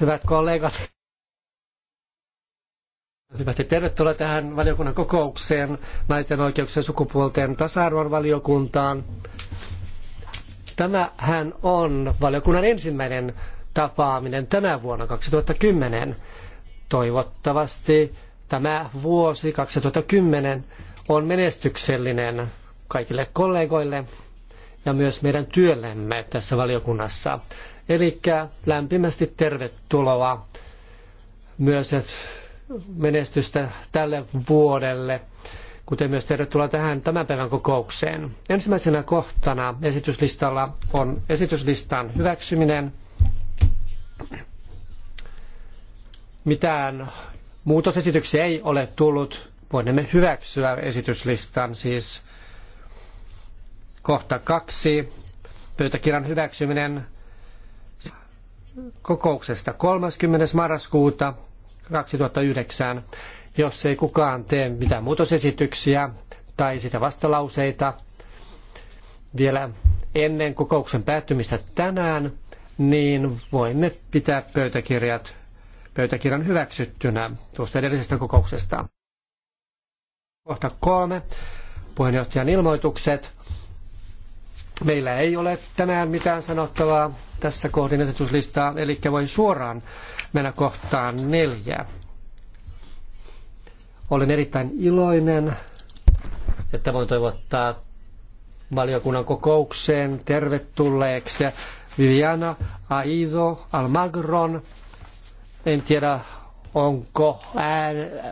Hyvät kollegat. Hyvästi tervetuloa tähän valiokunnan kokoukseen, naisten oikeuksien sukupuolten tasa-arvon valiokuntaan. Tämähän on valiokunnan ensimmäinen tapaaminen tänä vuonna 2010. Toivottavasti tämä vuosi 2010 on menestyksellinen kaikille kollegoille ja myös meidän työllemme tässä valiokunnassa. Eli lämpimästi tervetuloa myös menestystä tälle vuodelle, kuten myös tervetuloa tähän tämän päivän kokoukseen. Ensimmäisenä kohtana esityslistalla on esityslistan hyväksyminen. Mitään muutosesityksiä ei ole tullut. Voimme hyväksyä esityslistan siis kohta kaksi. Pöytäkirjan hyväksyminen kokouksesta 30. marraskuuta 2009. Jos ei kukaan tee mitään muutosesityksiä tai sitä vastalauseita vielä ennen kokouksen päättymistä tänään, niin voimme pitää pöytäkirjat, pöytäkirjan hyväksyttynä tuosta edellisestä kokouksesta. Kohta kolme. Puheenjohtajan ilmoitukset. Meillä ei ole tänään mitään sanottavaa tässä kohdin esityslistaa, eli voin suoraan mennä kohtaan neljä. Olen erittäin iloinen, että voin toivottaa valiokunnan kokoukseen tervetulleeksi Viviana Aido Almagron. En tiedä, onko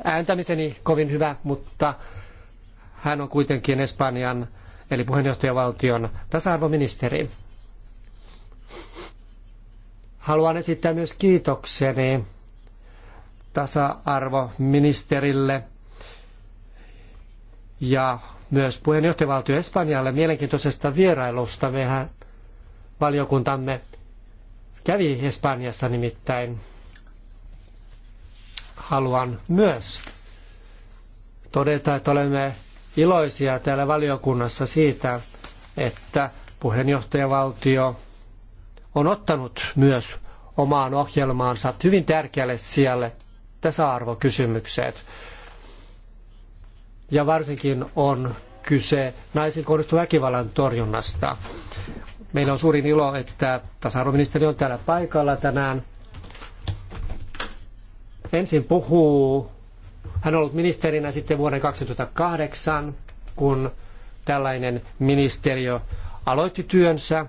ääntämiseni kovin hyvä, mutta hän on kuitenkin Espanjan eli puheenjohtajavaltion tasa-arvoministeri. Haluan esittää myös kiitokseni tasa-arvoministerille ja myös puheenjohtajavaltio Espanjalle mielenkiintoisesta vierailusta. Mehän valiokuntamme kävi Espanjassa nimittäin. Haluan myös todeta, että olemme iloisia täällä valiokunnassa siitä, että puheenjohtajavaltio on ottanut myös omaan ohjelmaansa hyvin tärkeälle sijalle tasa-arvokysymykset. Ja varsinkin on kyse naisiin kohdistuvan väkivallan torjunnasta. Meillä on suurin ilo, että tasa-arvoministeri on täällä paikalla tänään. Ensin puhuu hän on ollut ministerinä sitten vuoden 2008, kun tällainen ministeriö aloitti työnsä.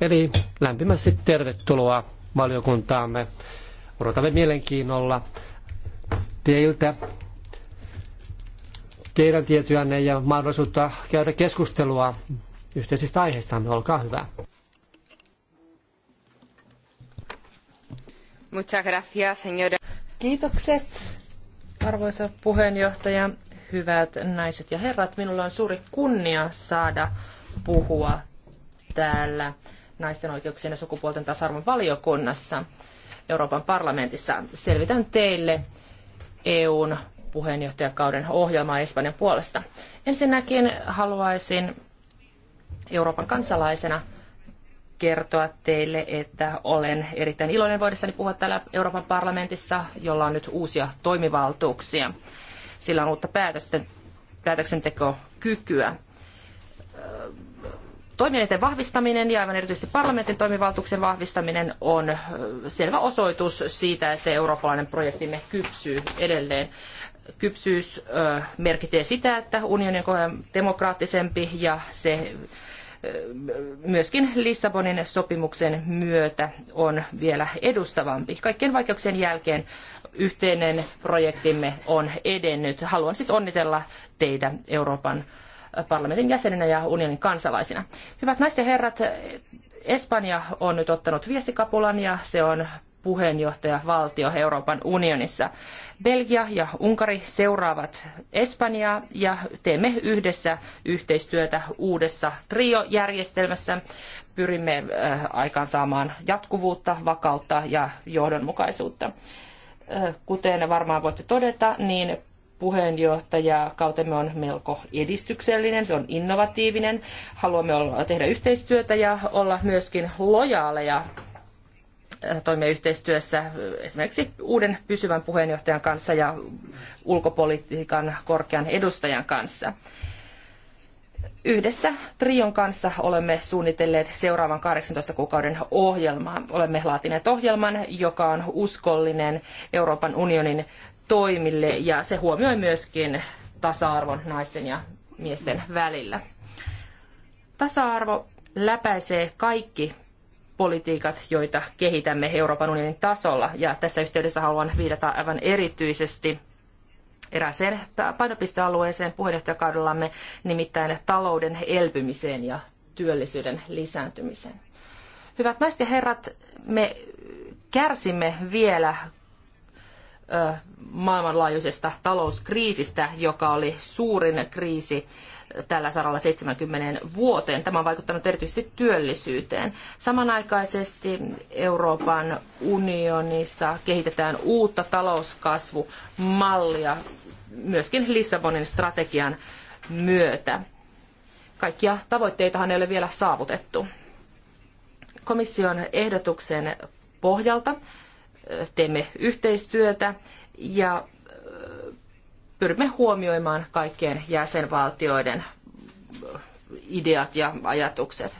Eli lämpimästi tervetuloa valiokuntaamme. Odotamme mielenkiinnolla teiltä teidän tietyänne ja mahdollisuutta käydä keskustelua yhteisistä aiheista. Olkaa hyvä. Muchas gracias, señora. Kiitokset Arvoisa puheenjohtaja, hyvät naiset ja herrat, minulla on suuri kunnia saada puhua täällä naisten oikeuksien ja sukupuolten tasa-arvon valiokunnassa Euroopan parlamentissa. Selvitän teille EUn puheenjohtajakauden ohjelmaa Espanjan puolesta. Ensinnäkin haluaisin Euroopan kansalaisena kertoa teille, että olen erittäin iloinen voidessani puhua täällä Euroopan parlamentissa, jolla on nyt uusia toimivaltuuksia. Sillä on uutta päätösten, päätöksentekokykyä. Toimielinten vahvistaminen ja aivan erityisesti parlamentin toimivaltuuksien vahvistaminen on selvä osoitus siitä, että eurooppalainen projektimme kypsyy edelleen kypsyys merkitsee sitä, että unioni on demokraattisempi ja se myöskin Lissabonin sopimuksen myötä on vielä edustavampi. Kaikkien vaikeuksien jälkeen yhteinen projektimme on edennyt. Haluan siis onnitella teitä Euroopan parlamentin jäsenenä ja unionin kansalaisina. Hyvät naiset ja herrat, Espanja on nyt ottanut viestikapulan ja se on puheenjohtajavaltio Euroopan unionissa. Belgia ja Unkari seuraavat Espanjaa ja teemme yhdessä yhteistyötä uudessa triojärjestelmässä. Pyrimme äh, aikaansaamaan jatkuvuutta, vakautta ja johdonmukaisuutta. Äh, kuten varmaan voitte todeta, niin puheenjohtaja. Kautemme on melko edistyksellinen, se on innovatiivinen. Haluamme olla, tehdä yhteistyötä ja olla myöskin lojaaleja toimia yhteistyössä esimerkiksi uuden pysyvän puheenjohtajan kanssa ja ulkopolitiikan korkean edustajan kanssa. Yhdessä Trion kanssa olemme suunnitelleet seuraavan 18 kuukauden ohjelmaa. Olemme laatineet ohjelman, joka on uskollinen Euroopan unionin toimille ja se huomioi myöskin tasa-arvon naisten ja miesten välillä. Tasa-arvo läpäisee kaikki politiikat, joita kehitämme Euroopan unionin tasolla. Ja tässä yhteydessä haluan viitata aivan erityisesti erääseen painopistealueeseen puheenjohtajakaudellamme, nimittäin talouden elpymiseen ja työllisyyden lisääntymiseen. Hyvät naiset ja herrat, me kärsimme vielä maailmanlaajuisesta talouskriisistä, joka oli suurin kriisi tällä saralla 70 vuoteen. Tämä on vaikuttanut erityisesti työllisyyteen. Samanaikaisesti Euroopan unionissa kehitetään uutta talouskasvumallia myöskin Lissabonin strategian myötä. Kaikkia tavoitteitahan ei ole vielä saavutettu. Komission ehdotuksen pohjalta teemme yhteistyötä ja pyrimme huomioimaan kaikkien jäsenvaltioiden ideat ja ajatukset.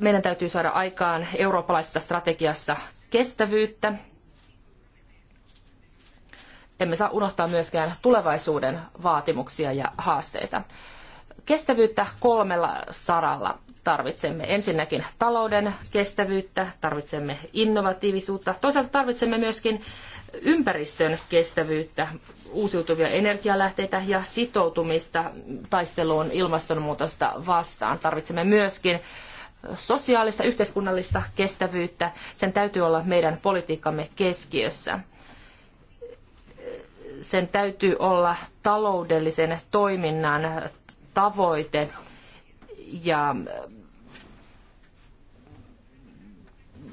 Meidän täytyy saada aikaan eurooppalaisessa strategiassa kestävyyttä. Emme saa unohtaa myöskään tulevaisuuden vaatimuksia ja haasteita kestävyyttä kolmella saralla tarvitsemme. Ensinnäkin talouden kestävyyttä, tarvitsemme innovatiivisuutta, toisaalta tarvitsemme myöskin ympäristön kestävyyttä, uusiutuvia energialähteitä ja sitoutumista taisteluun ilmastonmuutosta vastaan. Tarvitsemme myöskin sosiaalista, yhteiskunnallista kestävyyttä. Sen täytyy olla meidän politiikkamme keskiössä sen täytyy olla taloudellisen toiminnan tavoite. Ja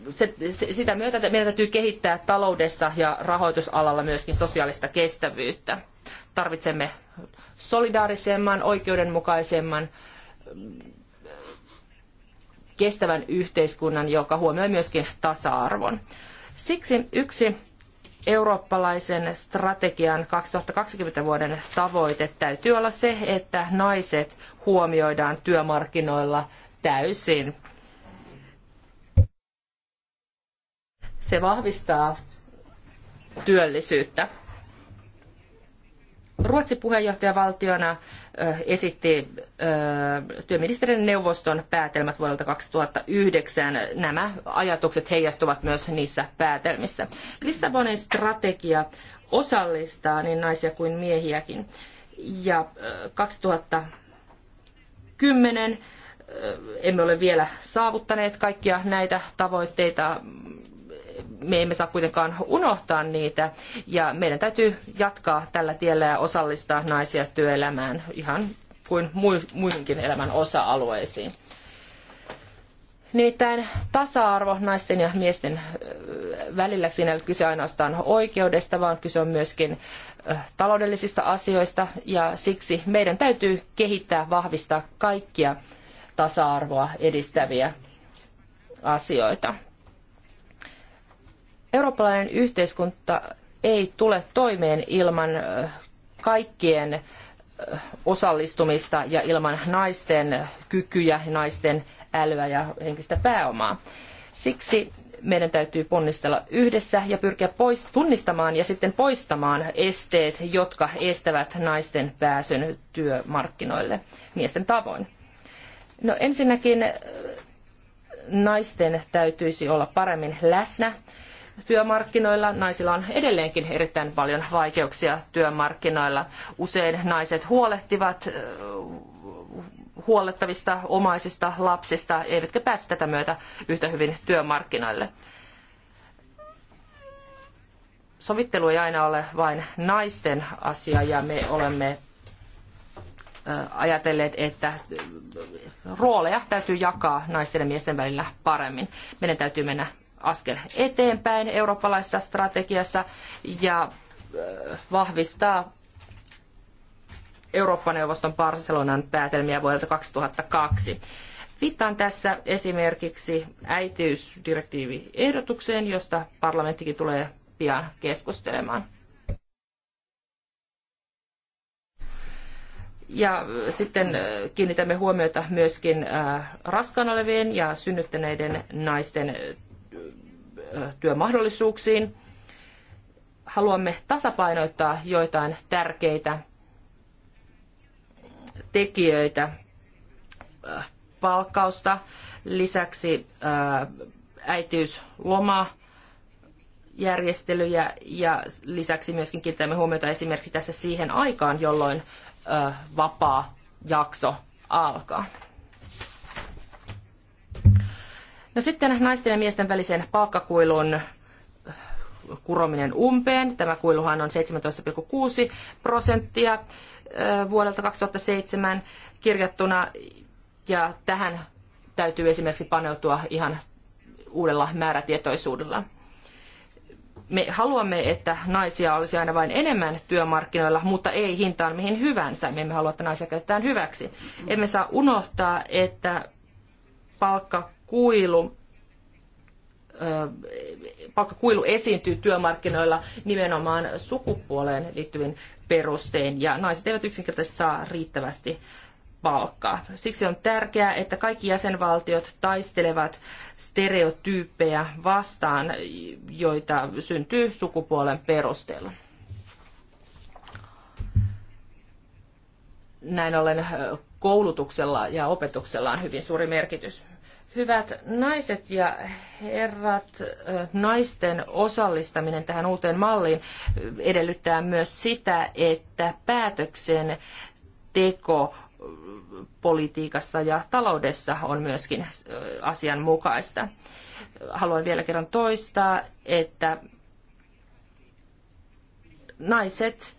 se, se, sitä myötä meidän täytyy kehittää taloudessa ja rahoitusalalla myöskin sosiaalista kestävyyttä. Tarvitsemme solidaarisemman, oikeudenmukaisemman, kestävän yhteiskunnan, joka huomioi myöskin tasa-arvon. Siksi yksi eurooppalaisen strategian 2020 vuoden tavoite täytyy olla se, että naiset huomioidaan työmarkkinoilla täysin. Se vahvistaa työllisyyttä. Ruotsi puheenjohtajavaltiona esitti työministerin neuvoston päätelmät vuodelta 2009. Nämä ajatukset heijastuvat myös niissä päätelmissä. Lissabonin strategia osallistaa niin naisia kuin miehiäkin. Ja 2010 emme ole vielä saavuttaneet kaikkia näitä tavoitteita, me emme saa kuitenkaan unohtaa niitä ja meidän täytyy jatkaa tällä tiellä ja osallistaa naisia työelämään ihan kuin muihinkin elämän osa-alueisiin. Nimittäin tasa-arvo naisten ja miesten välillä, siinä ei ole kyse ainoastaan oikeudesta, vaan kyse on myöskin taloudellisista asioista ja siksi meidän täytyy kehittää, vahvistaa kaikkia tasa-arvoa edistäviä asioita. Eurooppalainen yhteiskunta ei tule toimeen ilman kaikkien osallistumista ja ilman naisten kykyjä, naisten älyä ja henkistä pääomaa. Siksi meidän täytyy ponnistella yhdessä ja pyrkiä pois, tunnistamaan ja sitten poistamaan esteet, jotka estävät naisten pääsyn työmarkkinoille miesten tavoin. No ensinnäkin naisten täytyisi olla paremmin läsnä työmarkkinoilla. Naisilla on edelleenkin erittäin paljon vaikeuksia työmarkkinoilla. Usein naiset huolehtivat huollettavista omaisista lapsista, eivätkä pääse tätä myötä yhtä hyvin työmarkkinoille. Sovittelu ei aina ole vain naisten asia ja me olemme ajatelleet, että rooleja täytyy jakaa naisten ja miesten välillä paremmin. Meidän täytyy mennä askel eteenpäin eurooppalaisessa strategiassa ja äh, vahvistaa Eurooppa-neuvoston Barcelonan päätelmiä vuodelta 2002. Viittaan tässä esimerkiksi äitiysdirektiiviehdotukseen, josta parlamenttikin tulee pian keskustelemaan. Ja sitten äh, kiinnitämme huomiota myöskin äh, raskaan olevien ja synnyttäneiden naisten työmahdollisuuksiin. Haluamme tasapainoittaa joitain tärkeitä tekijöitä, palkkausta, lisäksi äitiysloma, järjestelyjä ja lisäksi myöskin kiinnitämme huomiota esimerkiksi tässä siihen aikaan, jolloin vapaa jakso alkaa. No sitten naisten ja miesten välisen palkkakuilun kurominen umpeen. Tämä kuiluhan on 17,6 prosenttia vuodelta 2007 kirjattuna ja tähän täytyy esimerkiksi paneutua ihan uudella määrätietoisuudella. Me haluamme, että naisia olisi aina vain enemmän työmarkkinoilla, mutta ei hintaan mihin hyvänsä. Me emme halua, että naisia käytetään hyväksi. Emme saa unohtaa, että palkka kuilu palkkakuilu esiintyy työmarkkinoilla nimenomaan sukupuoleen liittyvin perustein ja naiset eivät yksinkertaisesti saa riittävästi palkkaa. Siksi on tärkeää, että kaikki jäsenvaltiot taistelevat stereotyyppejä vastaan, joita syntyy sukupuolen perusteella. Näin ollen koulutuksella ja opetuksella on hyvin suuri merkitys. Hyvät naiset ja herrat, naisten osallistaminen tähän uuteen malliin edellyttää myös sitä, että päätöksen teko politiikassa ja taloudessa on myöskin asianmukaista. Haluan vielä kerran toistaa, että naiset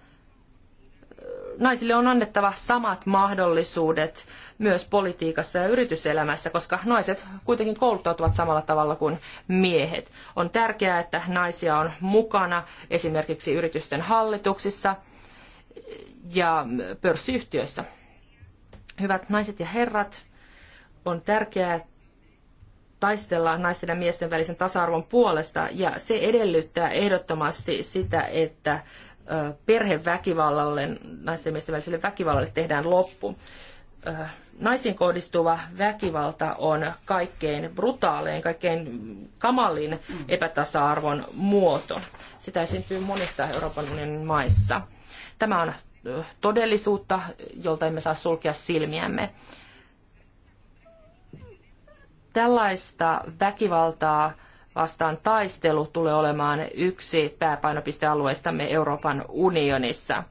naisille on annettava samat mahdollisuudet myös politiikassa ja yrityselämässä, koska naiset kuitenkin kouluttautuvat samalla tavalla kuin miehet. On tärkeää, että naisia on mukana esimerkiksi yritysten hallituksissa ja pörssiyhtiöissä. Hyvät naiset ja herrat, on tärkeää taistella naisten ja miesten välisen tasa-arvon puolesta ja se edellyttää ehdottomasti sitä, että perheväkivallalle, naisten ja miesten väliselle väkivallalle tehdään loppu. Naisiin kohdistuva väkivalta on kaikkein brutaalein, kaikkein kamalin mm. epätasa-arvon muoto. Sitä esiintyy monissa Euroopan unionin maissa. Tämä on todellisuutta, jolta emme saa sulkea silmiämme. Tällaista väkivaltaa vastaan taistelu tulee olemaan yksi pääpainopistealueistamme Euroopan unionissa.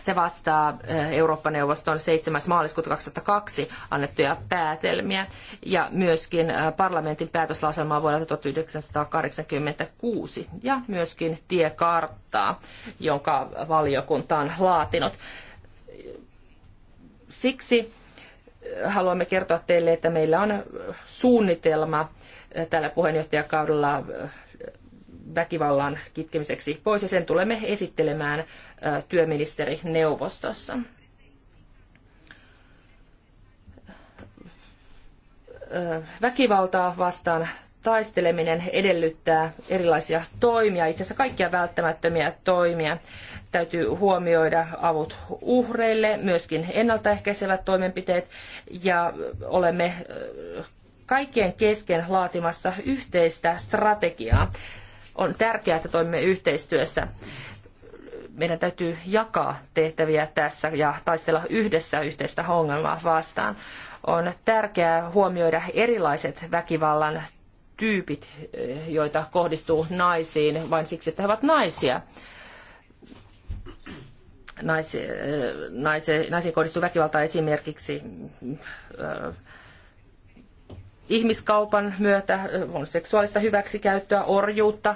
Se vastaa eh, Eurooppa-neuvoston 7. maaliskuuta 2002 annettuja päätelmiä ja myöskin eh, parlamentin päätöslauselmaa vuodelta 1986 ja myöskin tiekarttaa, jonka valiokunta on laatinut. Siksi eh, haluamme kertoa teille, että meillä on suunnitelma tällä puheenjohtajakaudella äh, väkivallan kitkemiseksi pois ja sen tulemme esittelemään äh, työministerineuvostossa. Äh, väkivaltaa vastaan taisteleminen edellyttää erilaisia toimia, itse asiassa kaikkia välttämättömiä toimia. Täytyy huomioida avut uhreille, myöskin ennaltaehkäisevät toimenpiteet ja olemme kaikkien kesken laatimassa yhteistä strategiaa. On tärkeää, että toimimme yhteistyössä. Meidän täytyy jakaa tehtäviä tässä ja taistella yhdessä yhteistä ongelmaa vastaan. On tärkeää huomioida erilaiset väkivallan tyypit, joita kohdistuu naisiin vain siksi, että he ovat naisia. Naisi, eh, naisi, naisiin kohdistuu väkivaltaa esimerkiksi eh, ihmiskaupan myötä, on seksuaalista hyväksikäyttöä, orjuutta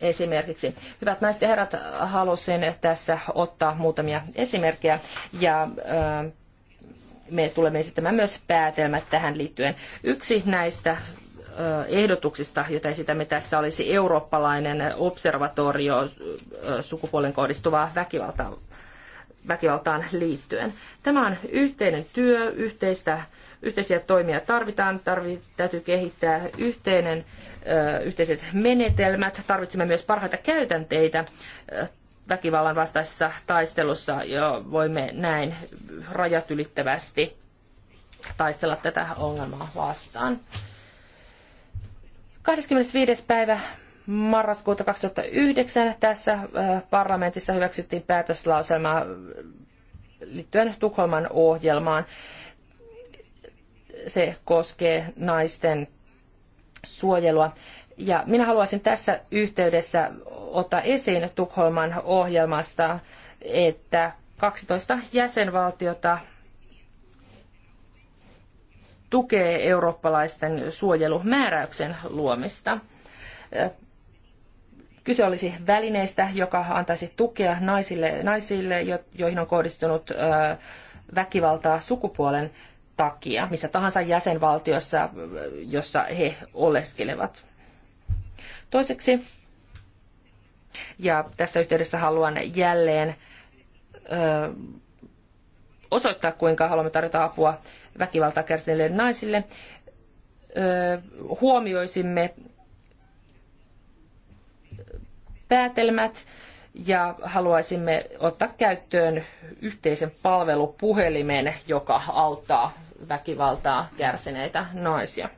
esimerkiksi. Hyvät naiset ja herrat, halusin tässä ottaa muutamia esimerkkejä ja me tulemme esittämään myös päätelmät tähän liittyen. Yksi näistä ehdotuksista, joita esitämme tässä, olisi eurooppalainen observatorio sukupuolen kohdistuvaa väkivaltaa väkivaltaan liittyen. Tämä on yhteinen työ, yhteistä, yhteisiä toimia tarvitaan, tarvi, täytyy kehittää yhteinen, ö, yhteiset menetelmät, tarvitsemme myös parhaita käytänteitä väkivallan vastaisessa taistelussa, ja voimme näin rajat ylittävästi taistella tätä ongelmaa vastaan. 25. päivä marraskuuta 2009 tässä äh, parlamentissa hyväksyttiin päätöslauselma liittyen Tukholman ohjelmaan. Se koskee naisten suojelua. Ja minä haluaisin tässä yhteydessä ottaa esiin Tukholman ohjelmasta, että 12 jäsenvaltiota tukee eurooppalaisten suojelumääräyksen luomista äh, Kyse olisi välineestä, joka antaisi tukea naisille, naisille joihin on kohdistunut väkivaltaa sukupuolen takia, missä tahansa jäsenvaltiossa, jossa he oleskelevat. Toiseksi, ja tässä yhteydessä haluan jälleen ö, osoittaa, kuinka haluamme tarjota apua väkivaltaa kärsineille naisille, ö, huomioisimme päätelmät ja haluaisimme ottaa käyttöön yhteisen palvelupuhelimen, joka auttaa väkivaltaa kärsineitä naisia.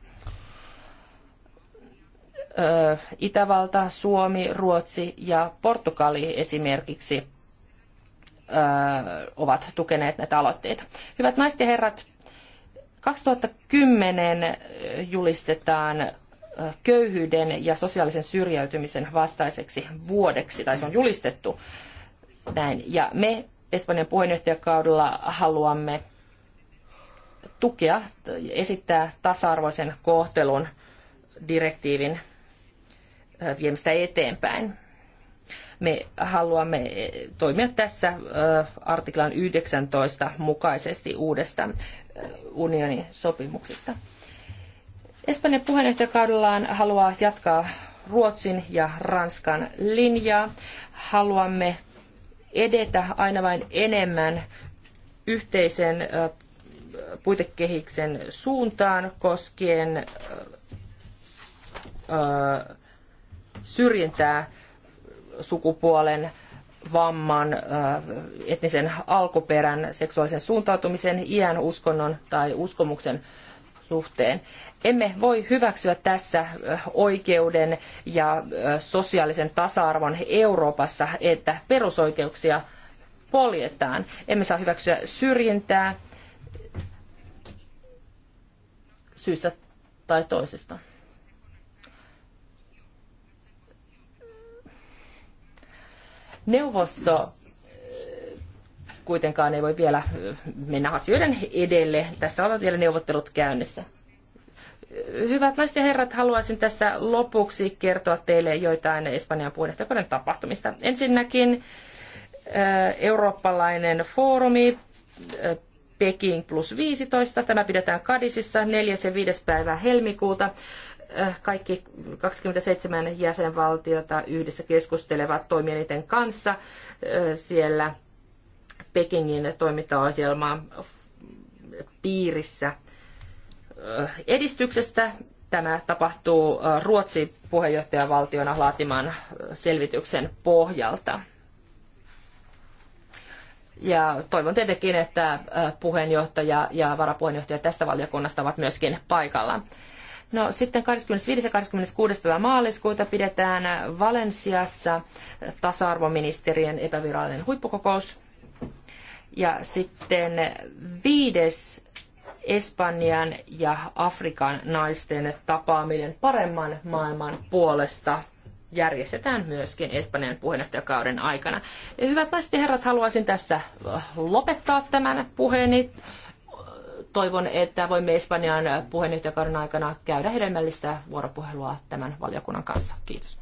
Itävalta, Suomi, Ruotsi ja Portugali esimerkiksi ovat tukeneet näitä aloitteita. Hyvät naiset ja herrat, 2010 julistetaan köyhyyden ja sosiaalisen syrjäytymisen vastaiseksi vuodeksi, tai se on julistettu näin. Ja me Espanjan puheenjohtajakaudella haluamme tukea, esittää tasa-arvoisen kohtelun direktiivin viemistä eteenpäin. Me haluamme toimia tässä artiklan 19 mukaisesti uudesta unionin sopimuksesta. Espanjan puheenjohtajakaudellaan haluaa jatkaa Ruotsin ja Ranskan linjaa. Haluamme edetä aina vain enemmän yhteisen puitekehiksen suuntaan koskien syrjintää sukupuolen, vamman, etnisen alkuperän, seksuaalisen suuntautumisen, iän, uskonnon tai uskomuksen suhteen. Emme voi hyväksyä tässä oikeuden ja sosiaalisen tasa-arvon Euroopassa, että perusoikeuksia poljetaan. Emme saa hyväksyä syrjintää syystä tai toisesta. Neuvosto kuitenkaan ei voi vielä mennä asioiden edelle. Tässä ovat vielä neuvottelut käynnissä. Hyvät naiset ja herrat, haluaisin tässä lopuksi kertoa teille joitain Espanjan puheenjohtajakauden tapahtumista. Ensinnäkin eurooppalainen foorumi Peking plus 15. Tämä pidetään Kadisissa 4. ja 5. päivää helmikuuta kaikki 27 jäsenvaltiota yhdessä keskustelevat toimielinten kanssa siellä Pekingin toimintaohjelman piirissä edistyksestä. Tämä tapahtuu Ruotsin puheenjohtajavaltiona laatiman selvityksen pohjalta. Ja toivon tietenkin, että puheenjohtaja ja varapuheenjohtaja tästä valiokunnasta ovat myöskin paikalla. No sitten 25. ja 26. päivä maaliskuuta pidetään Valensiassa tasa-arvoministerien epävirallinen huippukokous. Ja sitten viides Espanjan ja Afrikan naisten tapaaminen paremman maailman puolesta järjestetään myöskin Espanjan puheenjohtajakauden aikana. Hyvät naiset ja herrat, haluaisin tässä äh, lopettaa tämän puheeni. Toivon, että voimme Espanjan puheenjohtajakauden aikana käydä hedelmällistä vuoropuhelua tämän valiokunnan kanssa. Kiitos.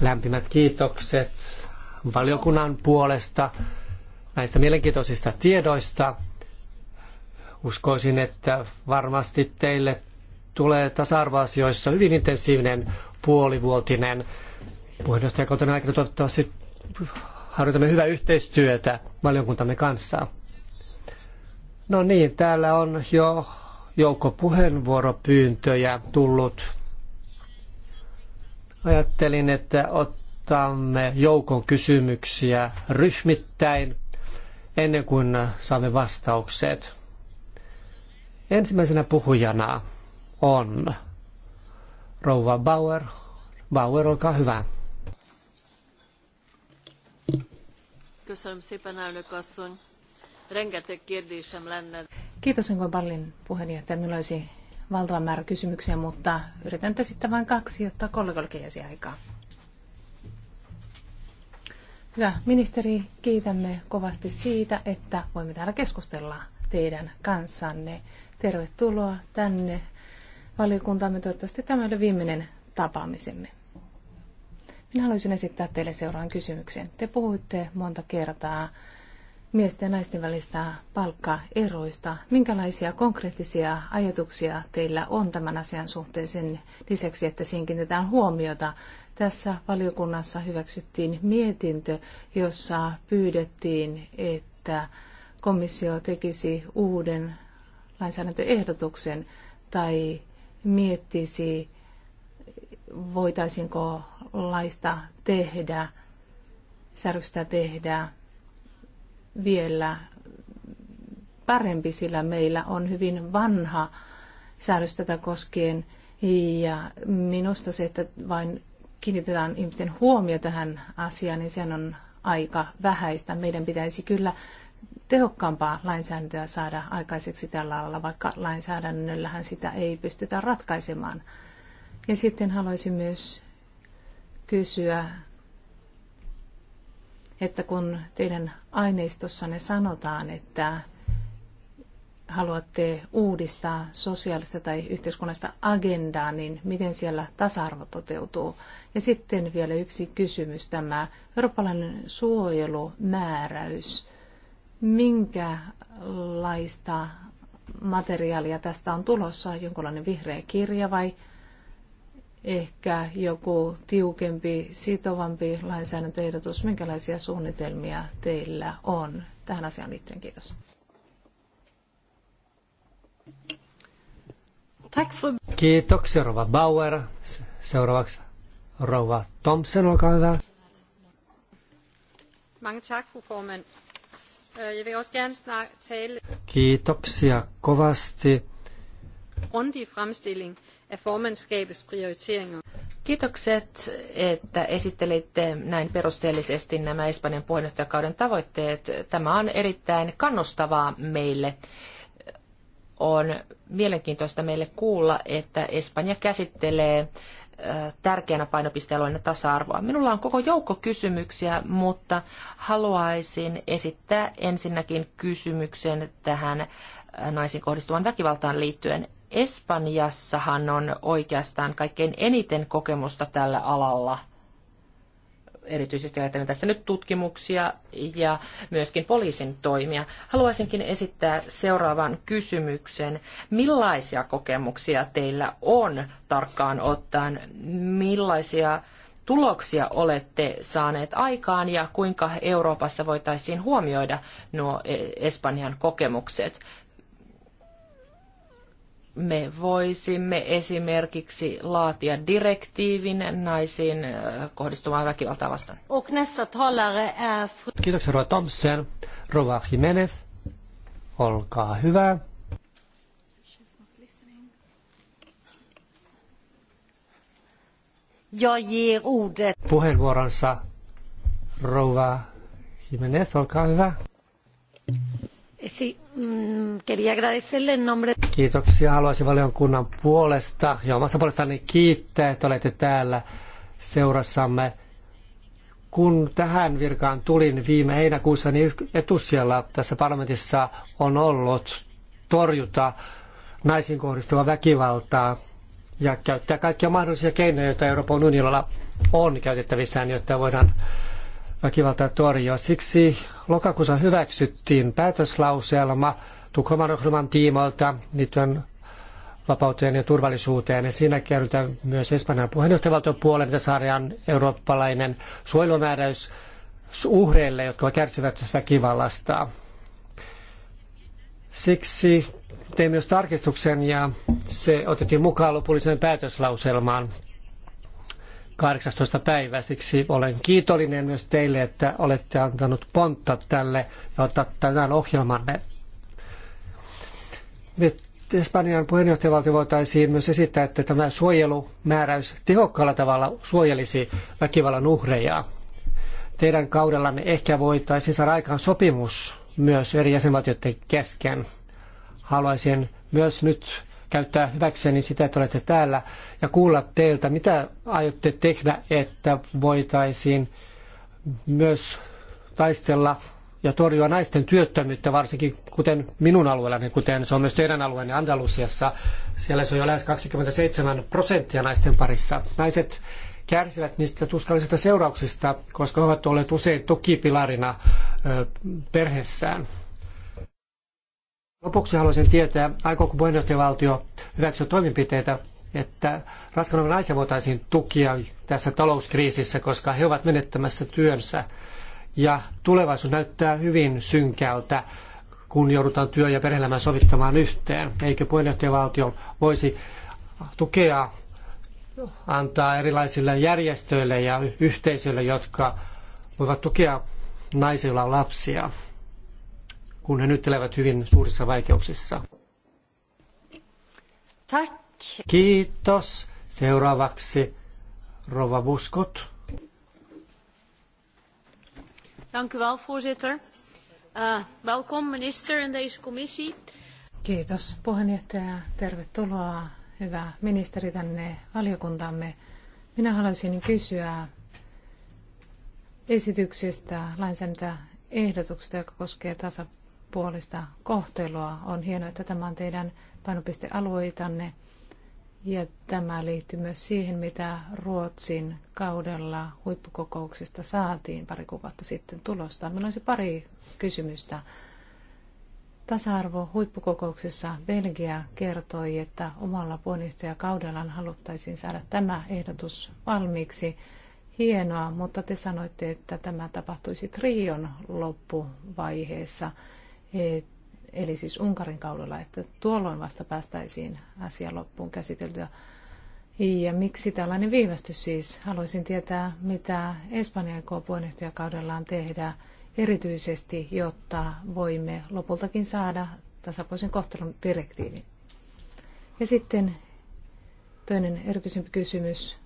Lämpimät kiitokset valiokunnan puolesta näistä mielenkiintoisista tiedoista. Uskoisin, että varmasti teille tulee tasa-arvoasioissa hyvin intensiivinen puolivuotinen puheenjohtajakauten aikana toivottavasti harjoitamme hyvää yhteistyötä valiokuntamme kanssa. No niin, täällä on jo joukko puheenvuoropyyntöjä tullut Ajattelin, että otamme joukon kysymyksiä ryhmittäin ennen kuin saamme vastaukset. Ensimmäisenä puhujana on rouva Bauer. Bauer, olkaa hyvä. Kiitos, szépen, Ballin puheenjohtaja. Minulla olisi valtava määrä kysymyksiä, mutta yritän sitten vain kaksi, jotta kollegollakin jäisi aikaa. Hyvä ministeri, kiitämme kovasti siitä, että voimme täällä keskustella teidän kanssanne. Tervetuloa tänne valiokuntaamme. Toivottavasti tämä oli viimeinen tapaamisemme. Minä haluaisin esittää teille seuraavan kysymyksen. Te puhuitte monta kertaa miesten ja naisten välistä palkkaeroista. Minkälaisia konkreettisia ajatuksia teillä on tämän asian suhteen sen lisäksi, että siihen kiinnitetään huomiota? Tässä valiokunnassa hyväksyttiin mietintö, jossa pyydettiin, että komissio tekisi uuden lainsäädäntöehdotuksen tai miettisi, voitaisiinko laista tehdä, säädöstä tehdä vielä parempi, sillä meillä on hyvin vanha säädös tätä koskien. Ja minusta se, että vain kiinnitetään ihmisten huomio tähän asiaan, niin sen on aika vähäistä. Meidän pitäisi kyllä tehokkaampaa lainsäädäntöä saada aikaiseksi tällä alalla, vaikka lainsäädännöllähän sitä ei pystytä ratkaisemaan. Ja sitten haluaisin myös kysyä että kun teidän aineistossanne sanotaan, että haluatte uudistaa sosiaalista tai yhteiskunnallista agendaa, niin miten siellä tasa-arvo toteutuu? Ja sitten vielä yksi kysymys, tämä eurooppalainen suojelumääräys. Minkälaista materiaalia tästä on tulossa? Jonkinlainen vihreä kirja vai ehkä joku tiukempi, sitovampi lainsäädäntöehdotus. Minkälaisia suunnitelmia teillä on tähän asiaan liittyen? Kiitos. Kiitoksia, Rova Bauer. Seuraavaksi Rova Thompson, olkaa hyvä. Mange tak, fru formand. Øh, jeg vil også gerne snak, Kiitoksia kovasti formandskabets prioriteringer. Kiitokset, että esittelitte näin perusteellisesti nämä Espanjan puheenjohtajakauden tavoitteet. Tämä on erittäin kannustavaa meille. On mielenkiintoista meille kuulla, että Espanja käsittelee tärkeänä painopistealueena tasa-arvoa. Minulla on koko joukko kysymyksiä, mutta haluaisin esittää ensinnäkin kysymyksen tähän naisiin kohdistuvan väkivaltaan liittyen. Espanjassahan on oikeastaan kaikkein eniten kokemusta tällä alalla. Erityisesti ajattelen tässä nyt tutkimuksia ja myöskin poliisin toimia. Haluaisinkin esittää seuraavan kysymyksen. Millaisia kokemuksia teillä on tarkkaan ottaen? Millaisia tuloksia olette saaneet aikaan ja kuinka Euroopassa voitaisiin huomioida nuo e- Espanjan kokemukset me voisimme esimerkiksi laatia direktiivin naisiin äh, kohdistumaan väkivaltaa vastaan. Kiitoksia Rova Thompson. Rova Jimenez, olkaa hyvä. Jag ger ordet. Puheenvuoronsa Rova Jimenez, olkaa hyvä. Mm, quería agradecerle en nombre... Kiitoksia. Haluaisin valiokunnan puolesta ja omasta puolestani kiittää, että olette täällä seurassamme. Kun tähän virkaan tulin viime heinäkuussa, niin etusijalla tässä parlamentissa on ollut torjuta naisiin kohdistuvaa väkivaltaa ja käyttää kaikkia mahdollisia keinoja, joita Euroopan unionilla on käytettävissään, jotta voidaan väkivaltaa torjua. Siksi lokakuussa hyväksyttiin päätöslauselma Tukholman ohjelman tiimoilta liittyen vapauteen ja turvallisuuteen. Ja siinä kerrotaan myös Espanjan puheenjohtajavaltion puolen, että saadaan eurooppalainen suojelumääräys uhreille, jotka kärsivät väkivallasta. Siksi tein myös tarkistuksen ja se otettiin mukaan lopulliseen päätöslauselmaan. 18. päivä. Siksi olen kiitollinen myös teille, että olette antanut pontta tälle ja ottaa tämän ohjelmanne. Espanjan puheenjohtajavaltio voitaisiin myös esittää, että tämä suojelumääräys tehokkaalla tavalla suojelisi väkivallan uhreja. Teidän kaudellanne ehkä voitaisiin saada aikaan sopimus myös eri jäsenvaltioiden kesken. Haluaisin myös nyt käyttää hyväkseni sitä, että olette täällä ja kuulla teiltä, mitä aiotte tehdä, että voitaisiin myös taistella ja torjua naisten työttömyyttä, varsinkin kuten minun alueellani, kuten se on myös teidän alueenne Andalusiassa. Siellä se on jo lähes 27 prosenttia naisten parissa. Naiset kärsivät niistä tuskallisista seurauksista, koska he ovat olleet usein tukipilarina perheessään. Lopuksi haluaisin tietää, aikooko puheenjohtajavaltio hyväksyä toimenpiteitä, että raskaana naisia voitaisiin tukia tässä talouskriisissä, koska he ovat menettämässä työnsä. Ja tulevaisuus näyttää hyvin synkältä, kun joudutaan työ- ja perheelämän sovittamaan yhteen. Eikö puheenjohtajavaltio voisi tukea antaa erilaisille järjestöille ja yhteisöille, jotka voivat tukea naisilla on lapsia kun he nyt elävät hyvin suurissa vaikeuksissa. Tack. Kiitos. Seuraavaksi Rova Buskot. Dank u wel, voorzitter. Uh, welkom minister in deze commissie. Kiitos puheenjohtaja. Tervetuloa, hyvä ministeri, tänne valiokuntamme. Minä haluaisin kysyä esityksestä, lainsäädäntöehdotuksesta, joka koskee tasapainoa puolista kohtelua. On hienoa, että tämä on teidän painopistealueitanne. Ja tämä liittyy myös siihen, mitä Ruotsin kaudella huippukokouksesta saatiin pari kuukautta sitten tulosta. Meillä olisi pari kysymystä. Tasa-arvo huippukokouksessa Belgia kertoi, että omalla puheenjohtajakaudellaan haluttaisiin saada tämä ehdotus valmiiksi. Hienoa, mutta te sanoitte, että tämä tapahtuisi trion loppuvaiheessa eli siis Unkarin kaudella, että tuolloin vasta päästäisiin asia loppuun käsiteltyä. Ja miksi tällainen viivästys siis? Haluaisin tietää, mitä Espanjan aikoo kaudellaan tehdä erityisesti, jotta voimme lopultakin saada tasapuolisen kohtelun direktiivin. Ja sitten toinen erityisempi kysymys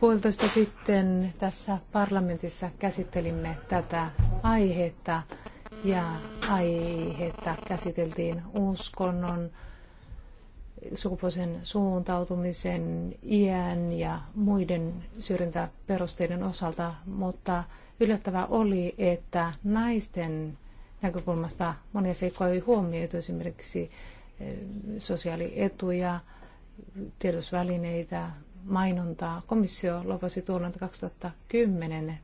puolitoista sitten tässä parlamentissa käsittelimme tätä aihetta ja aihetta käsiteltiin uskonnon, sukupuolisen suuntautumisen, iän ja muiden syrjintäperusteiden osalta, mutta yllättävää oli, että naisten näkökulmasta monia seikkoja ei huomioitu, esimerkiksi eh, sosiaalietuja, tiedotusvälineitä, mainontaa. Komissio lopasi tuolloin 2010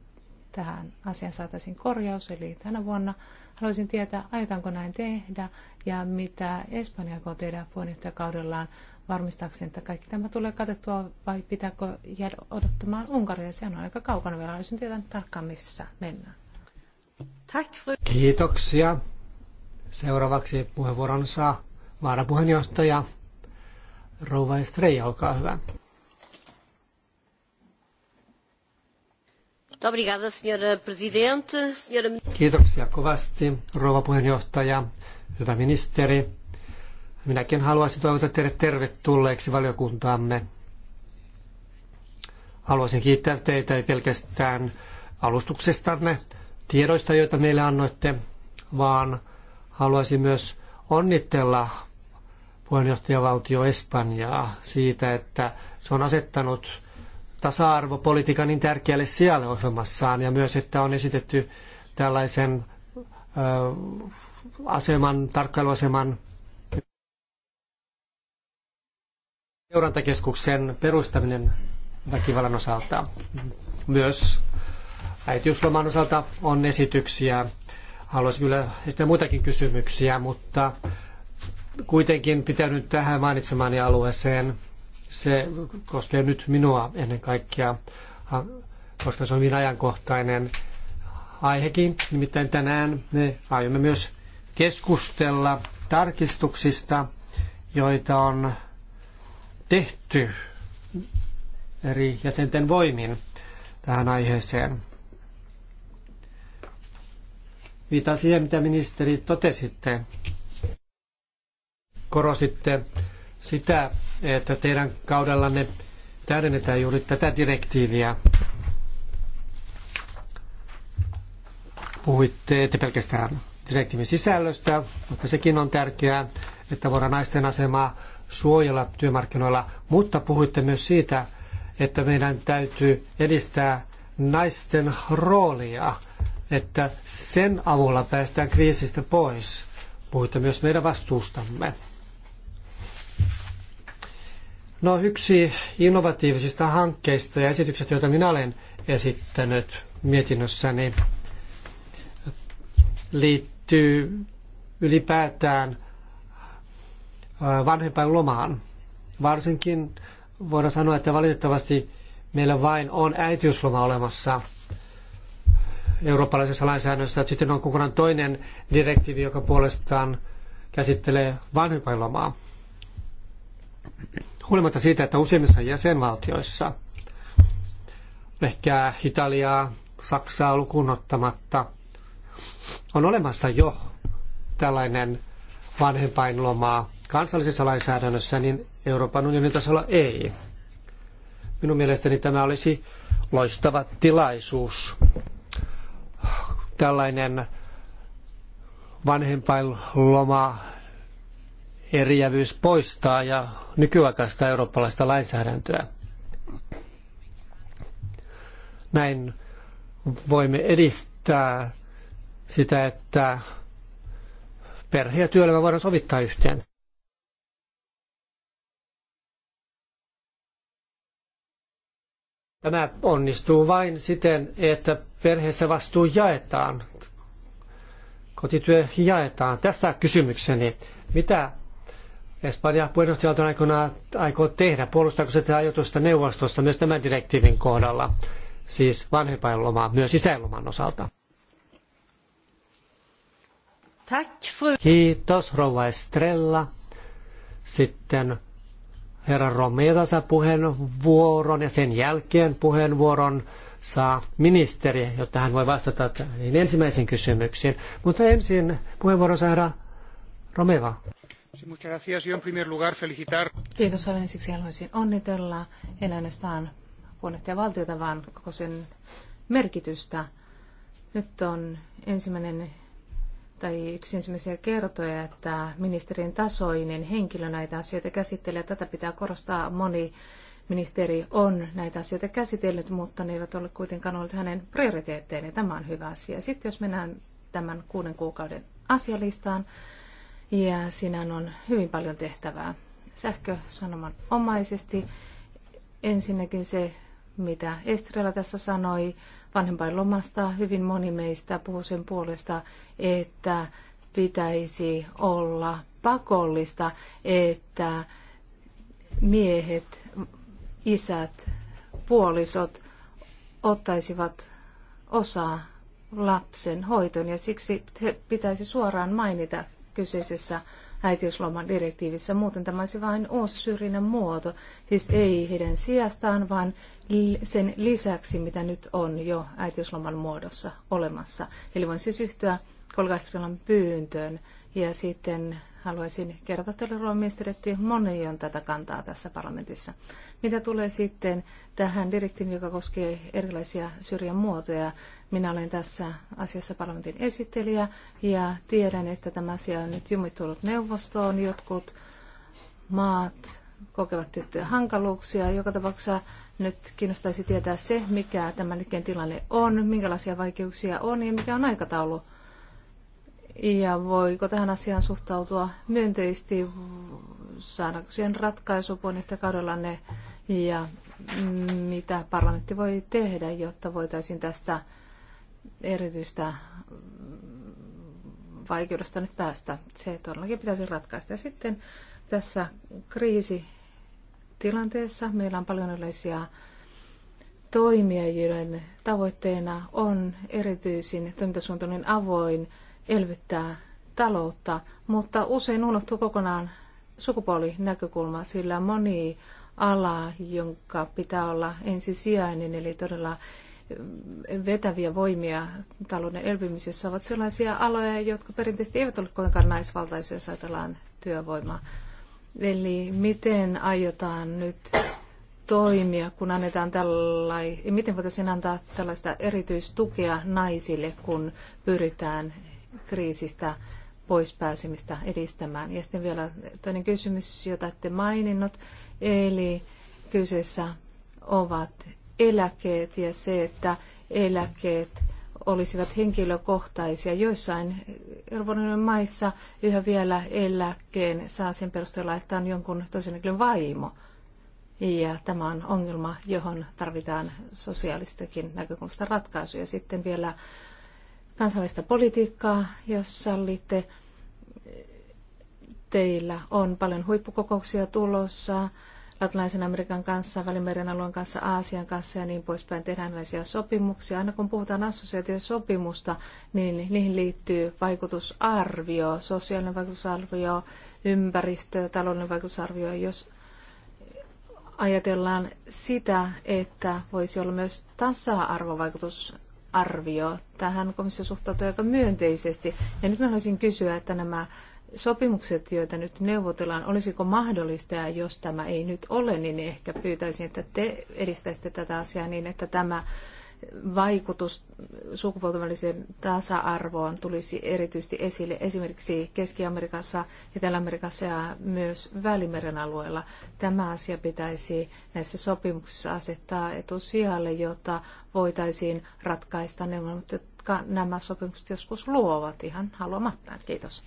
tähän asiaan saataisiin korjaus, eli tänä vuonna haluaisin tietää, aiotaanko näin tehdä ja mitä Espanja aikoo tehdä puheenjohtajakaudellaan varmistaakseen, että kaikki tämä tulee katettua vai pitääkö jäädä odottamaan Unkaria. Se on aika kaukana vielä, haluaisin tietää tarkkaan missä mennään. Kiitoksia. Seuraavaksi puheenvuoron saa varapuheenjohtaja Rouva Estrella, olkaa hyvä. Obrigada, senhora presidente. Senhora... Kiitoksia kovasti, rouva puheenjohtaja, hyvä ministeri. Minäkin haluaisin toivottaa teidät tervetulleeksi valiokuntaamme. Haluaisin kiittää teitä ei pelkästään alustuksestanne, tiedoista, joita meille annoitte, vaan haluaisin myös onnitella puheenjohtajavaltio Espanjaa siitä, että se on asettanut tasa-arvopolitiikan niin tärkeälle sijalle ohjelmassaan ja myös, että on esitetty tällaisen ö, aseman, tarkkailuaseman seurantakeskuksen perustaminen väkivallan osalta. Myös äitiysloman osalta on esityksiä. Haluaisin kyllä esittää muitakin kysymyksiä, mutta kuitenkin pitänyt tähän mainitsemaani alueeseen se koskee nyt minua ennen kaikkea, koska se on hyvin ajankohtainen aihekin. Nimittäin tänään me aiomme myös keskustella tarkistuksista, joita on tehty eri jäsenten voimin tähän aiheeseen. Viitaan siihen, mitä ministeri totesitte. korositte sitä, että teidän kaudellanne täydennetään juuri tätä direktiiviä. Puhuitte ette pelkästään direktiivin sisällöstä, mutta sekin on tärkeää, että voidaan naisten asemaa suojella työmarkkinoilla, mutta puhuitte myös siitä, että meidän täytyy edistää naisten roolia, että sen avulla päästään kriisistä pois. Puhuitte myös meidän vastuustamme. No yksi innovatiivisista hankkeista ja esityksistä, joita minä olen esittänyt mietinnössäni, liittyy ylipäätään lomaan. Varsinkin voidaan sanoa, että valitettavasti meillä vain on äitiysloma olemassa eurooppalaisessa lainsäädännössä. Sitten on kokonaan toinen direktiivi, joka puolestaan käsittelee vanhempainlomaa. Huolimatta siitä, että useimmissa jäsenvaltioissa, ehkä Italiaa, Saksaa lukuun ottamatta, on olemassa jo tällainen vanhempainlomaa kansallisessa lainsäädännössä, niin Euroopan unionin tasolla ei. Minun mielestäni tämä olisi loistava tilaisuus. Tällainen vanhempainloma eriävyys poistaa ja nykyaikaista eurooppalaista lainsäädäntöä. Näin voimme edistää sitä, että perhe ja työelämä voidaan sovittaa yhteen. Tämä onnistuu vain siten, että perheessä vastuu jaetaan, kotityö jaetaan. Tästä kysymykseni, mitä Espanja puheenjohtajalta aikana aikoo tehdä? Puolustaako se tätä ajatusta neuvostossa myös tämän direktiivin kohdalla, siis vanhempainlomaa myös isäinloman osalta? Kiitos rouva Estrella. Sitten herra Romeda saa puheenvuoron ja sen jälkeen puheenvuoron saa ministeri, jotta hän voi vastata ensimmäisiin kysymyksiin. Mutta ensin puheenvuoron saa herra Romeva. Kiitos. Olen siksi haluaisin onnitella en ainoastaan puheenjohtajavaltiota, vaan koko sen merkitystä. Nyt on ensimmäinen tai yksi ensimmäisiä kertoja, että ministerin tasoinen henkilö näitä asioita käsittelee. Tätä pitää korostaa. Moni ministeri on näitä asioita käsitellyt, mutta ne eivät ole kuitenkaan olleet hänen prioriteetteineen. Tämä on hyvä asia. Sitten jos mennään tämän kuuden kuukauden asialistaan, ja siinä on hyvin paljon tehtävää sähkösanoman omaisesti. Ensinnäkin se, mitä Estrella tässä sanoi vanhempainlomasta, hyvin moni meistä puhuu sen puolesta, että pitäisi olla pakollista, että miehet, isät, puolisot ottaisivat osaa lapsen hoitoon ja siksi pitäisi suoraan mainita kyseisessä äitiysloman direktiivissä. Muuten tämä olisi vain uusi syrjinnän muoto, siis ei heidän sijastaan, vaan sen lisäksi, mitä nyt on jo äitiysloman muodossa olemassa. Eli voin siis yhtyä kolkaistrelan pyyntöön ja sitten haluaisin kertoa teille ruoministeri, että moni on tätä kantaa tässä parlamentissa. Mitä tulee sitten tähän direktiiviin, joka koskee erilaisia syrjän muotoja, minä olen tässä asiassa parlamentin esittelijä ja tiedän, että tämä asia on nyt jumittunut neuvostoon. Jotkut maat kokevat tiettyjä hankaluuksia. Joka tapauksessa nyt kiinnostaisi tietää se, mikä tämän hetken tilanne on, minkälaisia vaikeuksia on ja mikä on aikataulu. Ja voiko tähän asiaan suhtautua myönteisesti, saadaanko siihen ratkaisu puheenjohtajakaudellanne ja mitä parlamentti voi tehdä, jotta voitaisiin tästä erityistä vaikeudesta nyt päästä. Se todellakin pitäisi ratkaista. Ja sitten tässä kriisitilanteessa meillä on paljon erilaisia toimia, joiden tavoitteena on erityisin toimintasuuntainen avoin elvyttää taloutta, mutta usein unohtuu kokonaan sukupuolinäkökulma, sillä moni ala, jonka pitää olla ensisijainen, eli todella vetäviä voimia talouden elpymisessä ovat sellaisia aloja, jotka perinteisesti eivät ole kuitenkaan naisvaltaisia, jos ajatellaan työvoimaa. Eli miten aiotaan nyt toimia, kun annetaan tällainen, miten voitaisiin antaa tällaista erityistukea naisille, kun pyritään kriisistä pois pääsemistä edistämään. Ja sitten vielä toinen kysymys, jota ette maininnut, eli kyseessä ovat eläkeet ja se, että eläkeet olisivat henkilökohtaisia. Joissain Euroopan maissa yhä vielä eläkkeen saa sen perusteella, että on jonkun toisen henkilön vaimo. Ja tämä on ongelma, johon tarvitaan sosiaalistakin näkökulmasta ratkaisuja. Sitten vielä kansainvälistä politiikkaa, jos sallitte. Teillä on paljon huippukokouksia tulossa Latinalaisen Amerikan kanssa, Välimeren alueen kanssa, Aasian kanssa ja niin poispäin tehdään näisiä sopimuksia. Aina kun puhutaan assosiaatiosopimusta, niin niihin liittyy vaikutusarvio, sosiaalinen vaikutusarvio, ympäristö, taloudellinen vaikutusarvio. Jos ajatellaan sitä, että voisi olla myös tasa-arvovaikutus arvio. Tähän komissio suhtautuu aika myönteisesti. Ja nyt mä haluaisin kysyä, että nämä sopimukset, joita nyt neuvotellaan, olisiko mahdollista, ja jos tämä ei nyt ole, niin ehkä pyytäisin, että te edistäisitte tätä asiaa niin, että tämä vaikutus sukupuolten väliseen tasa-arvoon tulisi erityisesti esille esimerkiksi Keski-Amerikassa, Etelä-Amerikassa ja myös Välimeren alueella. Tämä asia pitäisi näissä sopimuksissa asettaa etusijalle, jotta voitaisiin ratkaista neuvottelut jotka nämä sopimukset joskus luovat ihan haluamattaan. Kiitos.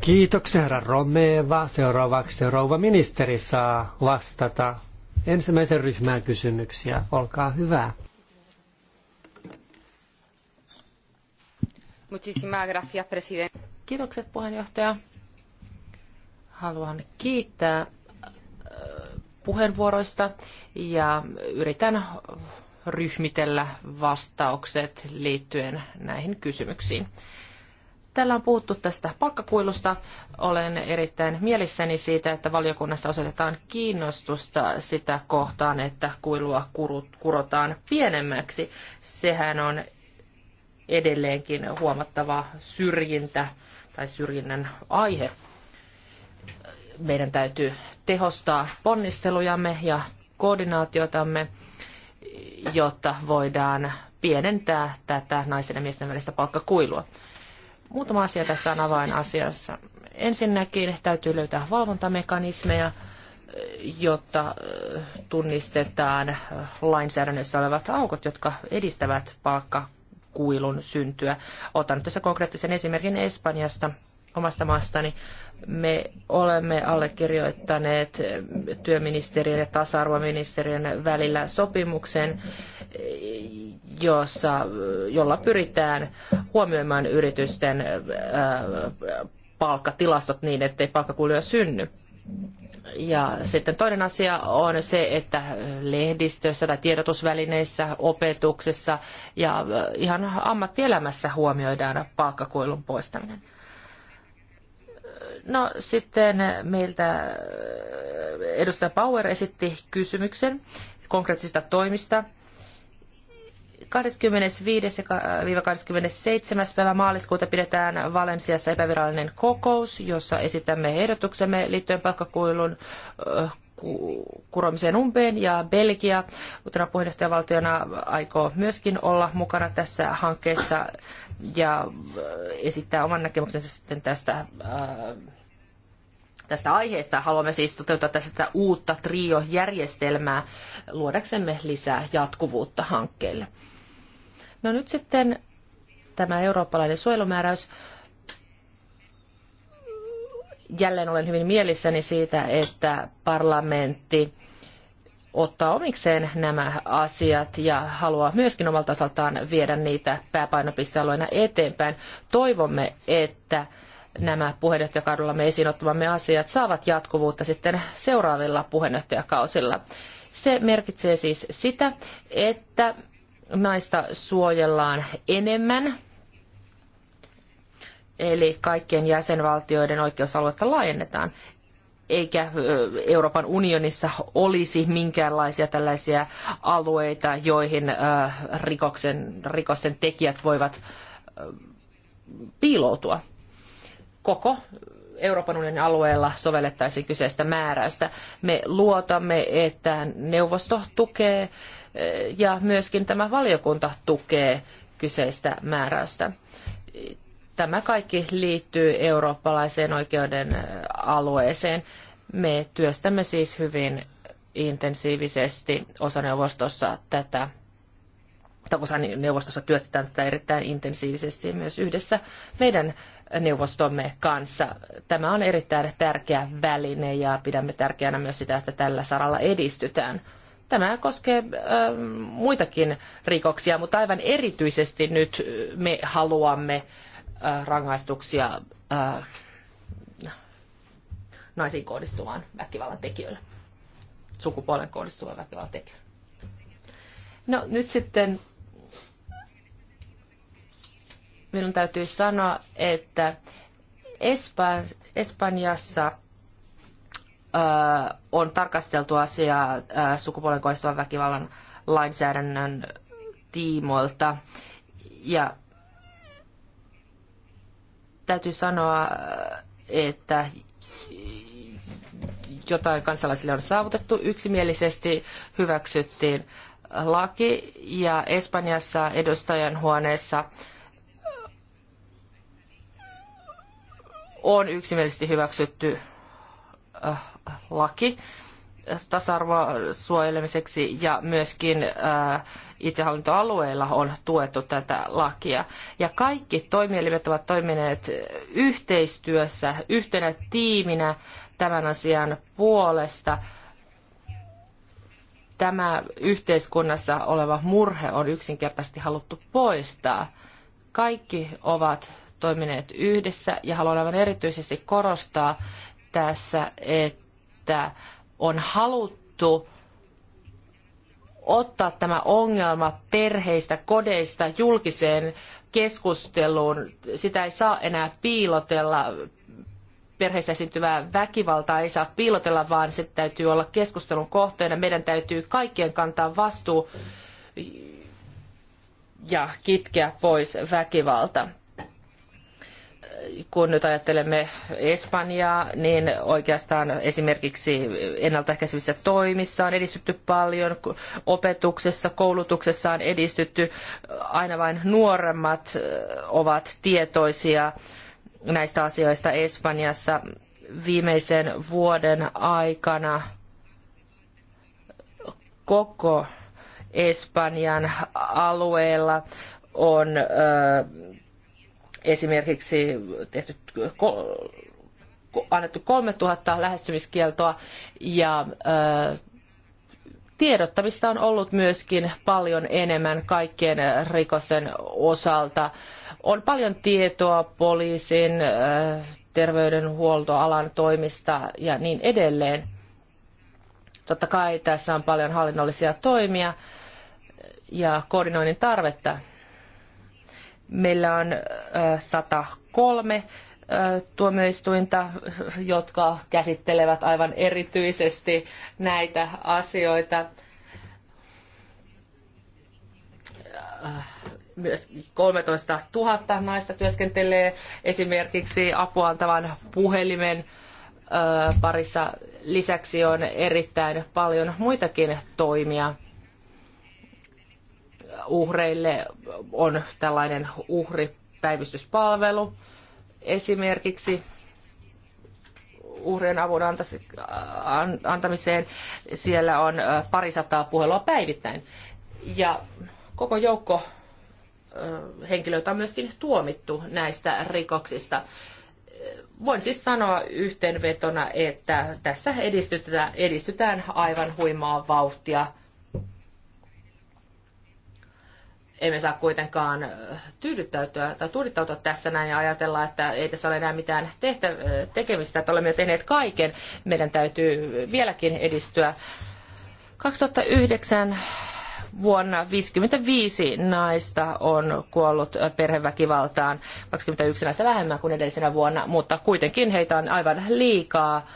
Kiitoksia, herra Romeva. Seuraavaksi rouva ministeri saa vastata ensimmäisen ryhmän kysymyksiä. Olkaa hyvä. Kiitokset puheenjohtaja. Haluan kiittää puheenvuoroista ja yritän ryhmitellä vastaukset liittyen näihin kysymyksiin. Täällä on puhuttu tästä palkkakuilusta. Olen erittäin mielissäni siitä, että valiokunnassa osoitetaan kiinnostusta sitä kohtaan, että kuilua kurotaan pienemmäksi. Sehän on edelleenkin huomattava syrjintä tai syrjinnän aihe. Meidän täytyy tehostaa ponnistelujamme ja koordinaatiotamme jotta voidaan pienentää tätä naisten ja miesten välistä palkkakuilua. Muutama asia tässä on avainasiassa. Ensinnäkin täytyy löytää valvontamekanismeja, jotta tunnistetaan lainsäädännössä olevat aukot, jotka edistävät palkkakuilun syntyä. Otan nyt tässä konkreettisen esimerkin Espanjasta omasta maastani. Me olemme allekirjoittaneet työministeriön ja tasa-arvoministeriön välillä sopimuksen, jossa, jolla pyritään huomioimaan yritysten äh, palkkatilastot niin, ettei palkkakuljoja synny. Ja sitten toinen asia on se, että lehdistössä tai tiedotusvälineissä, opetuksessa ja ihan ammattielämässä huomioidaan palkkakuilun poistaminen. No sitten meiltä äh, edustaja Power esitti kysymyksen konkreettisista toimista. 25-27. päivä maaliskuuta pidetään Valensiassa epävirallinen kokous, jossa esitämme ehdotuksemme liittyen palkkakuilun äh, kuromiseen umpeen ja Belgia uutena puheenjohtajavaltiona aikoo myöskin olla mukana tässä hankkeessa ja äh, esittää oman näkemyksensä sitten tästä, äh, tästä aiheesta. Haluamme siis toteuttaa tästä uutta triojärjestelmää luodaksemme lisää jatkuvuutta hankkeelle. No nyt sitten tämä eurooppalainen suojelumääräys. Jälleen olen hyvin mielissäni siitä, että parlamentti ottaa omikseen nämä asiat ja haluaa myöskin omalta osaltaan viedä niitä pääpainopistealueena eteenpäin. Toivomme, että nämä puheenjohtajakaudellamme esiin ottamamme asiat saavat jatkuvuutta sitten seuraavilla puheenjohtajakausilla. Se merkitsee siis sitä, että naista suojellaan enemmän, eli kaikkien jäsenvaltioiden oikeusaluetta laajennetaan eikä Euroopan unionissa olisi minkäänlaisia tällaisia alueita, joihin rikoksen, rikosten tekijät voivat piiloutua. Koko Euroopan unionin alueella sovellettaisiin kyseistä määräystä. Me luotamme, että neuvosto tukee ja myöskin tämä valiokunta tukee kyseistä määräystä. Tämä kaikki liittyy eurooppalaiseen oikeuden alueeseen. Me työstämme siis hyvin intensiivisesti osaneuvostossa tätä neuvostossa työstetään tätä erittäin intensiivisesti myös yhdessä meidän neuvostomme kanssa. Tämä on erittäin tärkeä väline ja pidämme tärkeänä myös sitä, että tällä saralla edistytään. Tämä koskee muitakin rikoksia, mutta aivan erityisesti nyt me haluamme rangaistuksia naisiin kohdistuvaan väkivallan tekijöillä, sukupuolen kohdistuvaan väkivallan tekijöillä. No nyt sitten minun täytyy sanoa, että Espanjassa äh, on tarkasteltu asiaa äh, sukupuolen kohdistuvan väkivallan lainsäädännön tiimoilta. Ja täytyy sanoa, äh, että jota kansalaisille on saavutettu, yksimielisesti hyväksyttiin laki ja Espanjassa Huoneessa äh, on yksimielisesti hyväksytty äh, laki tasa-arvoa suojelemiseksi ja myöskin äh, itsehallintoalueilla on tuettu tätä lakia. Ja kaikki toimielimet ovat toimineet yhteistyössä, yhtenä tiiminä tämän asian puolesta. Tämä yhteiskunnassa oleva murhe on yksinkertaisesti haluttu poistaa. Kaikki ovat toimineet yhdessä ja haluan aivan erityisesti korostaa tässä, että on haluttu ottaa tämä ongelma perheistä, kodeista julkiseen keskusteluun. Sitä ei saa enää piilotella perheessä esiintyvää väkivaltaa ei saa piilotella, vaan se täytyy olla keskustelun kohteena. Meidän täytyy kaikkien kantaa vastuu ja kitkeä pois väkivalta. Kun nyt ajattelemme Espanjaa, niin oikeastaan esimerkiksi ennaltaehkäisevissä toimissa on edistytty paljon, opetuksessa, koulutuksessa on edistytty, aina vain nuoremmat ovat tietoisia näistä asioista Espanjassa viimeisen vuoden aikana koko Espanjan alueella on esimerkiksi tehty annettu 3000 lähestymiskieltoa ja ö, Tiedottamista on ollut myöskin paljon enemmän kaikkien äh, rikosten osalta. On paljon tietoa poliisin, äh, terveydenhuoltoalan toimista ja niin edelleen. Totta kai tässä on paljon hallinnollisia toimia ja koordinoinnin tarvetta. Meillä on 103 äh, tuomioistuinta, jotka käsittelevät aivan erityisesti näitä asioita. Myös 13 000 naista työskentelee esimerkiksi apua antavan puhelimen parissa. Lisäksi on erittäin paljon muitakin toimia uhreille on tällainen uhripäivystyspalvelu esimerkiksi uhrien avun antamiseen. Siellä on parisataa puhelua päivittäin. Ja koko joukko henkilöitä on myöskin tuomittu näistä rikoksista. Voin siis sanoa yhteenvetona, että tässä edistytään, edistytään aivan huimaa vauhtia emme saa kuitenkaan tyydyttäytyä tai tuudittautua tässä näin ja ajatella, että ei tässä ole enää mitään tehtä, tekemistä, että olemme jo tehneet kaiken. Meidän täytyy vieläkin edistyä. 2009 vuonna 55 naista on kuollut perheväkivaltaan, 21 naista vähemmän kuin edellisenä vuonna, mutta kuitenkin heitä on aivan liikaa.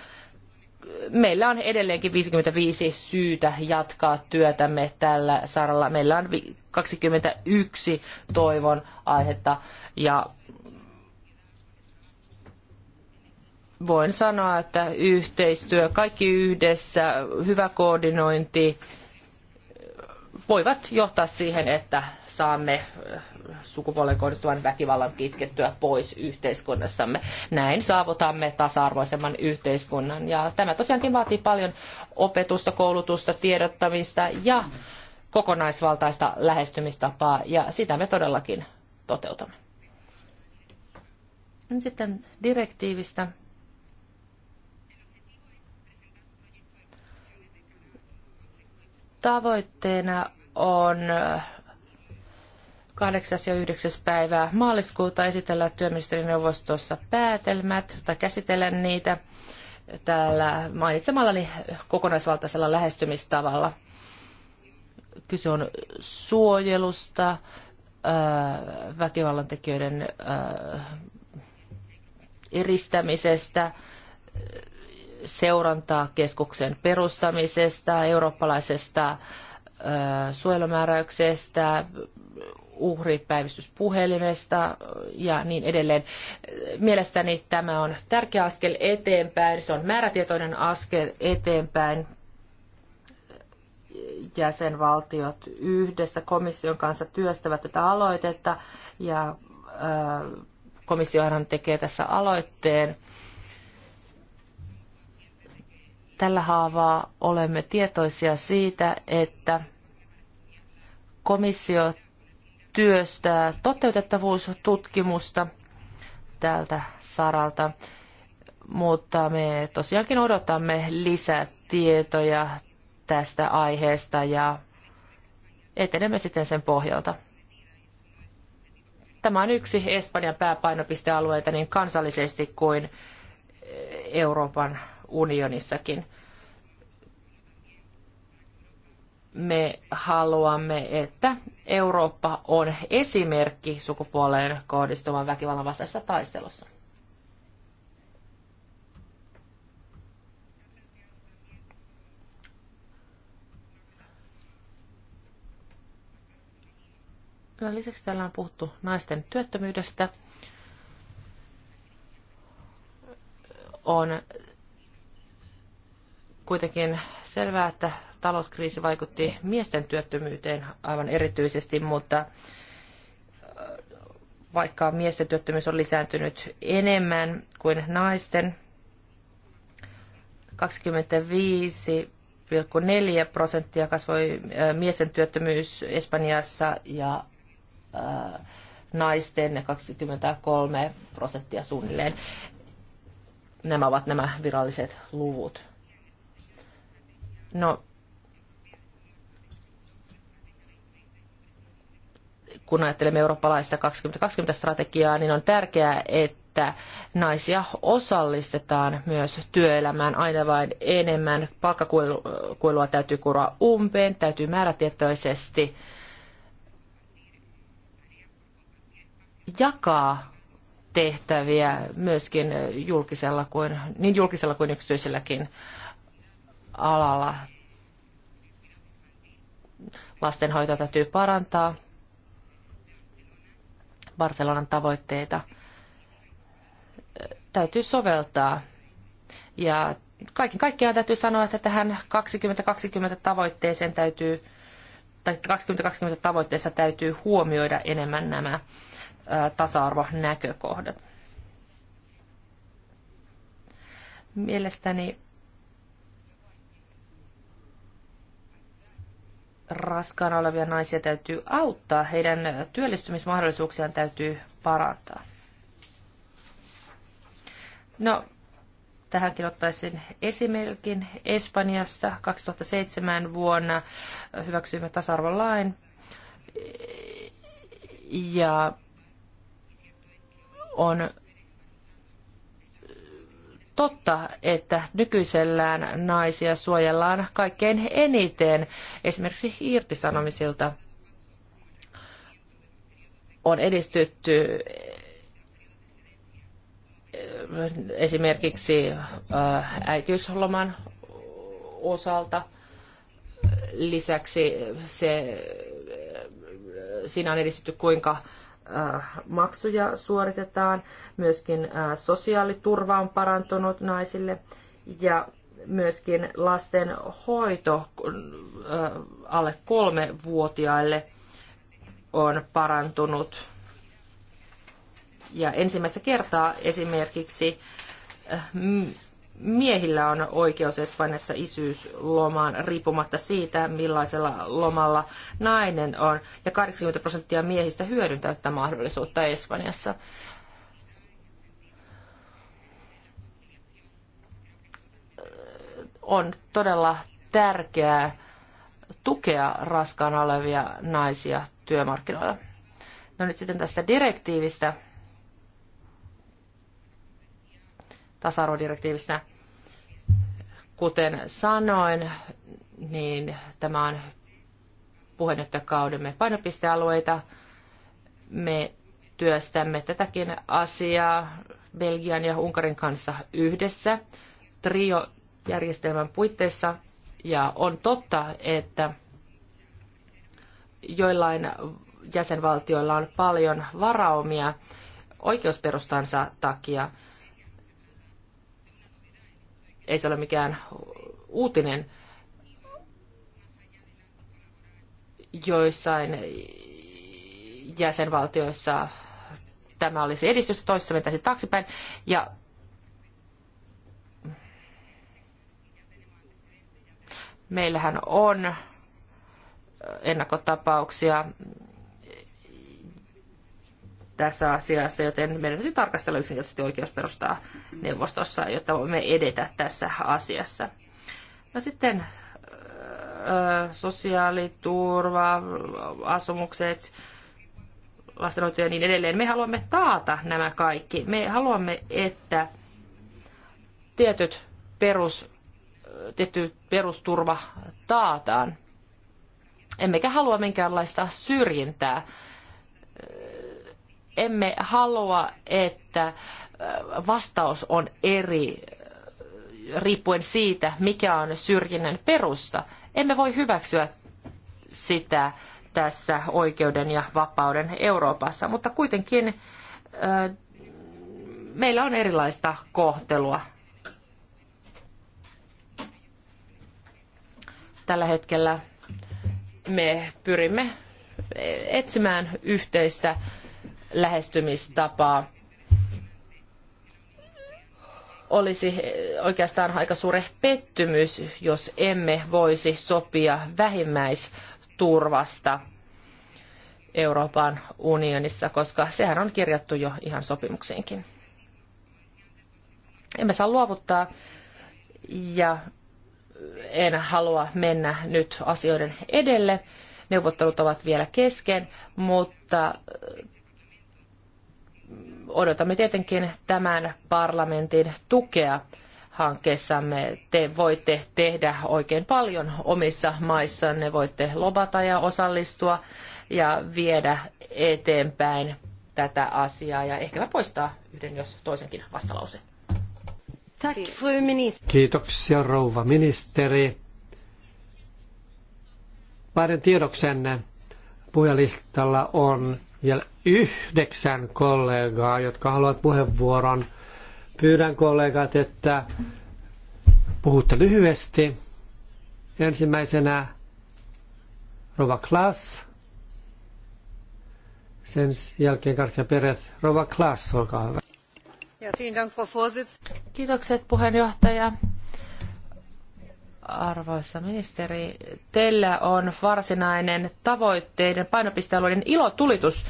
Meillä on edelleenkin 55 syytä jatkaa työtämme tällä saralla. Meillä on 21 toivon aihetta ja voin sanoa, että yhteistyö, kaikki yhdessä, hyvä koordinointi voivat johtaa siihen, että saamme äh, sukupuoleen kohdistuvan väkivallan kitkettyä pois yhteiskunnassamme. Näin saavutamme tasa-arvoisemman yhteiskunnan ja tämä tosiaankin vaatii paljon opetusta, koulutusta, tiedottamista ja kokonaisvaltaista lähestymistapaa ja sitä me todellakin toteutamme. Sitten direktiivistä. Tavoitteena on 8. ja 9. päivää maaliskuuta esitellä työministerineuvostossa päätelmät tai käsitellä niitä täällä mainitsemallani kokonaisvaltaisella lähestymistavalla – Kyse on suojelusta, äh, väkivallan tekijöiden äh, eristämisestä, äh, seurantaa keskuksen perustamisesta, eurooppalaisesta suojelumääräyksestä, uhripäivystyspuhelimesta ja niin edelleen. Mielestäni tämä on tärkeä askel eteenpäin, se on määrätietoinen askel eteenpäin jäsenvaltiot yhdessä komission kanssa työstävät tätä aloitetta ja komissiohan tekee tässä aloitteen. Tällä haavaa olemme tietoisia siitä, että komissio työstää toteutettavuustutkimusta tältä saralta, mutta me tosiaankin odotamme lisätietoja tästä aiheesta ja etenemme sitten sen pohjalta. Tämä on yksi Espanjan pääpainopistealueita niin kansallisesti kuin Euroopan unionissakin. Me haluamme, että Eurooppa on esimerkki sukupuoleen kohdistuvan väkivallan vastaisessa taistelussa. Lisäksi täällä on puhuttu naisten työttömyydestä. On kuitenkin selvää, että talouskriisi vaikutti miesten työttömyyteen aivan erityisesti, mutta vaikka miesten työttömyys on lisääntynyt enemmän kuin naisten, 25,4 prosenttia kasvoi miesten työttömyys Espanjassa ja naisten 23 prosenttia suunnilleen. Nämä ovat nämä viralliset luvut. No, kun ajattelemme eurooppalaista 2020-strategiaa, niin on tärkeää, että naisia osallistetaan myös työelämään aina vain enemmän. Palkkakuilua täytyy kuroa umpeen, täytyy määrätietoisesti jakaa tehtäviä myöskin julkisella kuin, niin julkisella kuin yksityiselläkin alalla. Lastenhoito täytyy parantaa, Barcelonan tavoitteita täytyy soveltaa. Ja kaiken kaikkiaan täytyy sanoa, että tähän 2020 tavoitteeseen täytyy, tai 2020 tavoitteessa täytyy huomioida enemmän nämä tasa-arvonäkökohdat. Mielestäni raskaana olevia naisia täytyy auttaa, heidän työllistymismahdollisuuksiaan täytyy parantaa. No, tähänkin ottaisin esimerkin Espanjasta 2007 vuonna hyväksyimme tasa-arvolain ja on totta, että nykyisellään naisia suojellaan kaikkein eniten esimerkiksi irtisanomisilta. On edistytty äh, esimerkiksi äh, äitiysloman osalta. Lisäksi se, äh, siinä on edistytty kuinka Äh, maksuja suoritetaan, myöskin äh, sosiaaliturva on parantunut naisille ja myöskin lasten hoito äh, alle kolme vuotiaille on parantunut. Ja ensimmäistä kertaa esimerkiksi miehillä on oikeus Espanjassa isyyslomaan riippumatta siitä, millaisella lomalla nainen on. Ja 80 prosenttia miehistä hyödyntää tätä mahdollisuutta Espanjassa. On todella tärkeää tukea raskaana olevia naisia työmarkkinoilla. No nyt sitten tästä direktiivistä. tasa-arvodirektiivistä. Kuten sanoin, niin tämä on puheenjohtajakaudemme painopistealueita. Me työstämme tätäkin asiaa Belgian ja Unkarin kanssa yhdessä trio-järjestelmän puitteissa. Ja on totta, että joillain jäsenvaltioilla on paljon varaumia oikeusperustansa takia ei se ole mikään uutinen. Joissain jäsenvaltioissa tämä olisi edistys, toisessa mentäisiin taaksepäin. Ja meillähän on ennakkotapauksia tässä asiassa, joten meidän täytyy tarkastella yksinkertaisesti oikeusperustaa neuvostossa, jotta voimme edetä tässä asiassa. No sitten äh, sosiaaliturva, asumukset, lastenhoito ja niin edelleen. Me haluamme taata nämä kaikki. Me haluamme, että tietyt perus, tietty perusturva taataan. Emmekä halua minkäänlaista syrjintää emme halua, että äh, vastaus on eri äh, riippuen siitä, mikä on syrjinnän perusta. Emme voi hyväksyä sitä tässä oikeuden ja vapauden Euroopassa, mutta kuitenkin äh, meillä on erilaista kohtelua. Tällä hetkellä me pyrimme etsimään yhteistä lähestymistapaa. Olisi oikeastaan aika suuri pettymys, jos emme voisi sopia vähimmäisturvasta Euroopan unionissa, koska sehän on kirjattu jo ihan sopimuksiinkin. Emme saa luovuttaa ja en halua mennä nyt asioiden edelle. Neuvottelut ovat vielä kesken, mutta odotamme tietenkin tämän parlamentin tukea hankkeessamme. Te voitte tehdä oikein paljon omissa maissanne, voitte lobata ja osallistua ja viedä eteenpäin tätä asiaa ja ehkäpä poistaa yhden jos toisenkin vastalauseen. Kiitoksia rouva ministeri. Paiden tiedoksenne puhujalistalla on vielä yhdeksän kollegaa, jotka haluavat puheenvuoron. Pyydän kollegat, että puhutte lyhyesti. Ensimmäisenä Rova Klaas. Sen jälkeen Kartia Peret. Rova Klaas, olkaa hyvä. Kiitokset puheenjohtaja. Arvoisa ministeri, teillä on varsinainen tavoitteiden painopistealueiden ilotulitus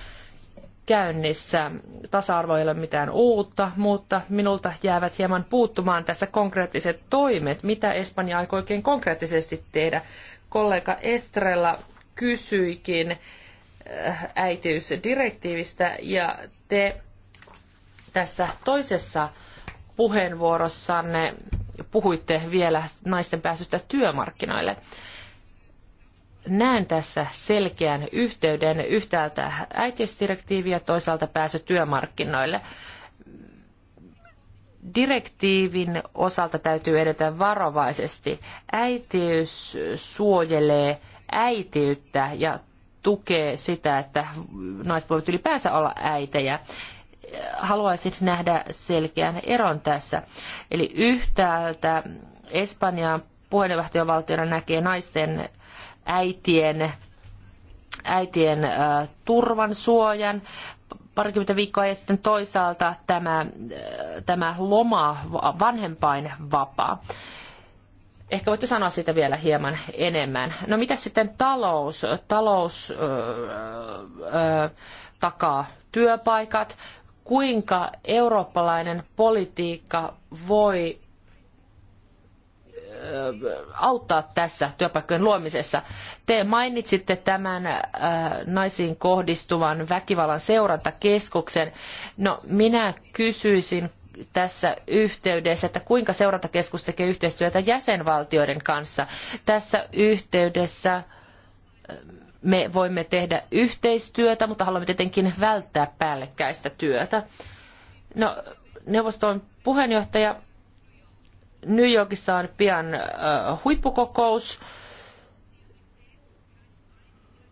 käynnissä. Tasa-arvo ei ole mitään uutta, mutta minulta jäävät hieman puuttumaan tässä konkreettiset toimet. Mitä Espanja aikoo oikein konkreettisesti tehdä? Kollega Estrella kysyikin äh, äitiysdirektiivistä ja te tässä toisessa puheenvuorossanne puhuitte vielä naisten pääsystä työmarkkinoille. Näen tässä selkeän yhteyden yhtäältä äitiysdirektiivi ja toisaalta pääsy työmarkkinoille. Direktiivin osalta täytyy edetä varovaisesti. Äitiys suojelee äitiyttä ja tukee sitä, että naiset voivat ylipäänsä olla äitejä haluaisin nähdä selkeän eron tässä. Eli yhtäältä Espanjan puheenjohtajavaltiona näkee naisten äitien, äitien äh, turvan suojan parikymmentä viikkoa ja sitten toisaalta tämä, äh, tämä loma, vanhempain vapaa. Ehkä voitte sanoa siitä vielä hieman enemmän. No mitä sitten talous? Talous takaa työpaikat, kuinka eurooppalainen politiikka voi auttaa tässä työpaikkojen luomisessa. Te mainitsitte tämän naisiin kohdistuvan väkivallan seurantakeskuksen. No minä kysyisin tässä yhteydessä, että kuinka seurantakeskus tekee yhteistyötä jäsenvaltioiden kanssa. Tässä yhteydessä me voimme tehdä yhteistyötä, mutta haluamme tietenkin välttää päällekkäistä työtä. No, neuvoston puheenjohtaja New Yorkissa on pian huippukokous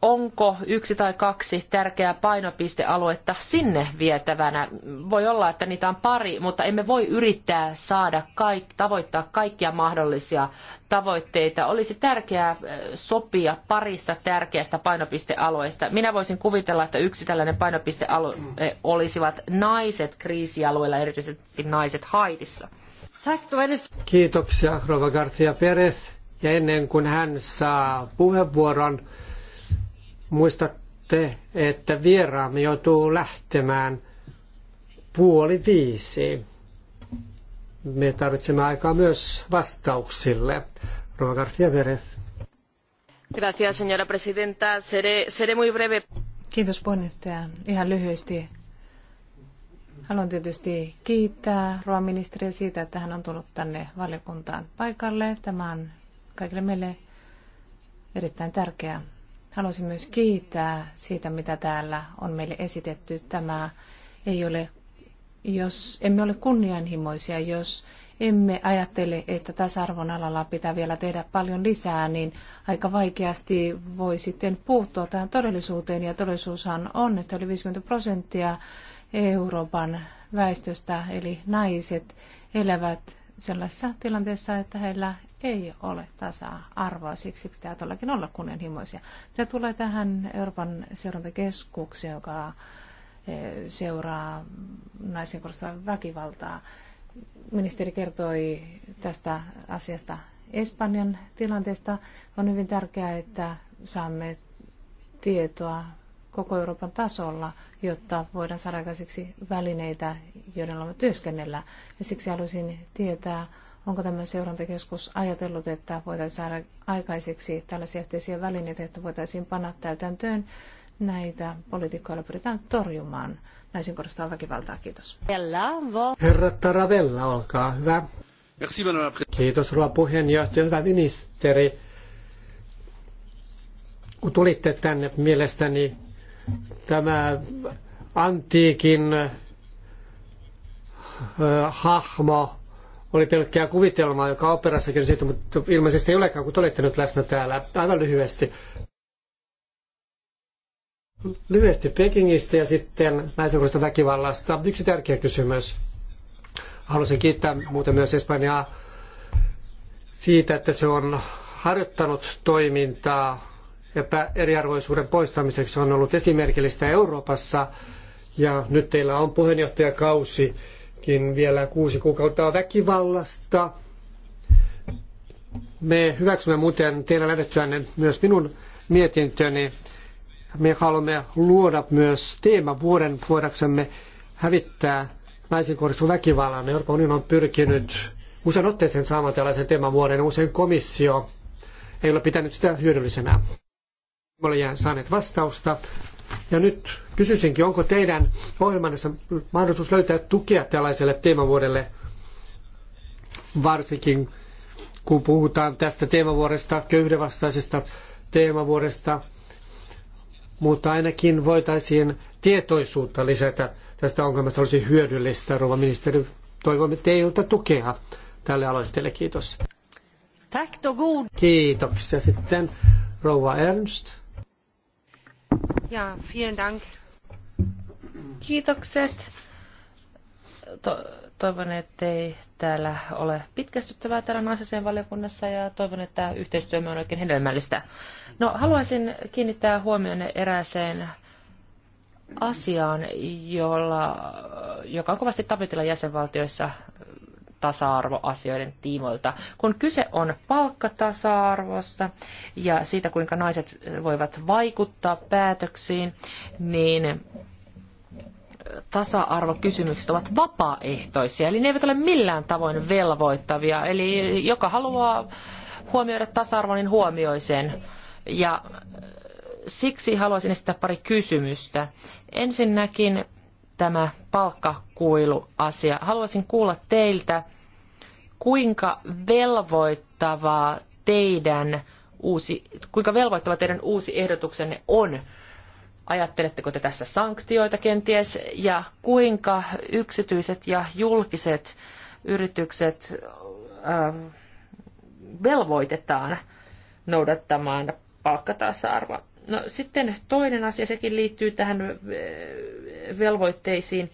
onko yksi tai kaksi tärkeää painopistealuetta sinne vietävänä. Voi olla, että niitä on pari, mutta emme voi yrittää saada kaik- tavoittaa kaikkia mahdollisia tavoitteita. Olisi tärkeää eh, sopia parista tärkeästä painopistealueesta. Minä voisin kuvitella, että yksi tällainen painopistealue eh, olisivat naiset kriisialueilla, erityisesti naiset Haitissa. Kiitoksia, Rova Garcia Perez. Ja ennen kuin hän saa puheenvuoron, Muistatte, että vieraamme joutuu lähtemään puoli viisi. Me tarvitsemme aikaa myös vastauksille. Ruoka García Gracias, señora presidenta. Seré, seré muy breve. Kiitos puheenjohtaja. Ihan lyhyesti. Haluan tietysti kiittää ruoaministeriä siitä, että hän on tullut tänne valiokuntaan paikalle. Tämä on kaikille meille erittäin tärkeä Haluaisin myös kiittää siitä, mitä täällä on meille esitetty. Tämä ei ole, jos emme ole kunnianhimoisia, jos emme ajattele, että tasa-arvon alalla pitää vielä tehdä paljon lisää, niin aika vaikeasti voi sitten puuttua tähän todellisuuteen. Ja todellisuushan on, että yli 50 prosenttia Euroopan väestöstä, eli naiset, elävät sellaisessa tilanteessa, että heillä ei ole tasa-arvoa, siksi pitää todellakin olla kunnianhimoisia. Mitä tulee tähän Euroopan seurantakeskukseen, joka eh, seuraa naisen korostaa väkivaltaa, ministeri kertoi tästä asiasta Espanjan tilanteesta. On hyvin tärkeää, että saamme tietoa koko Euroopan tasolla, jotta voidaan saada aikaiseksi välineitä, joiden me työskennellä. Ja siksi haluaisin tietää, onko tämä seurantakeskus ajatellut, että voitaisiin saada aikaiseksi tällaisia yhteisiä välineitä, että voitaisiin panna täytäntöön näitä poliitikkoja pyritään torjumaan naisiin korostaa väkivaltaa. Kiitos. Herra Taravella, olkaa hyvä. Kiitos rouva puheenjohtaja, hyvä ministeri. Kun tulitte tänne, mielestäni Tämä antiikin äh, hahmo oli pelkkää kuvitelmaa, joka operassakin on siitä, mutta ilmeisesti ei olekaan, kun te olette nyt läsnä täällä. Aivan lyhyesti. Lyhyesti Pekingistä ja sitten naisenkoista väkivallasta. Yksi tärkeä kysymys. Haluaisin kiittää muuten myös Espanjaa siitä, että se on harjoittanut toimintaa eriarvoisuuden poistamiseksi on ollut esimerkillistä Euroopassa. Ja nyt teillä on puheenjohtajakausikin vielä kuusi kuukautta väkivallasta. Me hyväksymme muuten teidän lähdettyänne myös minun mietintöni. Me haluamme luoda myös teemavuoden voidaksemme hävittää naisiin kohdistuvan väkivallan. Euroopan unioni on pyrkinyt usein otteeseen saamaan tällaisen teemavuoden. Usein komissio ei ole pitänyt sitä hyödyllisenä. Me olemme saaneet vastausta. Ja nyt kysyisinkin, onko teidän ohjelmannassa mahdollisuus löytää tukea tällaiselle teemavuodelle, varsinkin kun puhutaan tästä teemavuodesta, köyhdenvastaisesta teemavuodesta, mutta ainakin voitaisiin tietoisuutta lisätä tästä ongelmasta, olisi hyödyllistä, rouva ministeri. Toivomme teiltä tukea tälle aloitteelle. Kiitos. Kiitoksia sitten rouva Ernst. Ja, vielen dank. Kiitokset. To- toivon, ettei täällä ole pitkästyttävää täällä naisasian valiokunnassa ja toivon, että yhteistyömme on oikein hedelmällistä. No, haluaisin kiinnittää huomioon erääseen asiaan, jolla, joka on kovasti tapetilla jäsenvaltioissa tasa-arvoasioiden tiimoilta. Kun kyse on palkkatasa-arvosta ja siitä, kuinka naiset voivat vaikuttaa päätöksiin, niin tasa-arvokysymykset ovat vapaaehtoisia, eli ne eivät ole millään tavoin velvoittavia. Eli joka haluaa huomioida tasa-arvon, niin huomioi sen. Ja äh, siksi haluaisin esittää pari kysymystä. Ensinnäkin tämä palkkakuiluasia. Haluaisin kuulla teiltä, kuinka velvoittavaa teidän uusi, kuinka velvoittava teidän uusi ehdotuksenne on? Ajatteletteko te tässä sanktioita kenties ja kuinka yksityiset ja julkiset yritykset äh, velvoitetaan noudattamaan palkkatasa-arvoa? No, sitten toinen asia, sekin liittyy tähän äh, velvoitteisiin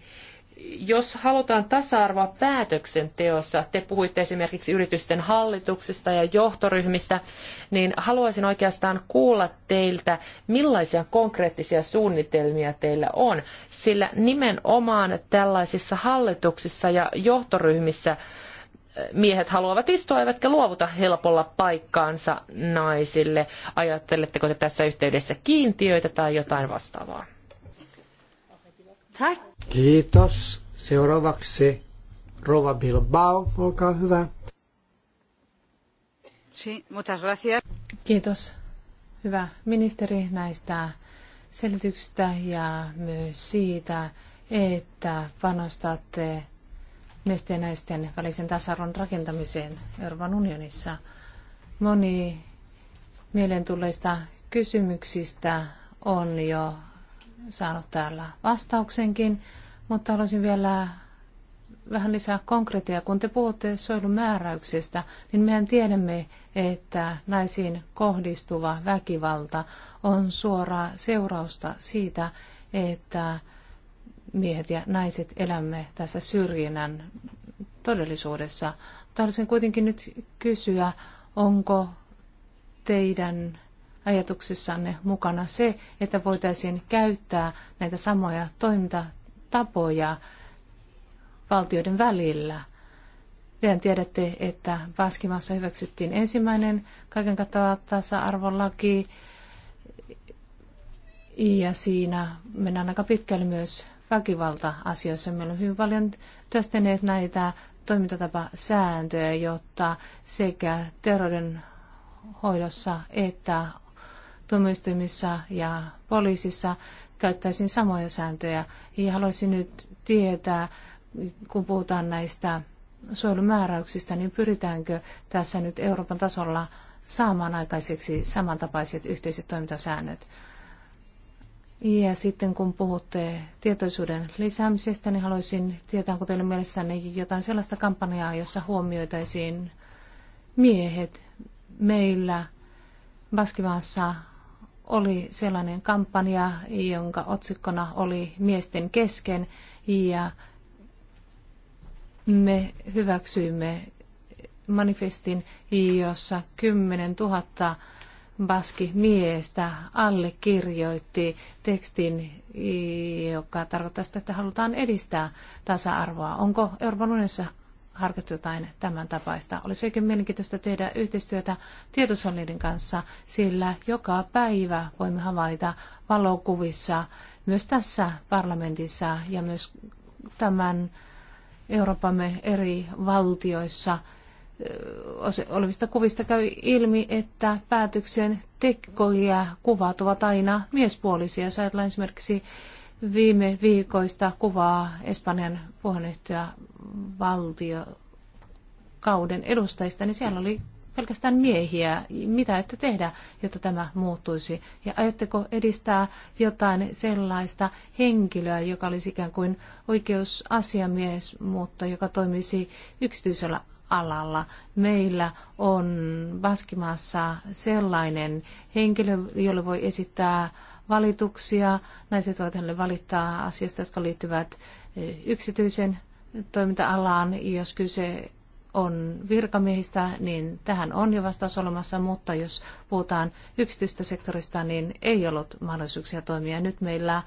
jos halutaan tasa-arvoa päätöksenteossa, te puhuitte esimerkiksi yritysten hallituksista ja johtoryhmistä, niin haluaisin oikeastaan kuulla teiltä, millaisia konkreettisia suunnitelmia teillä on, sillä nimenomaan tällaisissa hallituksissa ja johtoryhmissä eh, miehet haluavat istua eivätkä luovuta helpolla paikkaansa naisille. Ajatteletteko te tässä yhteydessä kiintiöitä tai jotain vastaavaa? Tack. Kiitos. Seuraavaksi Rova Bilbao, olkaa hyvä. Sí, muchas gracias. Kiitos, hyvä ministeri, näistä selityksistä ja myös siitä, että panostatte miesten ja naisten välisen tasa-arvon rakentamiseen Euroopan unionissa. Moni mielentulleista kysymyksistä on jo saanut täällä vastauksenkin, mutta haluaisin vielä vähän lisää konkreettia. Kun te puhutte suojelumääräyksistä, niin mehän tiedämme, että naisiin kohdistuva väkivalta on suoraa seurausta siitä, että miehet ja naiset elämme tässä syrjinnän todellisuudessa. Mutta haluaisin kuitenkin nyt kysyä, onko teidän ajatuksissanne mukana se, että voitaisiin käyttää näitä samoja toimintatapoja valtioiden välillä. Teidän tiedätte, että Baskimassa hyväksyttiin ensimmäinen kaiken kattava tasa-arvolaki, ja siinä mennään aika pitkälle myös väkivalta-asioissa. Meillä on hyvin paljon työstäneet näitä toimintatapasääntöjä, jotta sekä terrorin hoidossa että tuomioistuimissa ja poliisissa käyttäisin samoja sääntöjä. Ja haluaisin nyt tietää, kun puhutaan näistä suojelumääräyksistä, niin pyritäänkö tässä nyt Euroopan tasolla saamaan aikaiseksi samantapaiset yhteiset toimintasäännöt. Ja sitten kun puhutte tietoisuuden lisäämisestä, niin haluaisin tietää, onko teillä mielessänne jotain sellaista kampanjaa, jossa huomioitaisiin miehet meillä Baskimaassa oli sellainen kampanja, jonka otsikkona oli miesten kesken ja me hyväksyimme manifestin, jossa 10 000 baski miestä allekirjoitti tekstin, joka tarkoittaa sitä, että halutaan edistää tasa-arvoa. Onko Euroopan unionissa harkittu jotain tämän tapaista. Olisi oikein mielenkiintoista tehdä yhteistyötä tietosolidin kanssa, sillä joka päivä voimme havaita valokuvissa myös tässä parlamentissa ja myös tämän Euroopamme eri valtioissa olevista kuvista käy ilmi, että päätöksen tekoja kuvat ovat aina miespuolisia. Jos ajatellaan esimerkiksi viime viikoista kuvaa Espanjan puheenjohtaja valtio kauden edustajista, niin siellä oli pelkästään miehiä. Mitä ette tehdä, jotta tämä muuttuisi? Ja ajatteko edistää jotain sellaista henkilöä, joka olisi ikään kuin oikeusasiamies, mutta joka toimisi yksityisellä alalla. Meillä on Baskimaassa sellainen henkilö, jolle voi esittää valituksia. Naiset voivat hänelle valittaa asioista, jotka liittyvät eh, yksityisen toiminta-alaan. Jos kyse on virkamiehistä, niin tähän on jo vastaus olemassa, mutta jos puhutaan yksityistä sektorista, niin ei ollut mahdollisuuksia toimia. Nyt meillä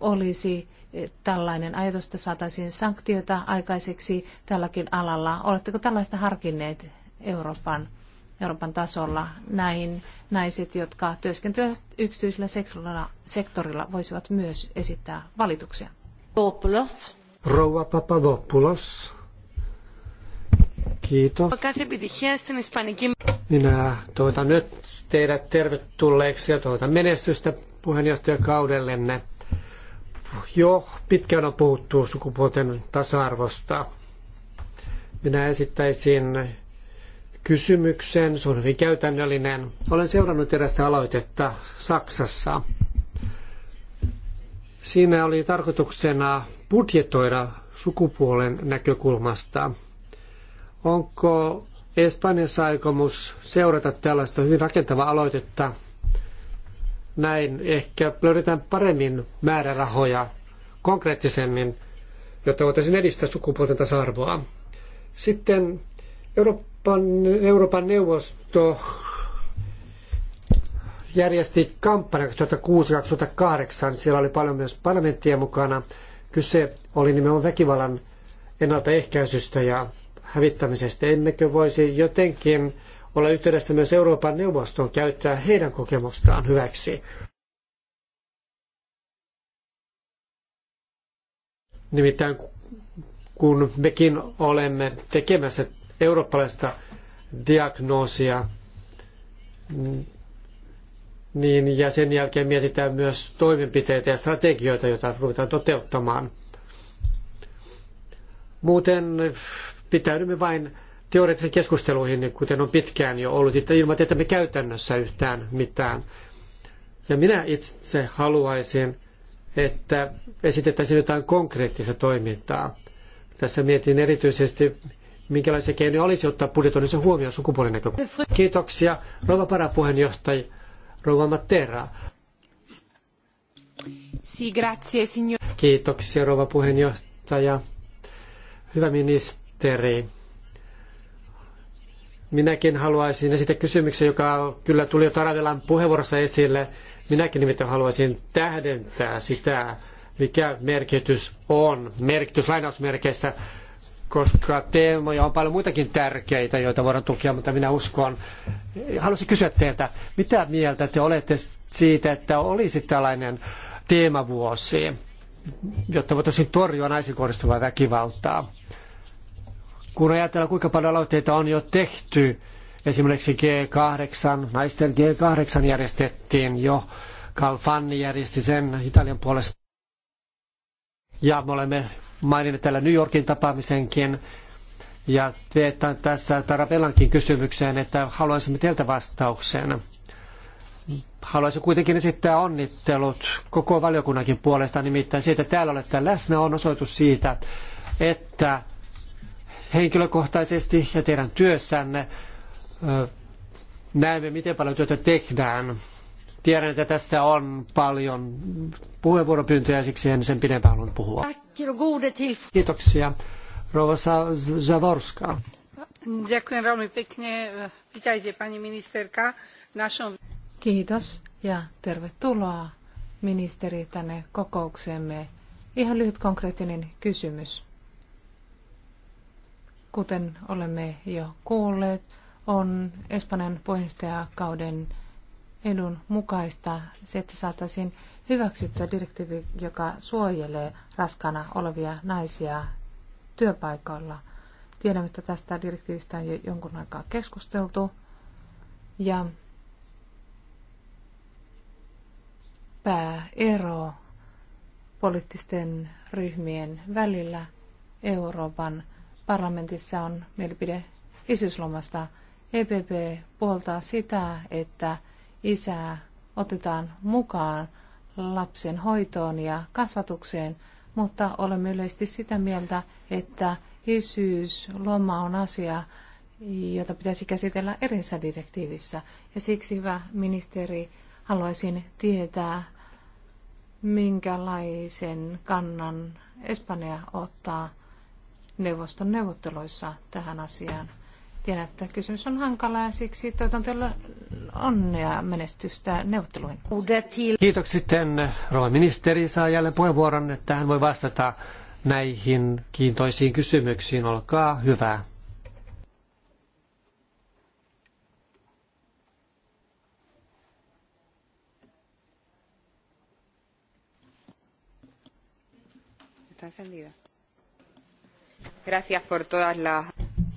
olisi eh, tällainen ajatus, että saataisiin sanktioita aikaiseksi tälläkin alalla. Oletteko tällaista harkinneet Euroopan Euroopan tasolla. Näin naiset, jotka työskentelevät yksityisellä sektorilla, sektorilla voisivat myös esittää valituksia. Popoulos. Rouva Papadopoulos. Kiitos. Minä toivotan nyt teidät tervetulleeksi ja toivotan menestystä puheenjohtajakaudellenne. Jo pitkään on puhuttu sukupuolten tasa-arvosta. Minä esittäisin kysymyksen. Se on hyvin käytännöllinen. Olen seurannut erästä aloitetta Saksassa. Siinä oli tarkoituksena budjetoida sukupuolen näkökulmasta. Onko Espanjassa aikomus seurata tällaista hyvin rakentavaa aloitetta? Näin ehkä löydetään paremmin määrärahoja konkreettisemmin, jotta voitaisiin edistää sukupuolten tasa-arvoa. Sitten Euroopan Euroopan neuvosto järjesti kampanjan 2006-2008. Siellä oli paljon myös parlamenttia mukana. Kyse oli nimenomaan väkivallan ennaltaehkäisystä ja hävittämisestä. Emmekö voisi jotenkin olla yhteydessä myös Euroopan neuvoston käyttää heidän kokemustaan hyväksi? Nimittäin kun mekin olemme tekemässä eurooppalaista diagnoosia, niin ja sen jälkeen mietitään myös toimenpiteitä ja strategioita, joita ruvetaan toteuttamaan. Muuten pitäydymme vain teoreettisiin keskusteluihin, kuten on pitkään jo ollut, että ilman, että me käytännössä yhtään mitään. Ja minä itse haluaisin, että esitettäisiin jotain konkreettista toimintaa. Tässä mietin erityisesti minkälaisia keinoja olisi ottaa budjetoinnissa huomioon sukupuolen näkökulmasta. Kiitoksia, rouva parapuheenjohtaja, rouva Matera. Si, grazie, signor. Kiitoksia, rouva puheenjohtaja. Hyvä ministeri. Minäkin haluaisin esittää kysymyksen, joka kyllä tuli jo Taravelan puheenvuorossa esille. Minäkin nimittäin haluaisin tähdentää sitä, mikä merkitys on, merkitys lainausmerkeissä, koska teemoja on paljon muitakin tärkeitä, joita voidaan tukea, mutta minä uskon. Haluaisin kysyä teiltä, mitä mieltä te olette siitä, että olisi tällainen teemavuosi, jotta voitaisiin torjua naisiin kohdistuvaa väkivaltaa? Kun ajatellaan, kuinka paljon aloitteita on jo tehty, esimerkiksi G8, naisten G8 järjestettiin jo, Calfani järjesti sen Italian puolesta. Ja me olemme maininneet täällä New Yorkin tapaamisenkin. Ja vietän tässä Tarabellankin kysymykseen, että haluaisimme teiltä vastauksen. Haluaisin kuitenkin esittää onnittelut koko valiokunnankin puolesta, nimittäin siitä, että täällä olette läsnä, on osoitus siitä, että henkilökohtaisesti ja teidän työssänne näemme, miten paljon työtä tehdään. Tiedän, että tässä on paljon puheenvuoropyyntöjä, siksi en sen pidempään halunnut puhua. Kiitoksia. Rouva Zavorska. pani Kiitos ja tervetuloa ministeri tänne kokoukseemme. Ihan lyhyt konkreettinen kysymys. Kuten olemme jo kuulleet, on Espanjan puheenjohtajakauden edun mukaista se, että saataisiin hyväksyttyä direktiivi, joka suojelee raskana olevia naisia työpaikalla. Tiedämme, että tästä direktiivistä on jo jonkun aikaa keskusteltu. Ja pääero poliittisten ryhmien välillä Euroopan parlamentissa on mielipide isyyslomasta. EPP puoltaa sitä, että isää otetaan mukaan lapsen hoitoon ja kasvatukseen, mutta olemme yleisesti sitä mieltä, että isyysloma on asia, jota pitäisi käsitellä erissä direktiivissä. Ja siksi, hyvä ministeri, haluaisin tietää, minkälaisen kannan Espanja ottaa neuvoston neuvotteluissa tähän asiaan. Tiedän, että kysymys on hankala ja siksi toivotan teille onnea menestystä neuvotteluihin. Kiitokset sitten rouva ministeri saa jälleen puheenvuoron, että hän voi vastata näihin kiintoisiin kysymyksiin. Olkaa hyvä.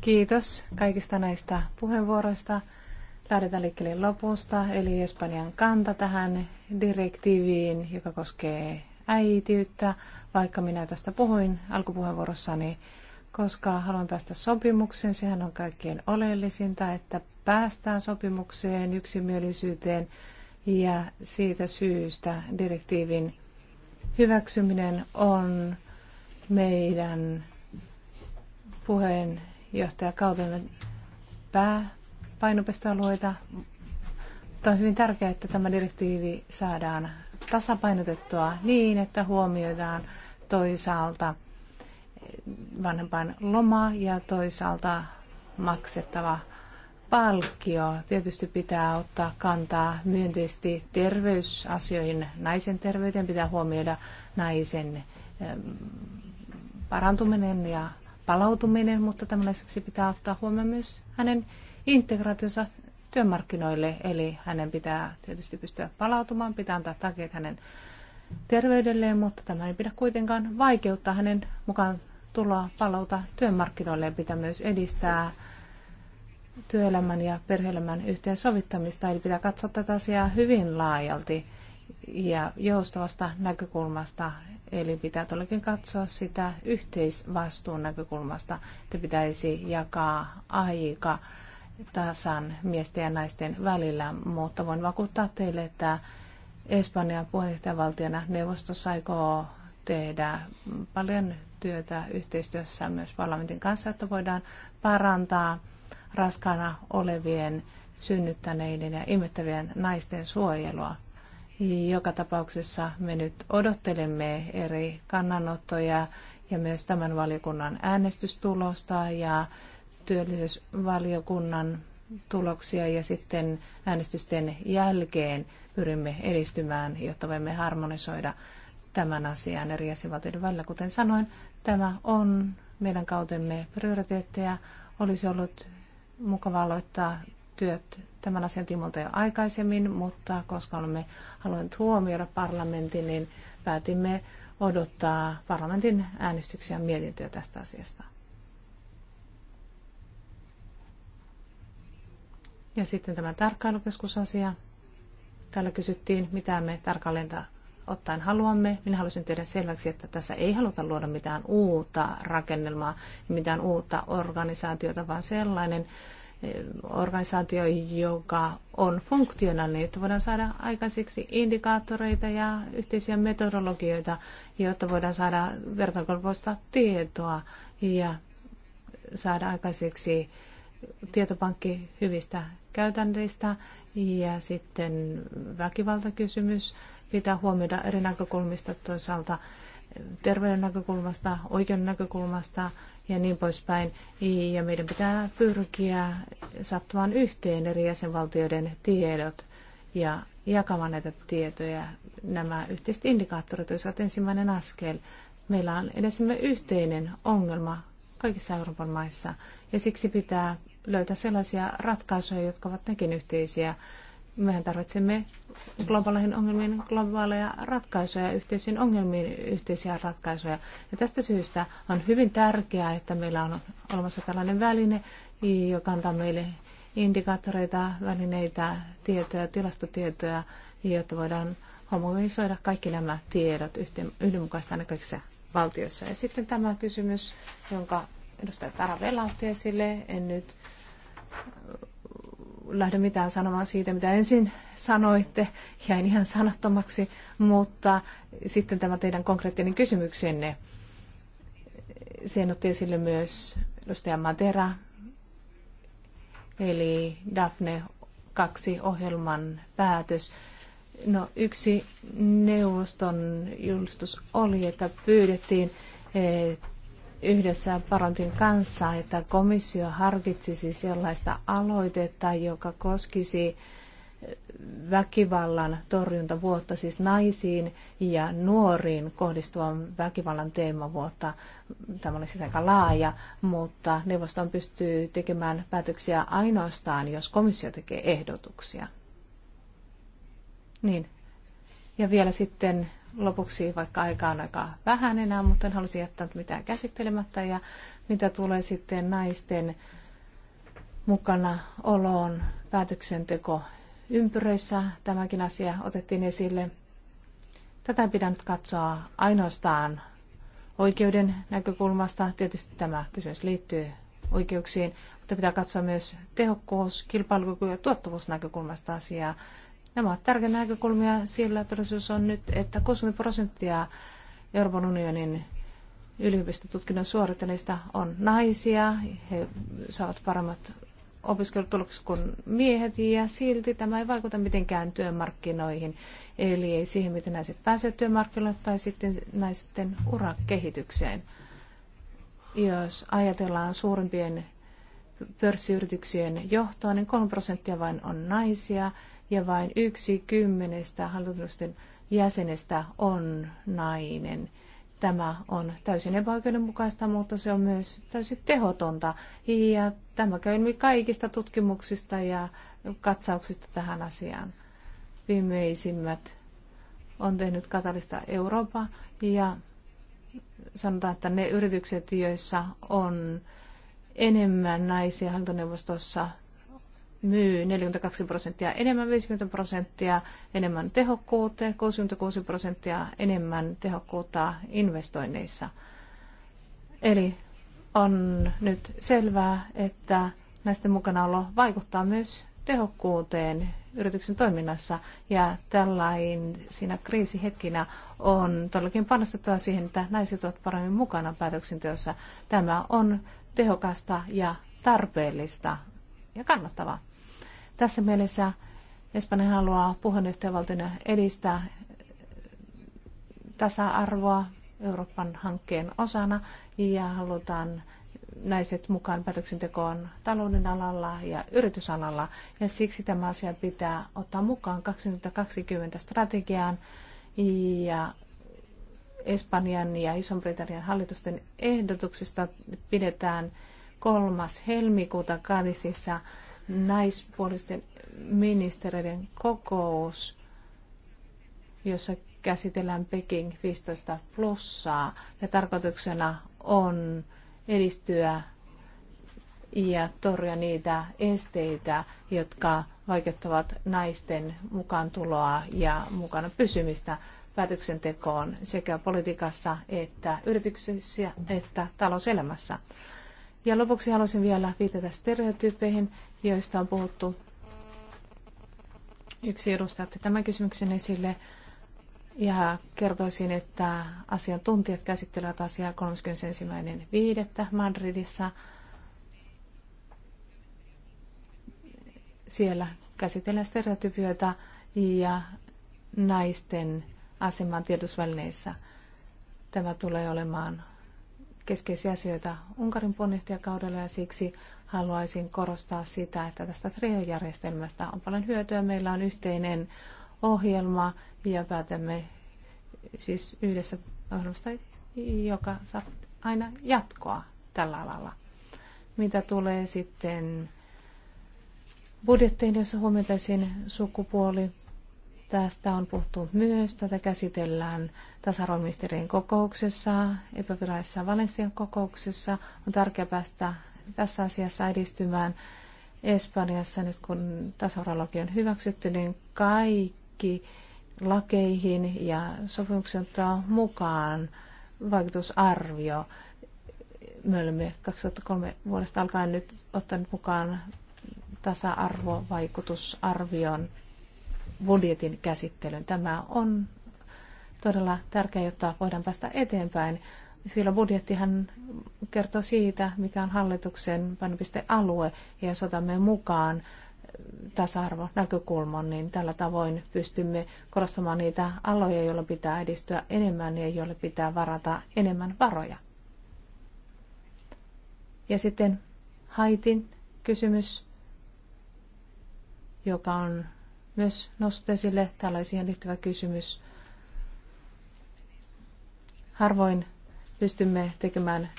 Kiitos kaikista näistä puheenvuoroista. Lähdetään liikkeelle lopusta, eli Espanjan kanta tähän direktiiviin, joka koskee äitiyttä, vaikka minä tästä puhuin alkupuheenvuorossani, koska haluan päästä sopimukseen. Sehän on kaikkein oleellisinta, että päästään sopimukseen, yksimielisyyteen ja siitä syystä direktiivin hyväksyminen on meidän puheenjohtajakautemme pää painopistealueita, mutta on hyvin tärkeää, että tämä direktiivi saadaan tasapainotettua niin, että huomioidaan toisaalta vanhempain loma ja toisaalta maksettava palkkio. Tietysti pitää ottaa kantaa myönteisesti terveysasioihin, naisen terveyteen, pitää huomioida naisen parantuminen ja palautuminen, mutta tämmöiseksi pitää ottaa huomioon myös hänen integraatiossa työmarkkinoille, eli hänen pitää tietysti pystyä palautumaan, pitää antaa takia hänen terveydelleen, mutta tämä ei pidä kuitenkaan vaikeuttaa hänen mukaan tuloa palauta työmarkkinoille ja pitää myös edistää työelämän ja perheelämän yhteensovittamista. Eli pitää katsoa tätä asiaa hyvin laajalti ja joustavasta näkökulmasta. Eli pitää todellakin katsoa sitä yhteisvastuun näkökulmasta, että pitäisi jakaa aika tasan miesten ja naisten välillä, mutta voin vakuuttaa teille, että Espanjan puheenjohtajavaltiona neuvostossa aikoo tehdä paljon työtä yhteistyössä myös parlamentin kanssa, että voidaan parantaa raskaana olevien, synnyttäneiden ja imettävien naisten suojelua. Joka tapauksessa me nyt odottelemme eri kannanottoja ja myös tämän valiokunnan äänestystulosta ja työllisyysvaliokunnan tuloksia ja sitten äänestysten jälkeen pyrimme edistymään, jotta voimme harmonisoida tämän asian eri jäsenvaltioiden välillä. Kuten sanoin, tämä on meidän kautemme prioriteetteja. Olisi ollut mukava aloittaa työt tämän asian tiimolta jo aikaisemmin, mutta koska olemme halunneet huomioida parlamentin, niin päätimme odottaa parlamentin äänestyksiä mietintöä tästä asiasta. Ja sitten tämä tarkkailukeskusasia. Täällä kysyttiin, mitä me tarkalleen ottaen haluamme. Minä haluaisin tehdä selväksi, että tässä ei haluta luoda mitään uutta rakennelmaa, mitään uutta organisaatiota, vaan sellainen eh, organisaatio, joka on funktionaalinen, että voidaan saada aikaisiksi indikaattoreita ja yhteisiä metodologioita, jotta voidaan saada vertailukelpoista tietoa ja saada aikaiseksi tietopankki hyvistä käytänteistä ja sitten väkivaltakysymys pitää huomioida eri näkökulmista toisaalta terveyden näkökulmasta, oikeuden näkökulmasta ja niin poispäin. Ja meidän pitää pyrkiä sattumaan yhteen eri jäsenvaltioiden tiedot ja jakamaan näitä tietoja. Nämä yhteiset indikaattorit olisivat ensimmäinen askel. Meillä on edes yhteinen ongelma kaikissa Euroopan maissa ja siksi pitää löytää sellaisia ratkaisuja, jotka ovat nekin yhteisiä. Mehän tarvitsemme globaaleihin ongelmiin globaaleja ratkaisuja, yhteisiin ongelmiin yhteisiä ratkaisuja. Ja tästä syystä on hyvin tärkeää, että meillä on olemassa tällainen väline, joka antaa meille indikaattoreita, välineitä, tietoja, tilastotietoja, jotta voidaan homogenisoida kaikki nämä tiedot yhdenmukaista aina valtioissa. Ja sitten tämä kysymys, jonka edustaja Taravella otti esille. En nyt äh, lähde mitään sanomaan siitä, mitä ensin sanoitte. Jäin ihan sanattomaksi, mutta sitten tämä teidän konkreettinen kysymyksenne. Sen otti esille myös edustaja Matera, eli Daphne 2 ohjelman päätös. No, yksi neuvoston julistus oli, että pyydettiin, että yhdessä Parantin kanssa, että komissio harkitsisi sellaista aloitetta, joka koskisi väkivallan torjuntavuotta, siis naisiin ja nuoriin kohdistuvan väkivallan teemavuotta. Tämä olisi siis aika laaja, mutta neuvoston pystyy tekemään päätöksiä ainoastaan, jos komissio tekee ehdotuksia. Niin. Ja vielä sitten lopuksi, vaikka aika on aika vähän enää, mutta en halusi jättää mitään käsittelemättä. Ja mitä tulee sitten naisten mukana oloon päätöksenteko ympyröissä, tämäkin asia otettiin esille. Tätä pidän nyt katsoa ainoastaan oikeuden näkökulmasta. Tietysti tämä kysymys liittyy oikeuksiin, mutta pitää katsoa myös tehokkuus, kilpailukyky ja tuottavuusnäkökulmasta asiaa. Nämä ovat tärkeitä näkökulmia, sillä todellisuus on nyt, että 60 prosenttia Euroopan unionin yliopistotutkinnon suorittaneista on naisia. He saavat paremmat opiskelutulokset kuin miehet ja silti tämä ei vaikuta mitenkään työmarkkinoihin. Eli ei siihen, miten naiset pääsevät työmarkkinoille tai sitten naisten urakehitykseen. Jos ajatellaan suurimpien pörssiyrityksien johtoa, niin 3 prosenttia vain on naisia ja vain yksi kymmenestä hallitusten jäsenestä on nainen. Tämä on täysin epäoikeudenmukaista, mutta se on myös täysin tehotonta. Ja tämä käy kaikista tutkimuksista ja katsauksista tähän asiaan. Viimeisimmät on tehnyt Katalista Eurooppa ja sanotaan, että ne yritykset, joissa on enemmän naisia hallintoneuvostossa, myy 42 prosenttia enemmän, 50 prosenttia enemmän tehokkuutta 66 prosenttia enemmän tehokkuutta investoinneissa. Eli on nyt selvää, että näistä mukanaolo vaikuttaa myös tehokkuuteen yrityksen toiminnassa ja siinä kriisihetkinä on todellakin panostettava siihen, että naiset ovat paremmin mukana päätöksenteossa. Tämä on tehokasta ja tarpeellista ja kannattavaa. Tässä mielessä Espanja haluaa puheenjohtajavaltiona edistää tasa-arvoa Euroopan hankkeen osana ja halutaan naiset mukaan päätöksentekoon talouden alalla ja yritysalalla. Ja siksi tämä asia pitää ottaa mukaan 2020 strategiaan ja Espanjan ja iso britannian hallitusten ehdotuksista pidetään 3. helmikuuta Kadisissa naispuolisten ministereiden kokous, jossa käsitellään Peking 15 plussaa ja tarkoituksena on edistyä ja torjua niitä esteitä, jotka vaikeuttavat naisten mukaan tuloa ja mukana pysymistä päätöksentekoon sekä politiikassa että yrityksissä että talouselämässä. Ja lopuksi haluaisin vielä viitata stereotyypeihin joista on puhuttu. Yksi edustaja otti tämän kysymyksen esille ja kertoisin, että asiantuntijat käsittelevät asiaa 31.5. Madridissa. Siellä käsitellään stereotypioita ja naisten aseman tiedotusvälineissä. Tämä tulee olemaan keskeisiä asioita Unkarin puheenjohtajakaudella ja siksi haluaisin korostaa sitä, että tästä treu-järjestelmästä on paljon hyötyä. Meillä on yhteinen ohjelma ja päätämme siis yhdessä ohjelmasta, joka saa aina jatkoa tällä alalla. Mitä tulee sitten budjettiin, jossa huomioitaisiin sukupuoli, Tästä on puhuttu myös. Tätä käsitellään tasa kokouksessa, epävirallisessa Valensian kokouksessa. On tärkeää päästä tässä asiassa edistymään Espanjassa nyt kun tasauralaki on hyväksytty, niin kaikki lakeihin ja sopimuksen ottaa mukaan vaikutusarvio. Me olemme 2003 vuodesta alkaen nyt ottanut mukaan tasa-arvovaikutusarvion budjetin käsittelyn. Tämä on todella tärkeää, jotta voidaan päästä eteenpäin. Silloin budjettihan kertoo siitä, mikä on hallituksen painopistealue, ja jos otamme mukaan tasa-arvonäkökulman, niin tällä tavoin pystymme korostamaan niitä aloja, joilla pitää edistyä enemmän ja joille pitää varata enemmän varoja. Ja sitten Haitin kysymys, joka on myös noussut esille, tällaisiin liittyvä kysymys. Harvoin pystymme tekemään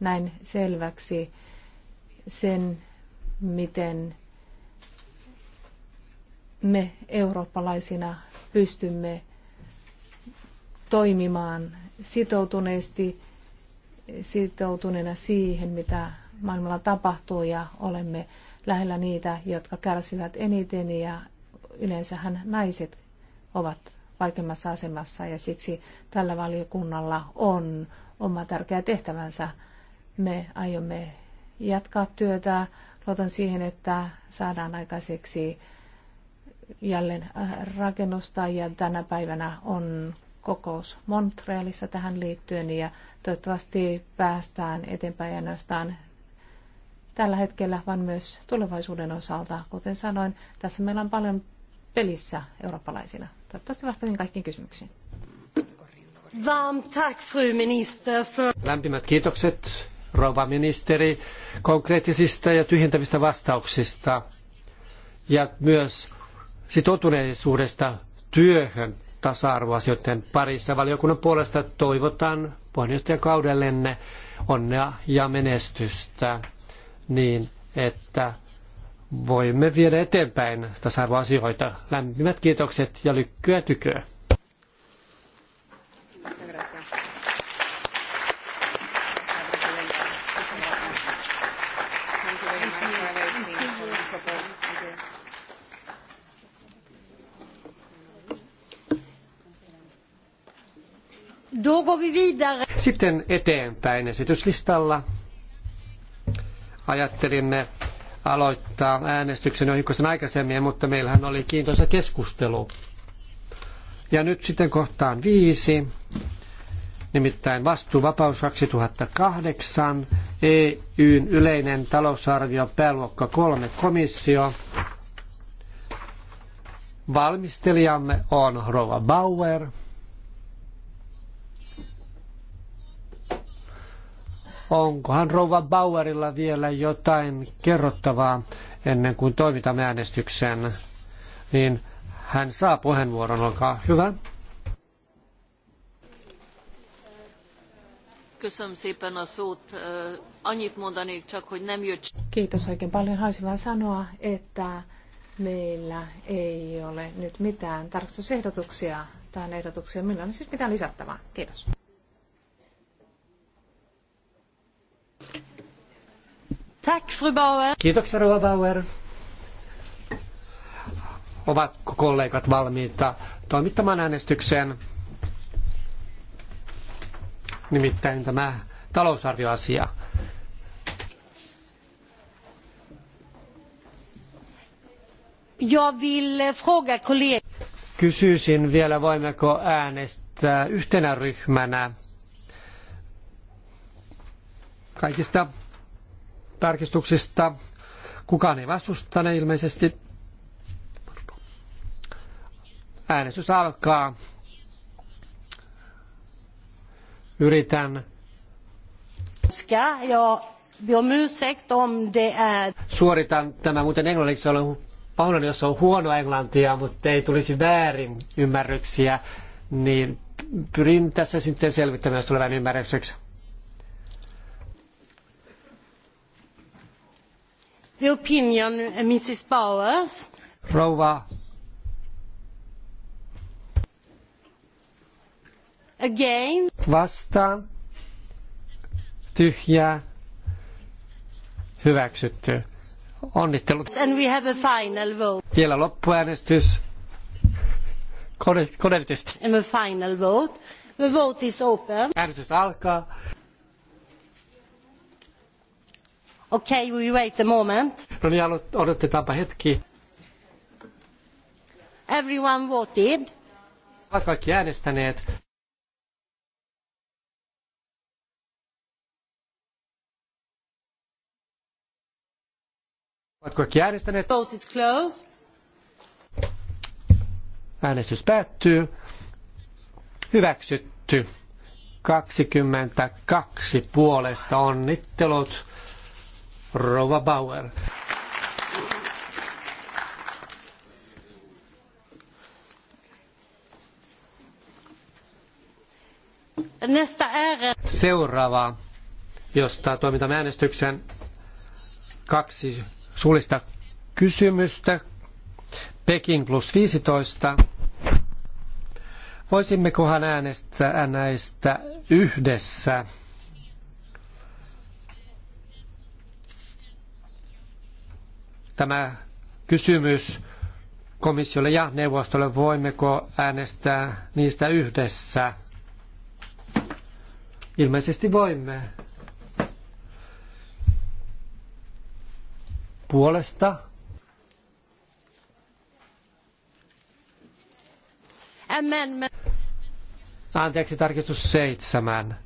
näin selväksi sen, miten me eurooppalaisina pystymme toimimaan sitoutuneesti, sitoutuneena siihen, mitä maailmalla tapahtuu ja olemme lähellä niitä, jotka kärsivät eniten ja yleensähän naiset ovat vaikeimmassa asemassa ja siksi tällä valiokunnalla on oma tärkeä tehtävänsä. Me aiomme jatkaa työtä. Luotan siihen, että saadaan aikaiseksi jälleen rakennusta ja tänä päivänä on kokous Montrealissa tähän liittyen ja toivottavasti päästään eteenpäin ainoastaan tällä hetkellä, vaan myös tulevaisuuden osalta. Kuten sanoin, tässä meillä on paljon pelissä eurooppalaisina. Toivottavasti vastasin kaikkiin kysymyksiin. Lämpimät kiitokset, rouva ministeri, konkreettisista ja tyhjentävistä vastauksista ja myös sitoutuneisuudesta työhön tasa-arvoasioiden parissa. Valiokunnan puolesta toivotan puheenjohtajakaudellenne onnea ja menestystä niin, että voimme viedä eteenpäin tasa-arvoasioita. Lämpimät kiitokset ja lykkyä tyköön. Muchas gracias. Sitten eteenpäin esityslistalla ajattelimme aloittaa äänestyksen ohikosen aikaisemmin, mutta meillähän oli kiintoisa keskustelu. Ja nyt sitten kohtaan viisi nimittäin vastuuvapaus 2008, EUn yleinen talousarvio pääluokka 3 komissio. Valmistelijamme on Rova Bauer. Onkohan Rova Bauerilla vielä jotain kerrottavaa ennen kuin toimitamme äänestyksen? Niin hän saa puheenvuoron, olkaa hyvä. Köszönöm szépen a szót. Annyit mondanék csak, hogy nem jött... Kiitos oikein paljon. Haluaisin vain sanoa, että meillä ei ole nyt mitään tarkastusehdotuksia tai ehdotuksia. Meillä on siis mitään lisättävää. Kiitos. Tack, fru Bauer. Kiitoksia, Rova Bauer. Ovatko kollegat valmiita toimittamaan äänestykseen? nimittäin tämä talousarvioasia. Jag vill fråga kollegor. Kysyisin vielä, voimmeko äänestää yhtenä ryhmänä kaikista tarkistuksista. Kukaan ei vastustane ilmeisesti. Äänestys alkaa. Yritän Suoritan tämä muuten englanniksi, olen pahoillani, jos on huono englantia, mutta ei tulisi väärin ymmärryksiä, niin pyrin tässä sitten selvittämään, jos tulee ymmärrykseksi. The opinion, Mrs. Bowers. Rouva Again. Vasta tyhjä Hyväksytty. Onnittelut. And we have a final vote. Vielä loppuäänestys. Koneellisesti. And the final vote. The vote is open. Äänestys alkaa. Okay, we wait a moment. No niin, odotetaanpa hetki. Everyone voted. Ovat kaikki äänestäneet. Oletko kaikki äänestäneet? Vote is closed. Äänestys päättyy. Hyväksytty. 22 puolesta onnittelut. Rova Bauer. Seuraava, josta toimitamme äänestyksen kaksi suullista kysymystä. Peking plus 15. Voisimmekohan äänestää näistä yhdessä? Tämä kysymys komissiolle ja neuvostolle, voimmeko äänestää niistä yhdessä? Ilmeisesti voimme. puolesta. Amendment. Anteeksi, tarkistus seitsemän.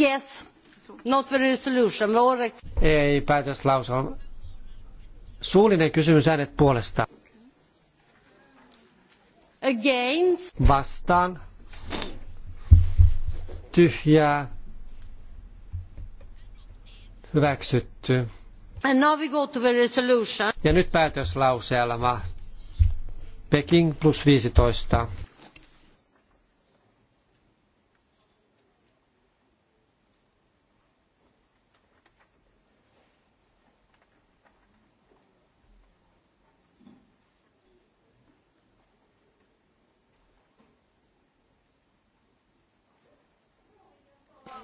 Yes, not the resolution. Ei, päätöslauselma. Suullinen kysymys äänet puolesta. Against. Vastaan. Tyhjää. Hyväksytty. And now we go to the resolution. Ja nyt päätöslauselma. Peking plus 15.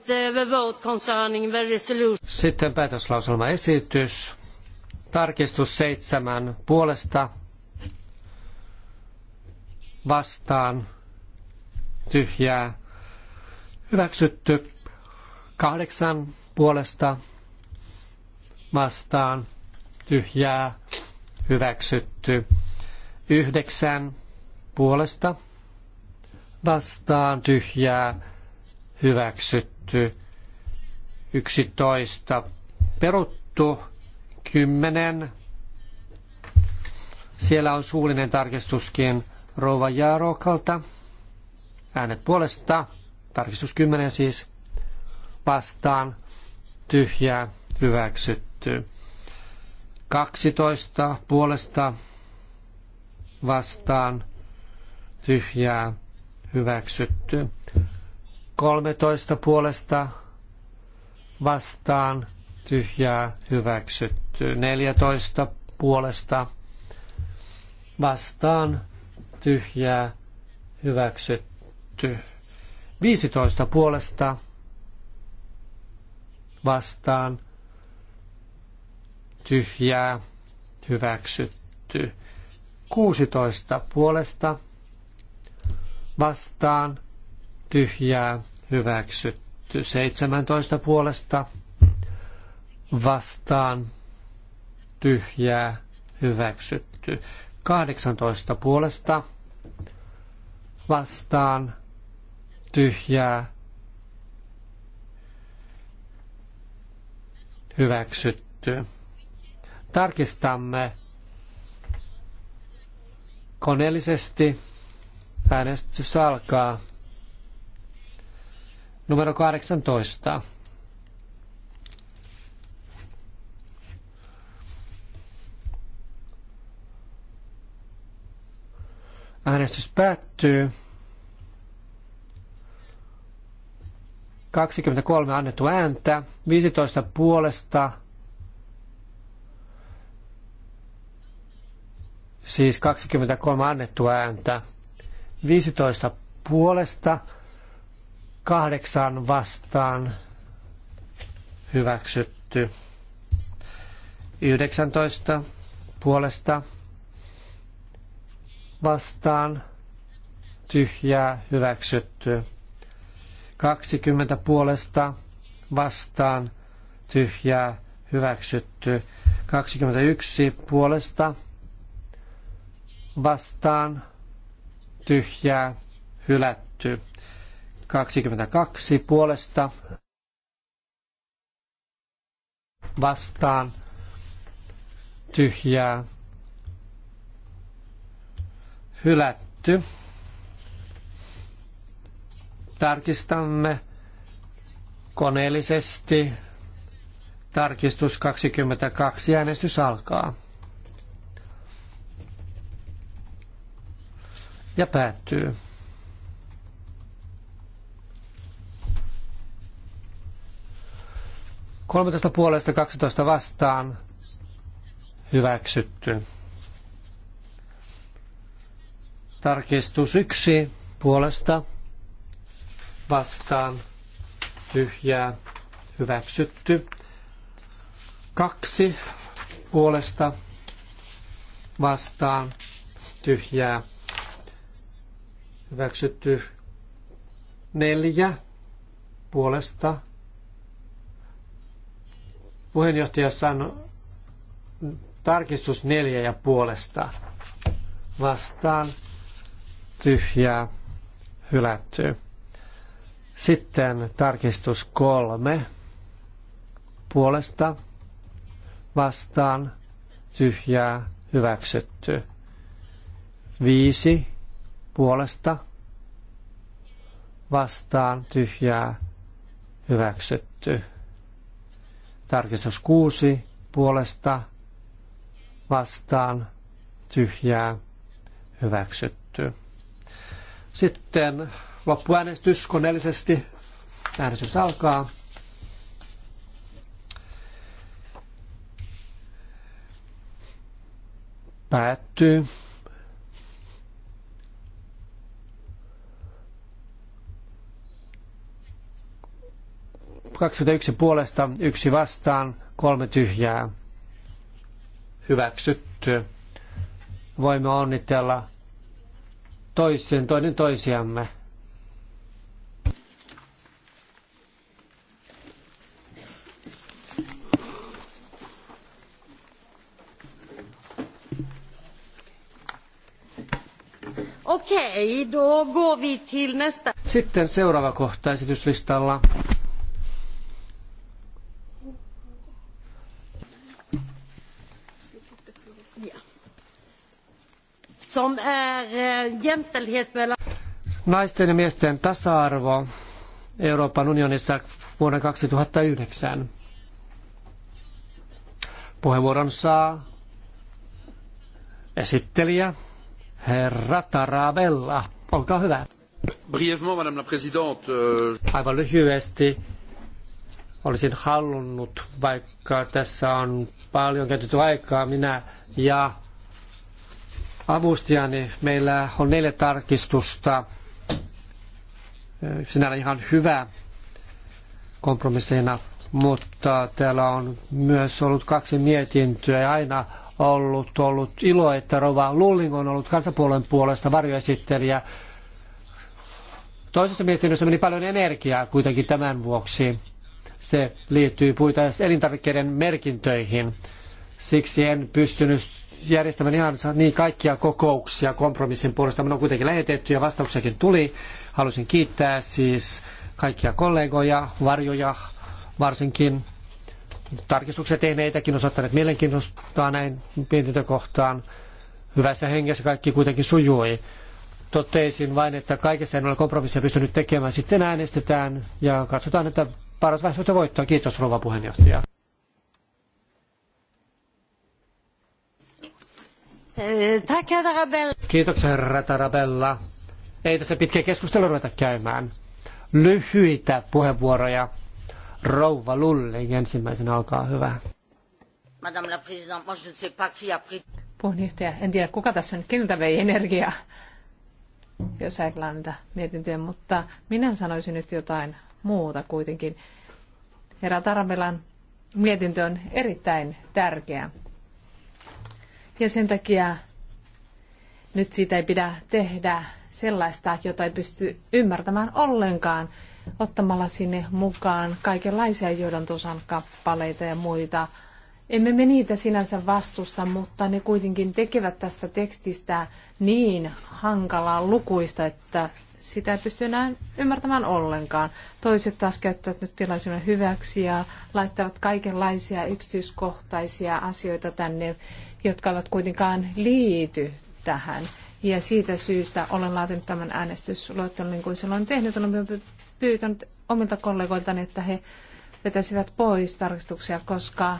the eh, vote concerning the resolution. Sitten päätöslauselmaesitys. Tarkistus seitsemän puolesta vastaan tyhjää hyväksytty kahdeksan puolesta vastaan tyhjää hyväksytty yhdeksän puolesta vastaan tyhjää hyväksytty. 11, peruttu 10. Siellä on suullinen tarkistuskin Rova Jarokalta. Äänet puolesta, tarkistus 10 siis, vastaan, tyhjää, hyväksytty. 12 puolesta, vastaan, tyhjää, hyväksytty. 13 puolesta vastaan tyhjää hyväksytty. 14 puolesta vastaan tyhjää hyväksytty. 15 puolesta vastaan tyhjää hyväksytty. 16 puolesta vastaan tyhjää hyväksytty. 17 puolesta vastaan tyhjää hyväksytty. 18 puolesta vastaan tyhjää hyväksytty. Tarkistamme koneellisesti. Äänestys alkaa. Numero 18. Äänestys päättyy. 23 annettu ääntä, 15 puolesta, siis 23 annettu ääntä, 15 puolesta, kahdeksan vastaan hyväksytty. 19 puolesta vastaan tyhjää hyväksytty. 20 puolesta vastaan tyhjää hyväksytty. 21 puolesta vastaan tyhjää hylätty. 22 puolesta vastaan tyhjää hylätty. Tarkistamme koneellisesti. Tarkistus 22. Äänestys alkaa. Ja päättyy. 13 puolesta 12 vastaan hyväksytty. Tarkistus 1 puolesta vastaan tyhjää hyväksytty. Kaksi puolesta vastaan tyhjää hyväksytty. Neljä puolesta Puheenjohtaja sanoi tarkistus neljä ja puolesta vastaan tyhjää hylätty. Sitten tarkistus kolme puolesta vastaan tyhjää hyväksytty. Viisi puolesta vastaan tyhjää hyväksytty. Tarkistus 6 puolesta vastaan tyhjää hyväksytty. Sitten loppuäänestys koneellisesti. Äänestys alkaa. Päättyy. 21 puolesta, yksi vastaan, kolme tyhjää. Hyväksytty. Voimme onnitella toisen, toinen toisiamme. Okei, då går vi till nästa. Sitten seuraava kohta esityslistalla. som är eh, jämställdhet mellan... Naisten ja miesten tasa-arvo Euroopan unionissa vuonna 2009. Puheenvuoron saa esittelijä herra Tarabella. Olkaa hyvä. Brièvement, madame la présidente. Euh, Aivan lyhyesti olisin halunnut, vaikka tässä on paljon käytetty aikaa, minä ja avustajani. Meillä on neljä tarkistusta. Sinällä ihan hyvä kompromisseina, mutta täällä on myös ollut kaksi mietintöä ja aina ollut, ollut ilo, että Rova Lulling on ollut kansapuolen puolesta varjoesittelijä. Toisessa mietinnössä meni paljon energiaa kuitenkin tämän vuoksi. Se liittyy puita elintarvikkeiden merkintöihin. Siksi en pystynyt järjestämään ihan niin kaikkia kokouksia kompromissin puolesta. Minun on kuitenkin lähetetty ja vastauksiakin tuli. Halusin kiittää siis kaikkia kollegoja, varjoja varsinkin. Tarkistuksia tehneitäkin osoittaneet mielenkiinnostaa näin mietintökohtaan. Hyvässä hengessä kaikki kuitenkin sujui. Totesin vain, että kaikessa en ole kompromissia pystynyt tekemään. Sitten äänestetään ja katsotaan, että paras vaihtoehto voittaa. Kiitos rouva puheenjohtaja. Eh, Kiitoksia, herra Tarabella. Ei tässä pitkä keskustelu ruveta käymään. Lyhyitä puheenvuoroja. Rouva Lulli ensimmäisenä, olkaa hyvä. Madame la présidente, moi je ne sais pas qui a pris... Puheenjohtaja, en tiedä kuka tässä nyt keneltä vei energiaa, jos ajatellaan niitä mietintöjä, mutta minä sanoisin nyt jotain muuta kuitenkin. Herra Tarabellan mietintö on erittäin tärkeä. Ja sen takia nyt siitä ei pidä tehdä sellaista, jota ei pysty ymmärtämään ollenkaan ottamalla sinne mukaan kaikenlaisia johdantosan kappaleita ja muita. Emme me niitä sinänsä vastusta, mutta ne kuitenkin tekevät tästä tekstistä niin hankalaa lukuista, että sitä ei pysty enää ymmärtämään ollenkaan. Toiset taas käyttävät nyt tilaisuuden hyväksi ja laittavat kaikenlaisia yksityiskohtaisia asioita tänne jotka ovat kuitenkaan liity tähän. Ja siitä syystä olen laatinut tämän äänestysluettelon, niin kuin silloin tehnyt. Olen pyytänyt omilta kollegoiltani, että he vetäisivät pois tarkistuksia, koska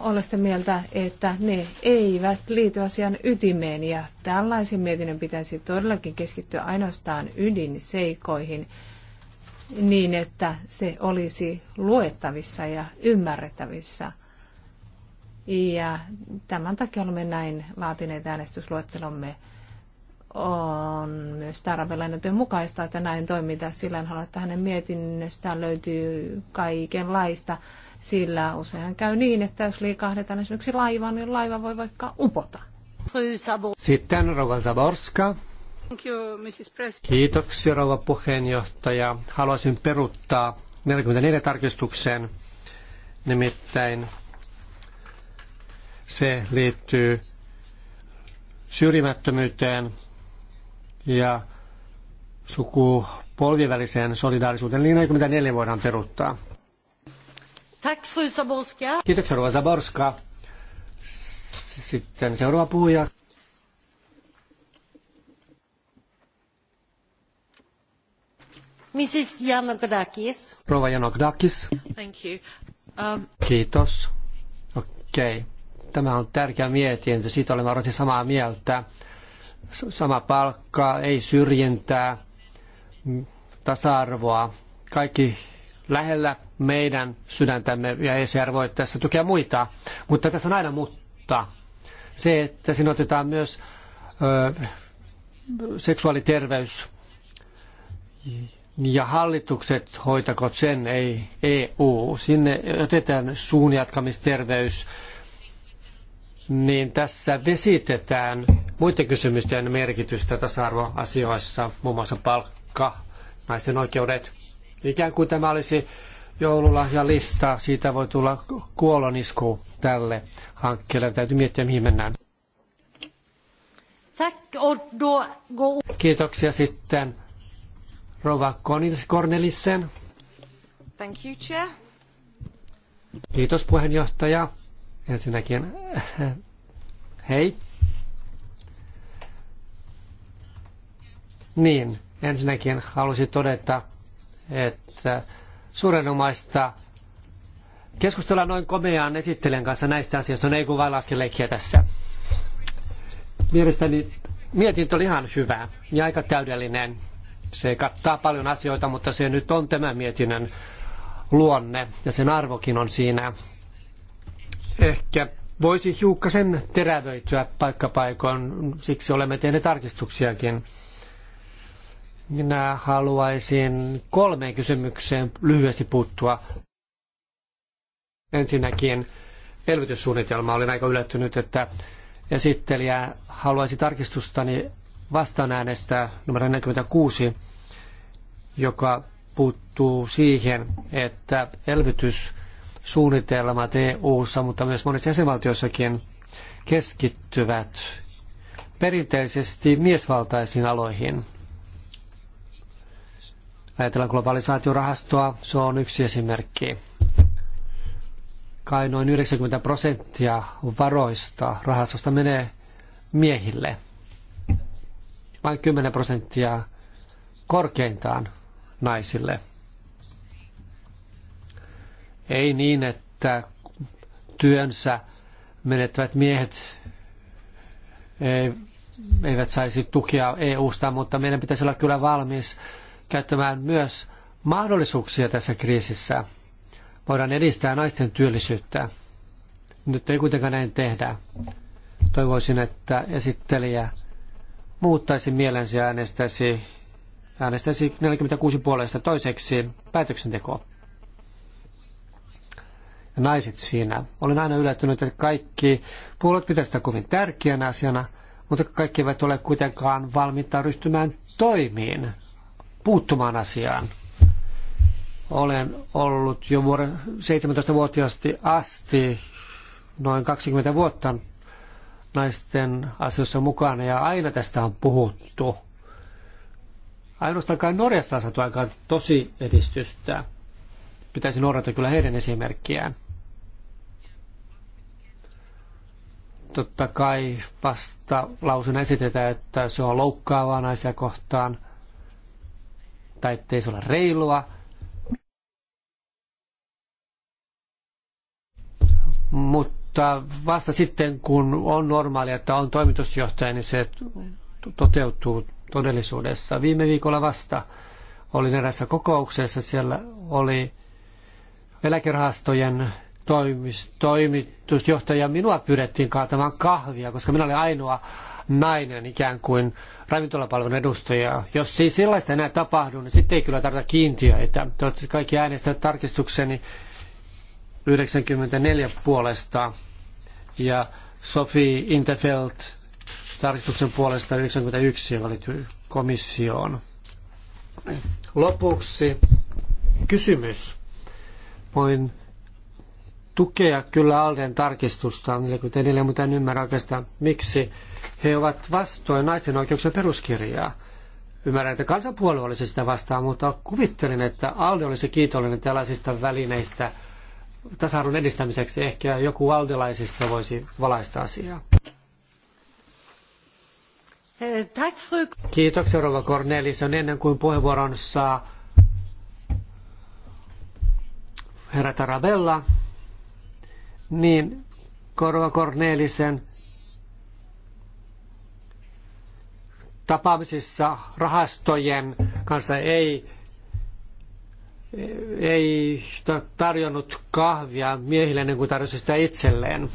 olen sitä mieltä, että ne eivät liity asian ytimeen ja tällaisen mietinnön pitäisi todellakin keskittyä ainoastaan ydinseikoihin niin, että se olisi luettavissa ja ymmärrettävissä. Ja tämän takia olemme näin laatineet äänestysluettelomme. On myös tarvelainen mukaista, että näin toimitaan. Sillä en halua, että hänen mietinnöstään löytyy kaikenlaista. Sillä usein käy niin, että jos liikahdetaan esimerkiksi laivaan, niin laiva voi vaikka upota. Sitten Rova Zaborska. Kiitoksia Rova puheenjohtaja. Haluaisin peruttaa 44 tarkistukseen, nimittäin se liittyy syrjimättömyyteen ja sukupolvien väliseen solidaarisuuteen. Niin Eli 44 voidaan peruuttaa. Tack, fru Zaborska. Kiitoksia, Rova Zaborska. Sitten seuraava puhuja. Mrs. Janokdakis. Rova Janokdakis. Thank you. Um... Kiitos. Okei. Okay. Tämä on tärkeä mietintö, siitä olemme varmasti samaa mieltä. Sama palkka, ei syrjintää, tasa-arvoa, kaikki lähellä meidän sydäntämme ja ECR voi tässä tukea muita. Mutta tässä on aina mutta. Se, että siinä otetaan myös ö, seksuaaliterveys ja hallitukset hoitakot sen, ei EU. Sinne otetaan suun jatkamisterveys niin tässä vesitetään muiden kysymysten merkitystä tasa-arvoasioissa, muun muassa palkka, naisten oikeudet. Ikään kuin tämä olisi joululla ja lista, siitä voi tulla kuolonisku tälle hankkeelle. Täytyy miettiä, mihin mennään. Kiitoksia sitten Rova Cornelissen. Thank you, Chair. Kiitos puheenjohtaja. Ensinnäkin, hei. Niin, ensinnäkin halusin todeta, että suurenomaista keskustella noin komeaan esittelen kanssa näistä asioista, ne ei kun vain laske leikkiä tässä. Mielestäni mietintö oli ihan hyvä ja aika täydellinen. Se kattaa paljon asioita, mutta se nyt on tämän mietinnön luonne ja sen arvokin on siinä ehkä voisi hiukkasen terävöityä paikkapaikoin, siksi olemme tehneet tarkistuksiakin. Minä haluaisin kolmeen kysymykseen lyhyesti puuttua. Ensinnäkin elvytyssuunnitelma. Olin aika yllättynyt, että esittelijä haluaisi tarkistustani vastaan äänestää numero 46, joka puuttuu siihen, että elvytys suunnitelmat EU-ssa, mutta myös monissa jäsenvaltioissakin keskittyvät perinteisesti miesvaltaisiin aloihin. Ajatellaan globalisaatiorahastoa, se on yksi esimerkki. Kai noin 90 prosenttia varoista rahastosta menee miehille. Vain 10 prosenttia korkeintaan naisille – ei niin, että työnsä menettävät miehet eivät saisi tukea EU-sta, mutta meidän pitäisi olla kyllä valmis käyttämään myös mahdollisuuksia tässä kriisissä. Voidaan edistää naisten työllisyyttä. Nyt ei kuitenkaan näin tehdä. Toivoisin, että esittelijä muuttaisi mielensä ja äänestäisi, äänestäisi 46 puolesta toiseksi päätöksentekoon naiset siinä. Olen aina yllättynyt, että kaikki puolet pitävät sitä kovin tärkeänä asiana, mutta kaikki eivät ole kuitenkaan valmiita ryhtymään toimiin, puuttumaan asiaan. Olen ollut jo vuoden 17-vuotiaasti asti noin 20 vuotta naisten asioissa mukana ja aina tästä on puhuttu. Ainoastaan Norjassa on saatu aikaan tosi edistystä. Pitäisi noudata kyllä heidän esimerkkiään. Totta kai vasta lausuna esitetään, että se on loukkaavaa naisia kohtaan tai ettei se ole reilua. Mutta vasta sitten, kun on normaalia, että on toimitusjohtaja, niin se toteutuu todellisuudessa. Viime viikolla vasta olin erässä kokouksessa, siellä oli eläkerahastojen toimis, toimitusjohtaja minua pyydettiin kaatamaan kahvia, koska minä olin ainoa nainen ikään kuin ravintolapalvelun edustaja. Jos siis sellaista enää tapahdu, niin sitten ei kyllä tarvita kiintiöitä. Toivottavasti kaikki äänestävät tarkistukseni 94 puolesta ja Sophie Interfeld tarkistuksen puolesta 91, joka liittyy komissioon. Lopuksi kysymys. Voin tukea kyllä Alden tarkistusta 44, mutta en ymmärrä oikeastaan miksi he ovat vastoin naisen oikeuksien peruskirjaa. Ymmärrän, että kansanpuolue olisi sitä vastaan, mutta kuvittelin, että Alde olisi kiitollinen tällaisista välineistä tasa-arvon edistämiseksi. Ehkä joku aldelaisista voisi valaista asiaa. Kiitoksia Rova On Ennen kuin puheenvuoron saa herra Tarabella, niin Korva Korneelisen tapaamisissa rahastojen kanssa ei, ei tarjonnut kahvia miehille ennen kuin tarjosi sitä itselleen.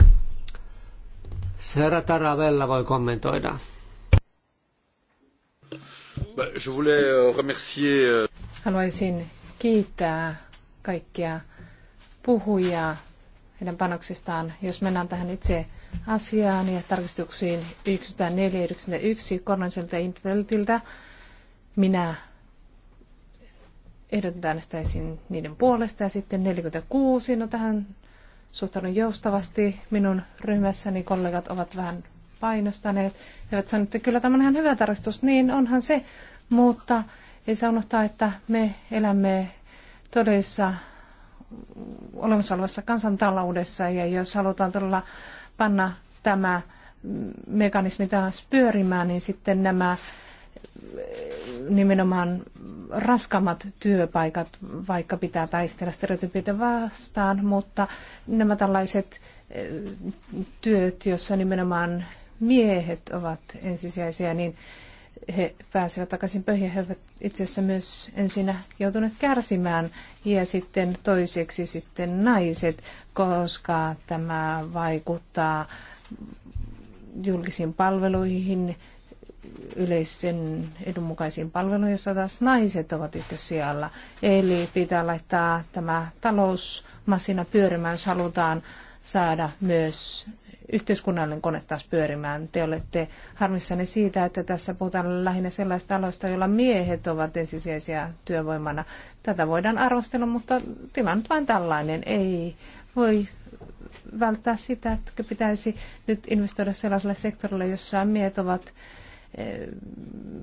Herra Taravella voi kommentoida. Euh, euh, Haluaisin kiittää kaikkia puhujaa heidän panoksistaan. Jos mennään tähän itse asiaan ja tarkistuksiin 9491 Kornelselta Intveltiltä, minä ehdotan äänestäisin niiden puolesta ja sitten 46, no tähän suhtaudun joustavasti. Minun ryhmässäni kollegat ovat vähän painostaneet. He ovat sanoneet, että kyllä tämä on ihan hyvä tarkistus, niin onhan se, mutta ei saa unohtaa, että me elämme todellisessa olemassa olevassa kansantaloudessa ja jos halutaan todella panna tämä mekanismi taas pyörimään, niin sitten nämä eh, nimenomaan raskamat työpaikat, vaikka pitää taistella stereotypioita vastaan, mutta nämä tällaiset eh, työt, joissa nimenomaan miehet ovat ensisijaisia, niin he pääsivät takaisin pöihin. He ovat itse asiassa myös ensin joutuneet kärsimään ja sitten toiseksi sitten naiset, koska tämä vaikuttaa julkisiin palveluihin, yleisen edunmukaisiin palveluihin, joissa taas naiset ovat ykkösijalla. Eli pitää laittaa tämä talousmasina pyörimään, jos halutaan saada myös yhteiskunnallinen kone taas pyörimään. Te olette harmissani siitä, että tässä puhutaan lähinnä sellaista aloista, joilla miehet ovat ensisijaisia työvoimana. Tätä voidaan arvostella, mutta tilanne vain tällainen. Ei voi välttää sitä, että pitäisi nyt investoida sellaiselle sektorille, jossa miehet ovat eh,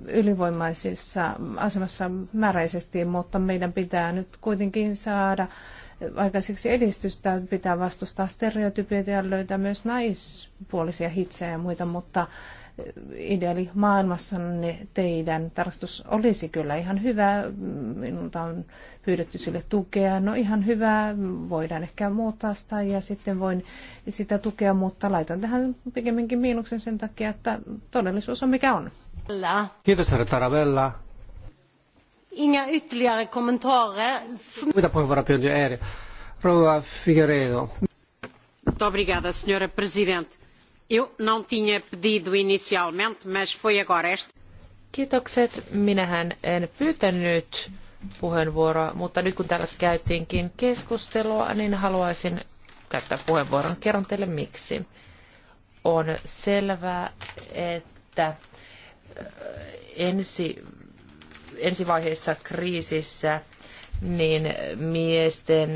ylivoimaisessa asemassa määräisesti, mutta meidän pitää nyt kuitenkin saada aikaiseksi edistystä. Pitää vastustaa stereotypioita ja löytää myös naispuolisia hitsejä ja muita, mutta eh, ideaali maailmassanne teidän tarkastus olisi kyllä ihan hyvä. Minulta on pyydetty sille tukea. No ihan hyvä, voidaan ehkä muuttaa sitä ja sitten voin sitä tukea, mutta laitan tähän pikemminkin miinuksen sen takia, että todellisuus on mikä on. Kiitos herra Taravella. Inga ytterligare kommentarer. Muita Obrigada, senhora presidente. Eu não tinha pedido inicialmente, mas foi agora esta. Kiitokset. Minähän en pyytänyt puheenvuoroa, mutta nyt kun täällä käytiinkin keskustelua, niin haluaisin käyttää puheenvuoron. Kerron teille miksi. On selvää, että ensi ensivaiheessa kriisissä niin miesten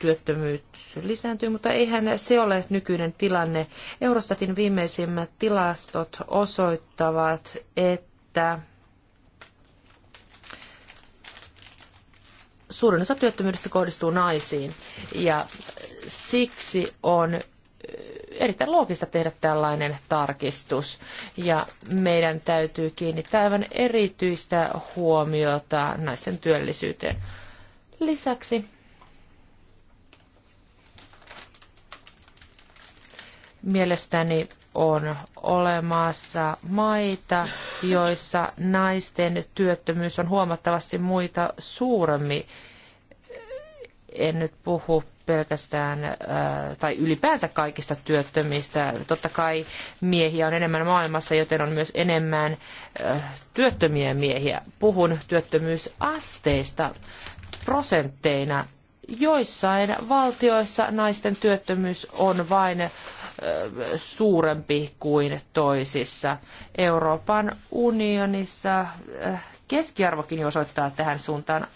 työttömyys lisääntyy, mutta eihän se ole nykyinen tilanne. Eurostatin viimeisimmät tilastot osoittavat, että suurin osa työttömyydestä kohdistuu naisiin ja siksi on erittäin loogista tehdä tällainen tarkistus. Ja meidän täytyy kiinnittää aivan erityistä huomiota naisten työllisyyteen. Lisäksi mielestäni on olemassa maita, joissa naisten työttömyys on huomattavasti muita suurempi en nyt puhu pelkästään äh, tai ylipäänsä kaikista työttömistä. Totta kai miehiä on enemmän maailmassa, joten on myös enemmän äh, työttömiä miehiä. Puhun työttömyysasteista prosentteina. Joissain valtioissa naisten työttömyys on vain äh, suurempi kuin toisissa. Euroopan unionissa keskiarvokin osoittaa tähän suuntaan.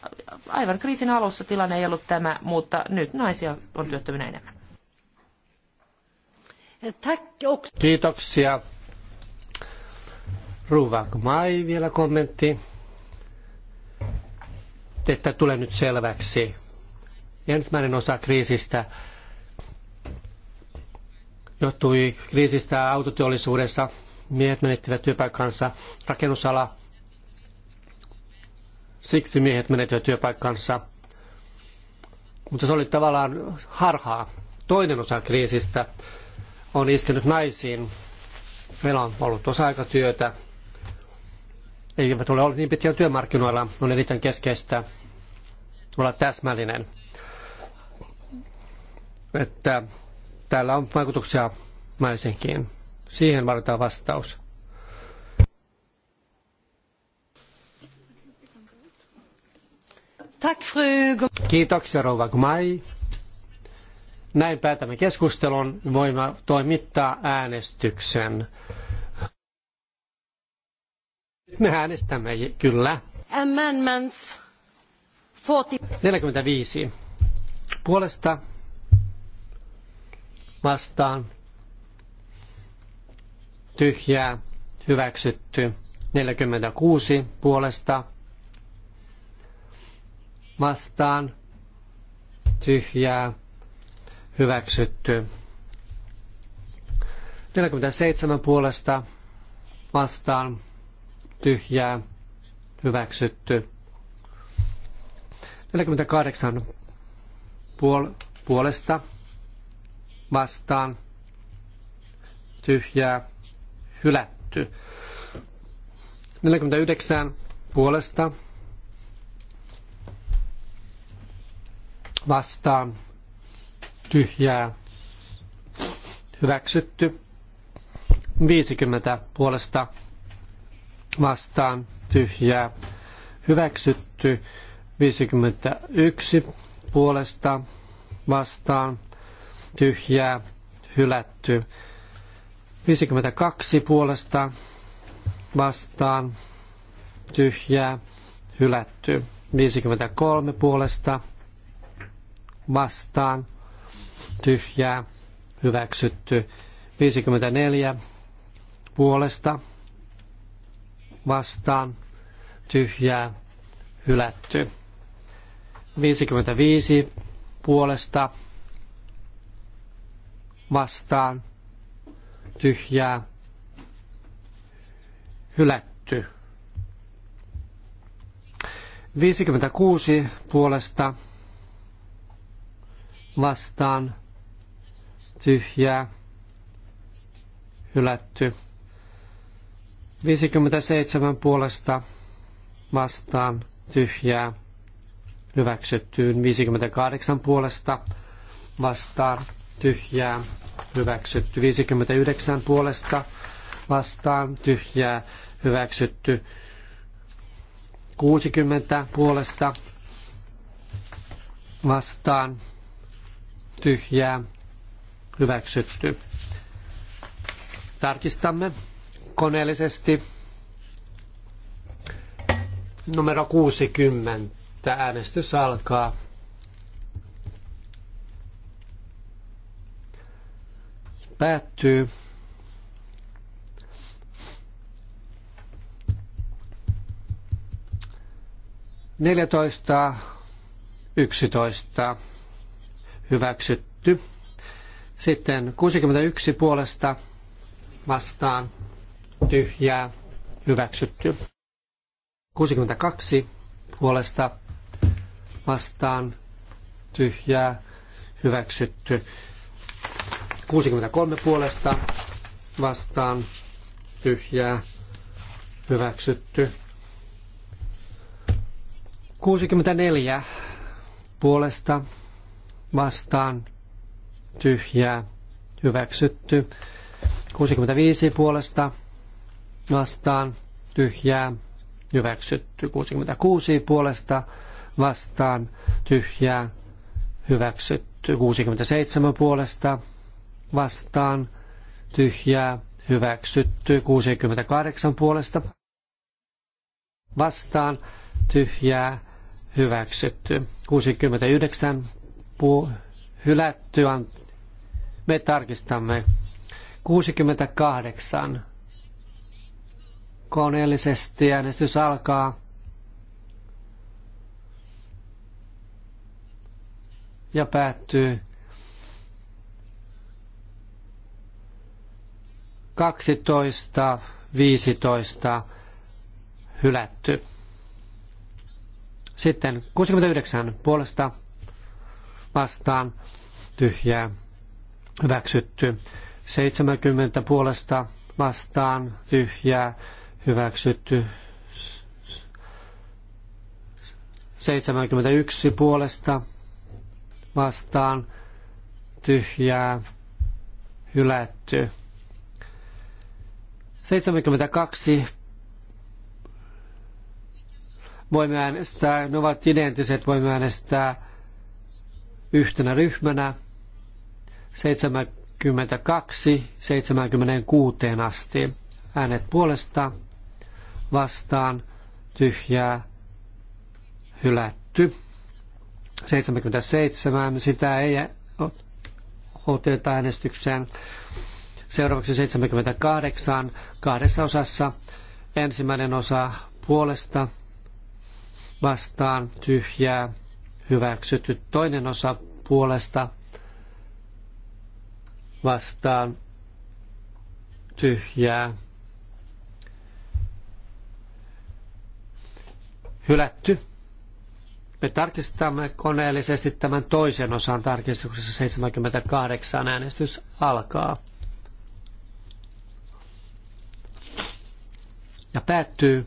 Aivan kriisin alussa tilanne ei ollut tämä, mutta nyt naisia on työttöminä enemmän. Kiitoksia. Ruvak Mai vielä kommentti, että tulee nyt selväksi. Ensimmäinen osa kriisistä johtui kriisistä autoteollisuudessa. Miehet menettivät työpaikkansa, rakennusala Siksi miehet menettivät työpaikkansa. Mutta se oli tavallaan harhaa. Toinen osa kriisistä on iskenyt naisiin. Meillä on ollut osa-aikatyötä. Eivät ole olleet niin pitkään työmarkkinoilla. On erittäin keskeistä olla täsmällinen. Että täällä on vaikutuksia naisenkin. Siihen varataan vastaus. Kiitoksia Rouva Gmai. Näin päätämme keskustelun. Voimme toimittaa äänestyksen. Me äänestämme kyllä. Amendments 45. Puolesta vastaan tyhjää hyväksytty 46 puolesta vastaan tyhjää hyväksytty. 47 puolesta vastaan tyhjää hyväksytty. 48 puol- puolesta vastaan tyhjää hylätty. 49 puolesta vastaan tyhjää hyväksytty. 50 puolesta vastaan tyhjää hyväksytty. 51 puolesta vastaan tyhjää hylätty. 52 puolesta vastaan tyhjää hylätty. 53 puolesta vastaan tyhjää hyväksytty. 54 puolesta vastaan tyhjää hylätty. 55 puolesta vastaan tyhjää hylätty. 56 puolesta vastaan tyhjää hylätty. 57 puolesta vastaan tyhjää hyväksyttyyn. 58 puolesta vastaan tyhjää hyväksytty. 59 puolesta vastaan tyhjää hyväksytty. 60 puolesta vastaan tyhjää hyväksytty. Tarkistamme koneellisesti numero 60. Äänestys alkaa. Päättyy. Neljätoista, yksitoista hyväksytty. Sitten 61 puolesta vastaan tyhjää hyväksytty. 62 puolesta vastaan tyhjää hyväksytty. 63 puolesta vastaan tyhjää hyväksytty. 64 puolesta vastaan tyhjää hyväksytty. 65 puolesta vastaan tyhjää hyväksytty. 66 puolesta vastaan tyhjää hyväksytty. 67 puolesta vastaan tyhjää hyväksytty. 68 puolesta vastaan tyhjää hyväksytty. 69 pu, hylätty, me tarkistamme 68. Koneellisesti äänestys alkaa. Ja päättyy 12, 15 hylätty. Sitten 69 puolesta vastaan tyhjää hyväksytty. 70 puolesta vastaan tyhjää hyväksytty. 71 puolesta vastaan tyhjää hylätty. 72 voimme äänestää, ne ovat identtiset, voimme äänestää yhtenä ryhmänä 72-76 asti. Äänet puolesta vastaan tyhjää hylätty. 77, sitä ei oteta äänestykseen. Seuraavaksi 78, kahdessa osassa. Ensimmäinen osa puolesta vastaan tyhjää hyväksytty. Toinen osa puolesta vastaan tyhjää. Hylätty. Me tarkistamme koneellisesti tämän toisen osan tarkistuksessa 78 äänestys alkaa. Ja päättyy.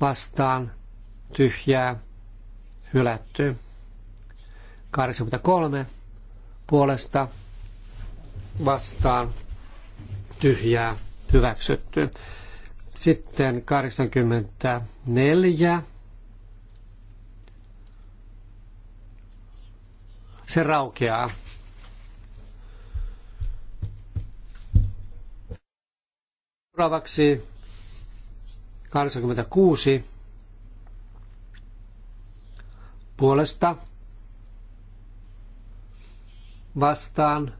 vastaan tyhjää hylätty. 83 puolesta vastaan tyhjää hyväksytty. Sitten 84. Se raukeaa. Seuraavaksi 86 puolesta vastaan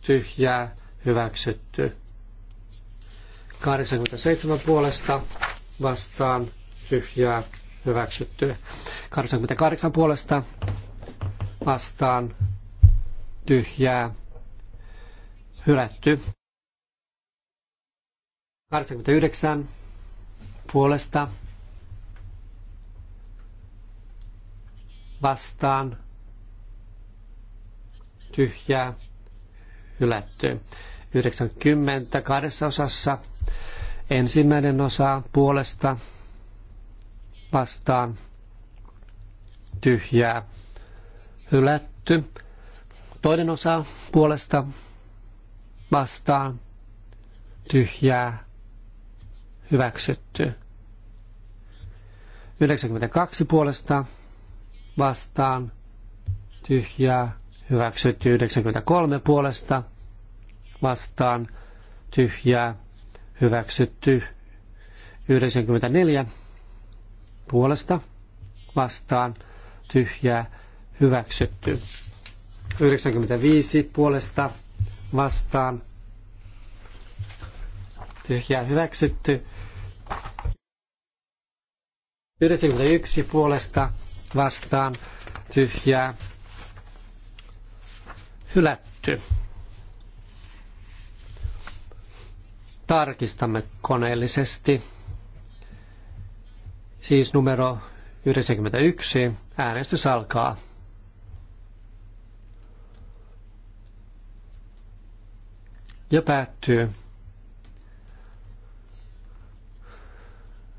tyhjää hyväksytty. 87 puolesta vastaan tyhjää hyväksytty. 88 puolesta vastaan tyhjää hylätty. 89 puolesta vastaan tyhjää hylätty. 90 kahdessa osassa ensimmäinen osa puolesta vastaan tyhjää hylätty. Toinen osa puolesta vastaan tyhjää hyväksytty. 92 puolesta vastaan tyhjää hyväksytty. 93 puolesta vastaan tyhjää hyväksytty. 94 puolesta vastaan tyhjää hyväksytty. 95 puolesta vastaan tyhjää hyväksytty. 91 puolesta vastaan tyhjää hylätty. Tarkistamme koneellisesti. Siis numero 91. Äänestys alkaa. Ja päättyy.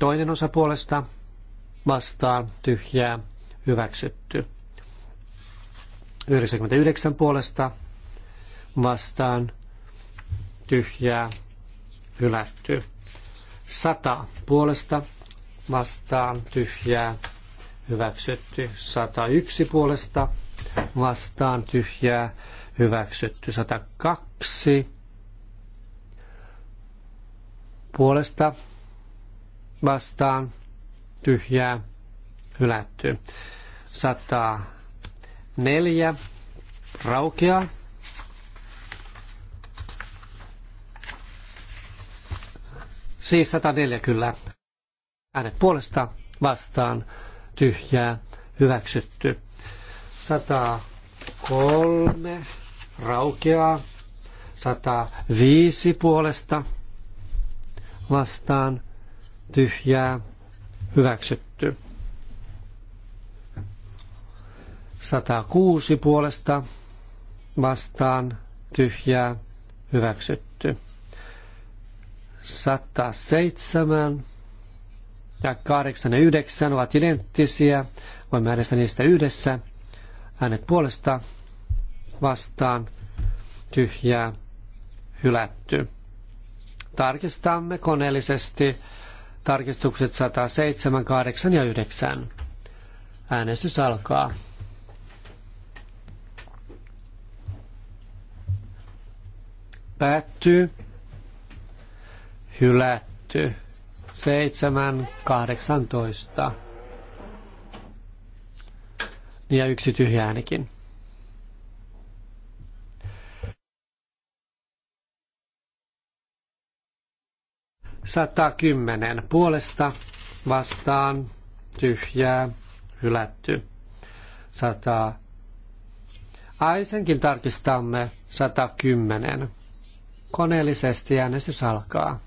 Toinen osa puolesta vastaa tyhjää hyväksytty. 99 puolesta vastaan tyhjää hylätty. 100 puolesta vastaan tyhjää hyväksytty. 101 puolesta vastaan tyhjää hyväksytty. 102 puolesta vastaan tyhjää hylätty. 104 raukea. Siis 104 kyllä. Äänet puolesta vastaan tyhjää hyväksytty. 103 raukeaa. 105 puolesta vastaan tyhjää, hyväksytty. 106 puolesta vastaan tyhjää, hyväksytty. 107 ja 89 ovat identtisiä. Voimme äänestää niistä yhdessä. Äänet puolesta vastaan tyhjää, hylätty. Tarkistamme koneellisesti Tarkistukset 107, 8 ja 9. Äänestys alkaa. Päättyy. Hylätty. 7, 18. Ja yksi tyhjä äänikin. 110 puolesta vastaan tyhjää hylätty. 100. Aisenkin tarkistamme 110. Koneellisesti äänestys alkaa.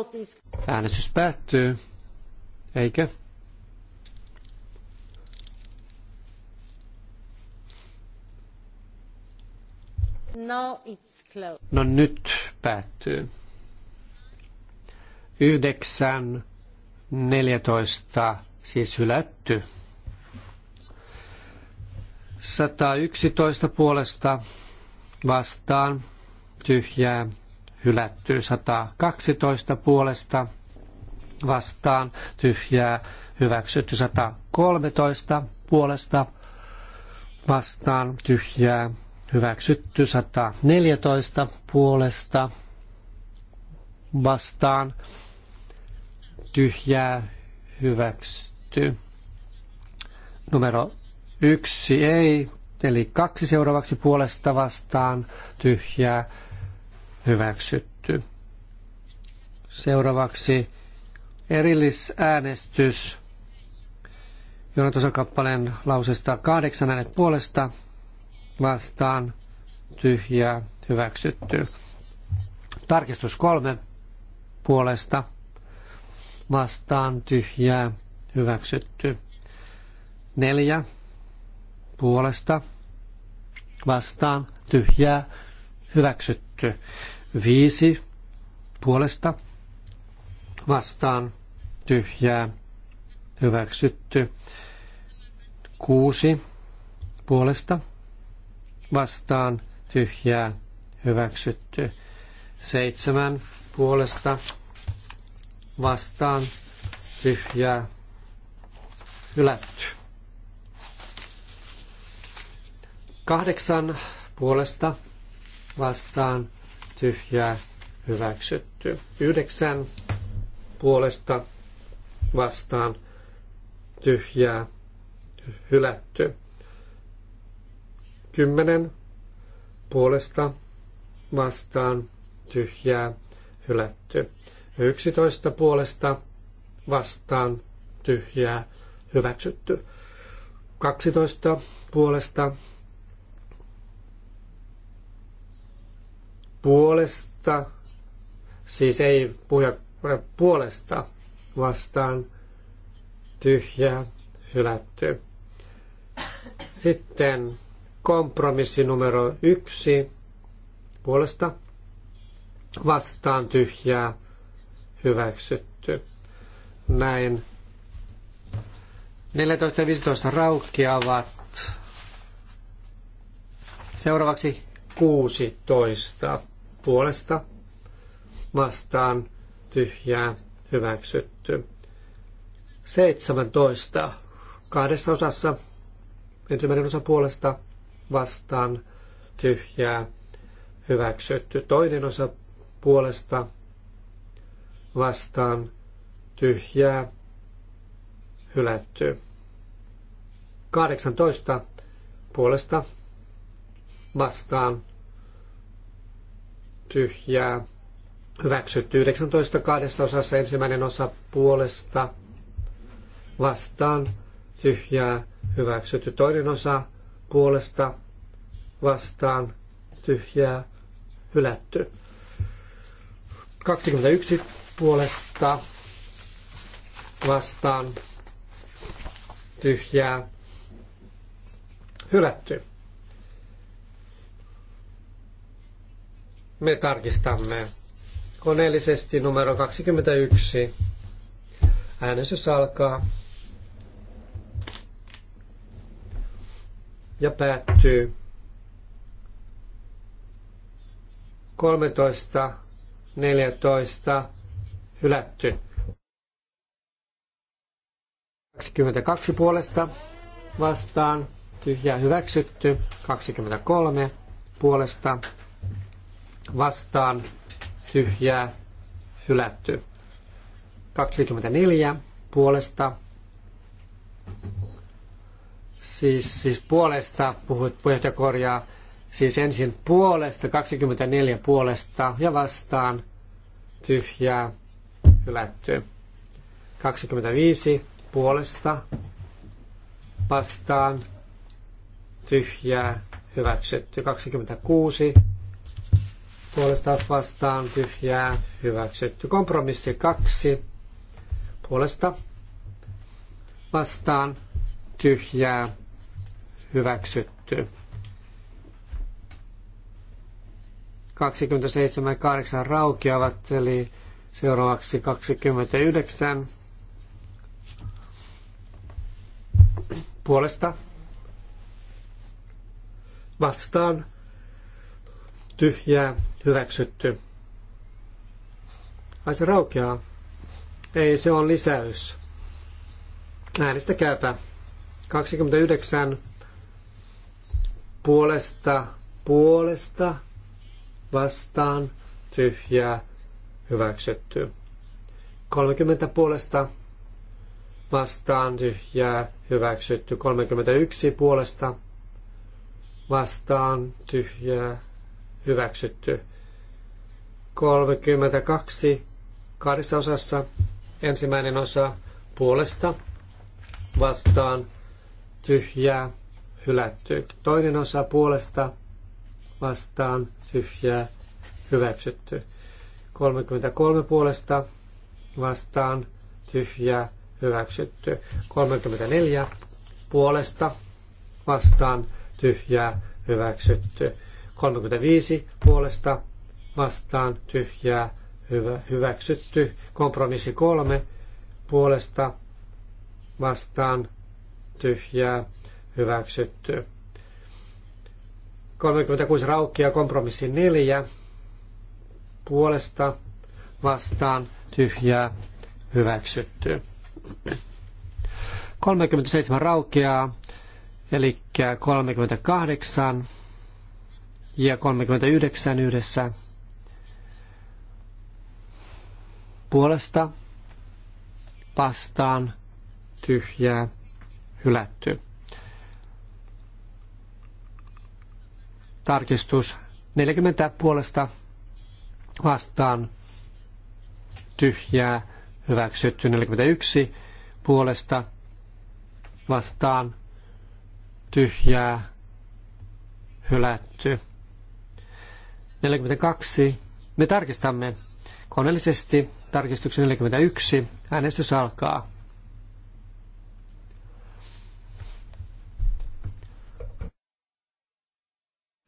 Vote Äänestys päättyy. Eikö? No, it's closed. no nyt päättyy. 9, 14, siis hylätty. 111 puolesta vastaan tyhjää hylätty 112 puolesta vastaan tyhjää hyväksytty 113 puolesta vastaan tyhjää hyväksytty 114 puolesta vastaan tyhjää hyväksytty. Numero yksi ei, eli kaksi seuraavaksi puolesta vastaan tyhjää hyväksytty. Seuraavaksi erillisäänestys Jonatosan kappaleen lausesta kahdeksan äänet puolesta vastaan tyhjää hyväksytty. Tarkistus kolme puolesta vastaan tyhjää hyväksytty. Neljä puolesta vastaan tyhjää hyväksytty Hyväksytty. Viisi puolesta vastaan tyhjää. Hyväksytty. Kuusi puolesta vastaan tyhjää. Hyväksytty. Seitsemän puolesta vastaan tyhjää. Hylätty. Kahdeksan puolesta vastaan tyhjää hyväksytty. Yhdeksän puolesta vastaan tyhjää hylätty. Kymmenen puolesta vastaan tyhjää hylätty. Yksitoista puolesta vastaan tyhjää hyväksytty. Kaksitoista puolesta puolesta, siis ei puhuja puolesta vastaan, tyhjää, hylätty. Sitten kompromissi numero yksi puolesta vastaan tyhjää hyväksytty. Näin 14 ja 15 raukkiavat. Seuraavaksi 16 puolesta vastaan tyhjää hyväksytty. 17. Kahdessa osassa ensimmäinen osa puolesta vastaan tyhjää hyväksytty. Toinen osa puolesta vastaan tyhjää hylätty. 18. Puolesta vastaan tyhjää hyväksytty 19 kahdessa osassa ensimmäinen osa puolesta vastaan tyhjää hyväksytty toinen osa puolesta vastaan tyhjää hylätty. 21 puolesta vastaan tyhjää hylätty. Me tarkistamme koneellisesti numero 21. Äänestys alkaa ja päättyy 13, 14, hylätty. 22 puolesta vastaan, tyhjä hyväksytty. 23 puolesta vastaan tyhjää hylätty. 24 puolesta. Siis, siis puolesta, puhut, puheenjohtaja korjaa, siis ensin puolesta, 24 puolesta ja vastaan tyhjää hylätty. 25 puolesta vastaan tyhjää hyväksytty. 26 puolesta vastaan tyhjää hyväksytty. Kompromissi kaksi puolesta vastaan tyhjää hyväksytty. 27 ja 8 raukeavat, eli seuraavaksi 29 puolesta vastaan tyhjää hyväksytty. Ai se raukeaa. Ei, se on lisäys. Äänestäkääpä. 29 puolesta, puolesta, vastaan, tyhjää, hyväksytty. 30 puolesta, vastaan, tyhjää, hyväksytty. 31 puolesta, vastaan, tyhjää, hyväksytty. 32 kahdessa osassa. Ensimmäinen osa puolesta vastaan tyhjää hylätty. Toinen osa puolesta vastaan tyhjää hyväksytty. 33 puolesta vastaan tyhjää hyväksytty. 34 puolesta vastaan tyhjää hyväksytty. 35 puolesta vastaan tyhjää hyvä, hyväksytty. Kompromissi kolme puolesta vastaan tyhjää hyväksytty. 36 raukkia kompromissi neljä puolesta vastaan tyhjää hyväksytty. 37 raukkia eli 38 ja 39 yhdessä puolesta vastaan tyhjää hylätty. Tarkistus 40 puolesta vastaan tyhjää hyväksytty 41 puolesta vastaan tyhjää hylätty. 42. Me tarkistamme koneellisesti tarkistuksen 41. Äänestys alkaa.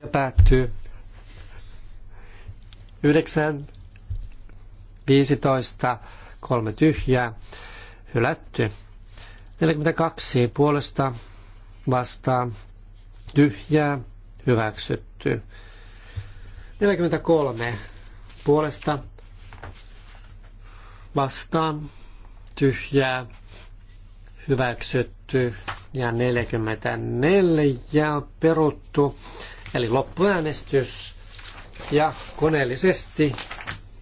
Ja päättyy. 9, 15, kolme tyhjää, hylätty. 42 puolesta vastaan, tyhjää, hyväksytty. 43 puolesta vastaan tyhjää hyväksytty ja 44 peruttu. Eli loppuäänestys ja koneellisesti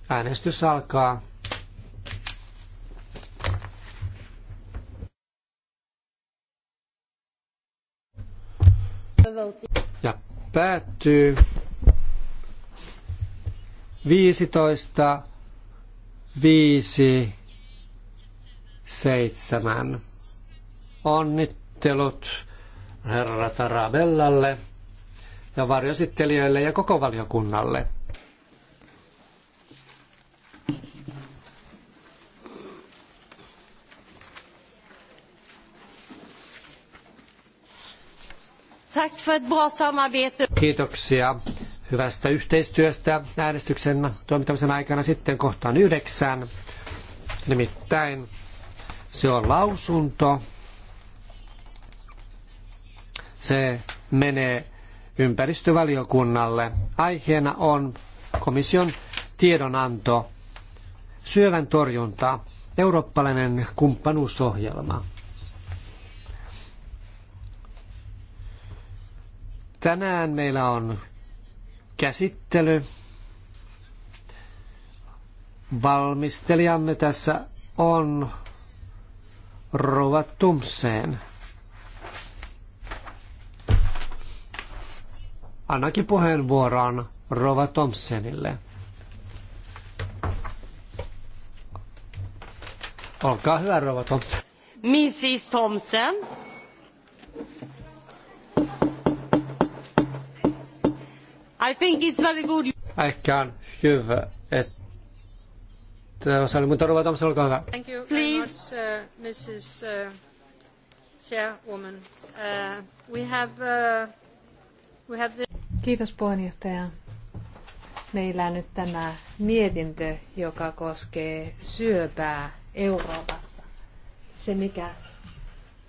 äänestys alkaa. Ja päättyy 15 viisi, seitsemän. Onnittelut herra Tarabellalle ja varjosittelijöille ja koko valiokunnalle. Tack för ett bra samarbete. Kiitoksia hyvästä yhteistyöstä äänestyksen toimittamisen aikana sitten kohtaan yhdeksän. Nimittäin se on lausunto. Se menee ympäristövaliokunnalle. Aiheena on komission tiedonanto syövän torjunta, eurooppalainen kumppanuusohjelma. Tänään meillä on käsittely. Valmistelijamme tässä on Rova Tumseen. Annakin puheenvuoron Rova Tomsenille. Olkaa hyvä, Rova Thompson. Mrs Thompson. I think it's very good. Ehkä on hyvä, että osalli, Thank you very much, uh, Mrs. Uh, Chairwoman. Uh, we have, uh, we have the... Kiitos puheenjohtaja. Meillä on nyt tämä mietintö, joka koskee syöpää Euroopassa. Se, mikä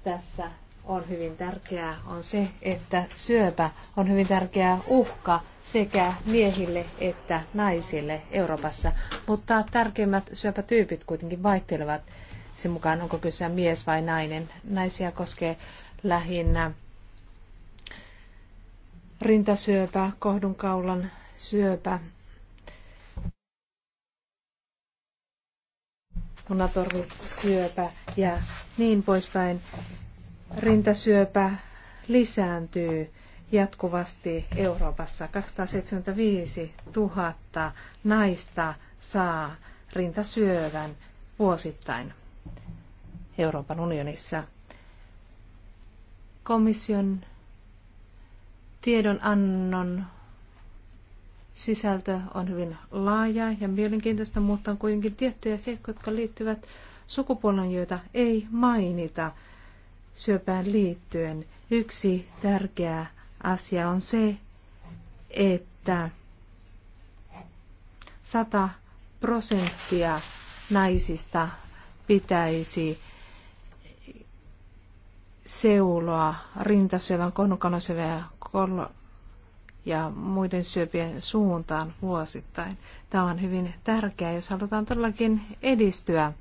tässä on hyvin tärkeää, on se, että syöpä on hyvin tärkeä uhka sekä miehille että naisille Euroopassa. Mutta tärkeimmät syöpätyypit kuitenkin vaihtelevat sen mukaan, onko kyse mies vai nainen. Naisia koskee lähinnä rintasyöpä, kohdunkaulan syöpä, munatorvisyöpä ja niin poispäin rintasyöpä lisääntyy jatkuvasti Euroopassa. 275 000 naista saa rintasyövän vuosittain Euroopan unionissa. Komission tiedonannon sisältö on hyvin laaja ja mielenkiintoista, mutta on kuitenkin tiettyjä seikkoja, jotka liittyvät sukupuolen, joita ei mainita syöpään liittyen. Yksi tärkeä asia on se, että 100 prosenttia naisista pitäisi seuloa rintasyövän, konukanosyövän ja muiden syöpien suuntaan vuosittain. Tämä on hyvin tärkeää, jos halutaan todellakin edistyä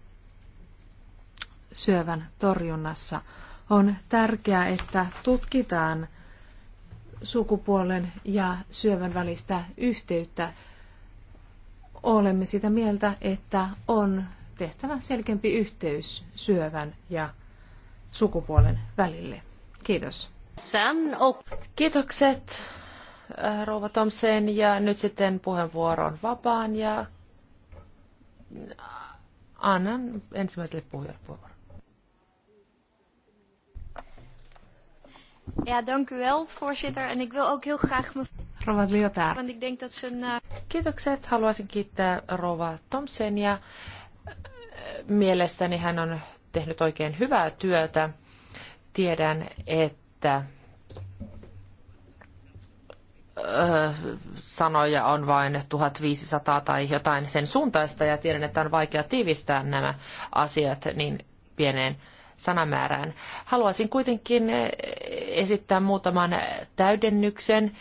syövän torjunnassa on tärkeää, että tutkitaan sukupuolen ja syövän välistä yhteyttä. Olemme sitä mieltä, että on tehtävä selkeämpi yhteys syövän ja sukupuolen välille. Kiitos. Kiitokset äh, rouva Tomsen ja nyt sitten puheenvuoro on vapaan ja äh, annan ensimmäiselle puhujalle puheenvuoron. Ja, dank u wel, voorzitter. En ik wil ook heel graag me... Rova Lyotard. Want ik denk dat ze een... Uh... Kiitokset. Haluaisin kiittää Rova Thompsonia. Mielestäni hän on tehnyt oikein hyvää työtä. Tiedän, että eh, sanoja on vain 1500 tai jotain sen suuntaista ja tiedän, että on vaikea tiivistää nämä asiat niin pieneen sanamäärään. Haluaisin kuitenkin esittää muutaman täydennyksen,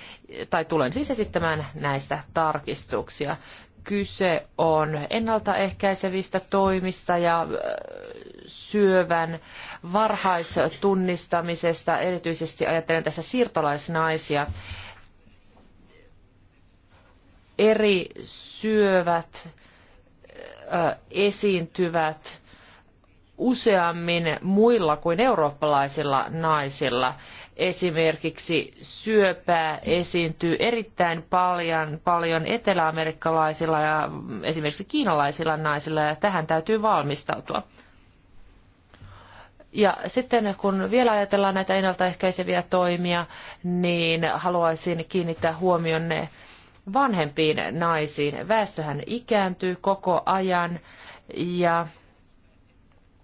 tai tulen siis esittämään näistä tarkistuksia. Kyse on ennaltaehkäisevistä toimista ja syövän varhaistunnistamisesta, erityisesti ajattelen tässä siirtolaisnaisia. Eri syövät esiintyvät useammin muilla kuin eurooppalaisilla naisilla. Esimerkiksi syöpää esiintyy erittäin paljon, paljon eteläamerikkalaisilla ja esimerkiksi kiinalaisilla naisilla ja tähän täytyy valmistautua. Ja sitten kun vielä ajatellaan näitä ennaltaehkäiseviä toimia, niin haluaisin kiinnittää huomionne vanhempiin naisiin. Väestöhän ikääntyy koko ajan ja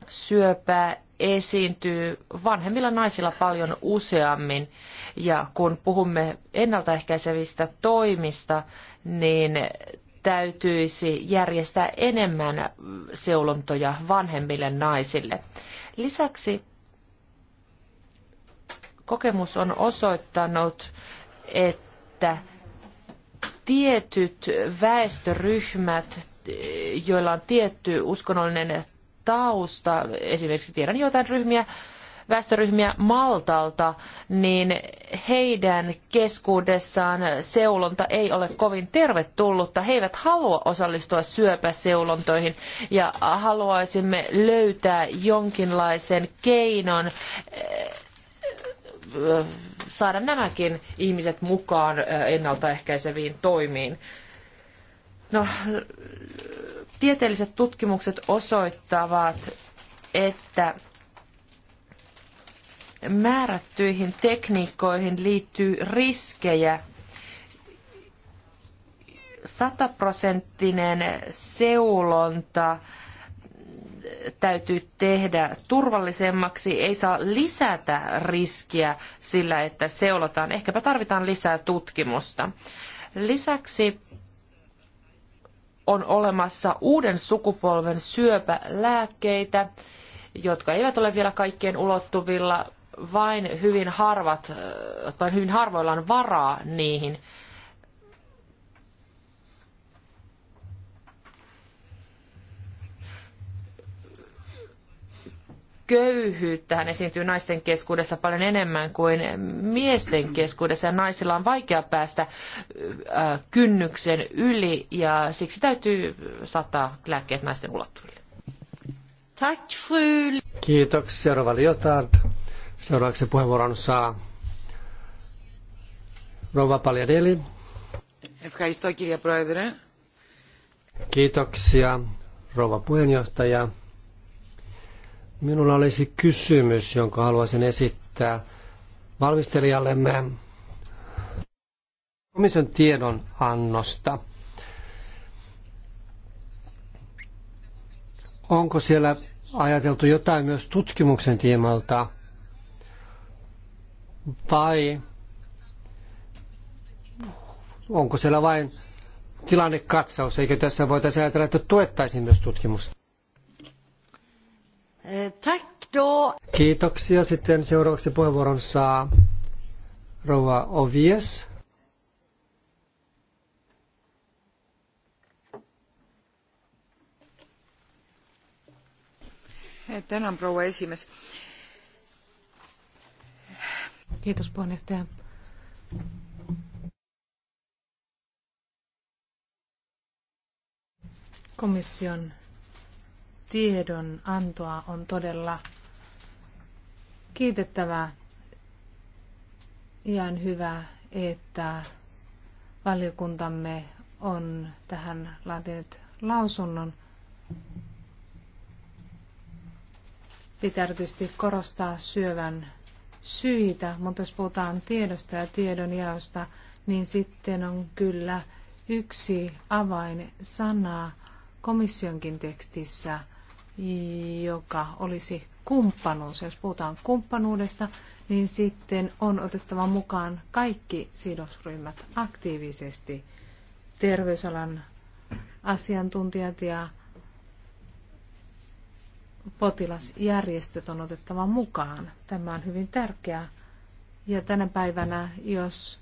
syöpää esiintyy vanhemmilla naisilla paljon useammin. Ja kun puhumme ennaltaehkäisevistä toimista, niin täytyisi järjestää enemmän seulontoja vanhemmille naisille. Lisäksi kokemus on osoittanut, että tietyt väestöryhmät, joilla on tietty uskonnollinen tausta. Esimerkiksi tiedän joitain ryhmiä, väestöryhmiä Maltalta, niin heidän keskuudessaan seulonta ei ole kovin tervetullutta. He eivät halua osallistua syöpäseulontoihin ja haluaisimme löytää jonkinlaisen keinon eh, saada nämäkin ihmiset mukaan eh, ennaltaehkäiseviin toimiin. No, Tieteelliset tutkimukset osoittavat, että määrättyihin tekniikoihin liittyy riskejä. Sataprosenttinen seulonta täytyy tehdä turvallisemmaksi, ei saa lisätä riskiä sillä, että seulotaan. Ehkäpä tarvitaan lisää tutkimusta. Lisäksi on olemassa uuden sukupolven syöpälääkkeitä, jotka eivät ole vielä kaikkien ulottuvilla, vain hyvin, harvat, tai hyvin harvoilla on varaa niihin. köyhyyttä hän esiintyy naisten keskuudessa paljon enemmän kuin miesten keskuudessa ja naisilla on vaikea päästä kynnyksen yli ja siksi täytyy saattaa lääkkeet naisten ulottuville. Tack fru. Kiitoksia Rova Liotard. Seuraavaksi puheenvuoron saa Rova Paljadeli. Kiitoksia Rova puheenjohtaja. Minulla olisi kysymys, jonka haluaisin esittää valmistelijallemme komission tiedon annosta. Onko siellä ajateltu jotain myös tutkimuksen tiimalta? Vai onko siellä vain tilannekatsaus, eikö tässä voitaisiin ajatella, että tuettaisiin myös tutkimusta? Eh, tack då. Kiitoksia. Sitten seuraavaksi puheenvuoron saa rouva Ovies. Eh, tänään rouva esimies. Kiitos puheenjohtaja. Komission tiedon antoa on todella kiitettävää. Ihan hyvä, että valiokuntamme on tähän laatinut lausunnon. Pitää tietysti korostaa syövän syitä, mutta jos puhutaan tiedosta ja tiedonjaosta, niin sitten on kyllä yksi avain sana komissionkin tekstissä – joka olisi kumppanuus. Jos puhutaan kumppanuudesta, niin sitten on otettava mukaan kaikki sidosryhmät aktiivisesti, terveysalan asiantuntijat ja potilasjärjestöt on otettava mukaan. Tämä on hyvin tärkeää. Ja tänä päivänä, jos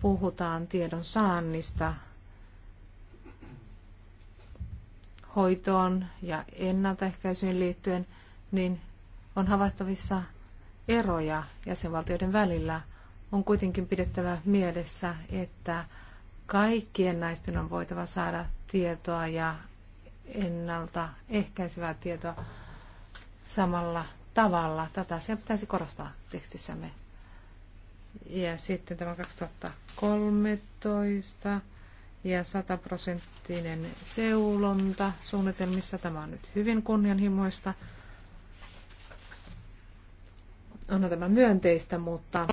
puhutaan tiedon saannista, hoitoon ja ennaltaehkäisyyn liittyen, niin on havaittavissa eroja jäsenvaltioiden välillä. On kuitenkin pidettävä mielessä, että kaikkien naisten on voitava saada tietoa ja ennaltaehkäisevää tietoa samalla tavalla. Tätä asiaa pitäisi korostaa tekstissämme. Ja sitten tämä 2013 ja sataprosenttinen seulonta suunnitelmissa. Tämä on nyt hyvin kunnianhimoista. On tämä myönteistä, mutta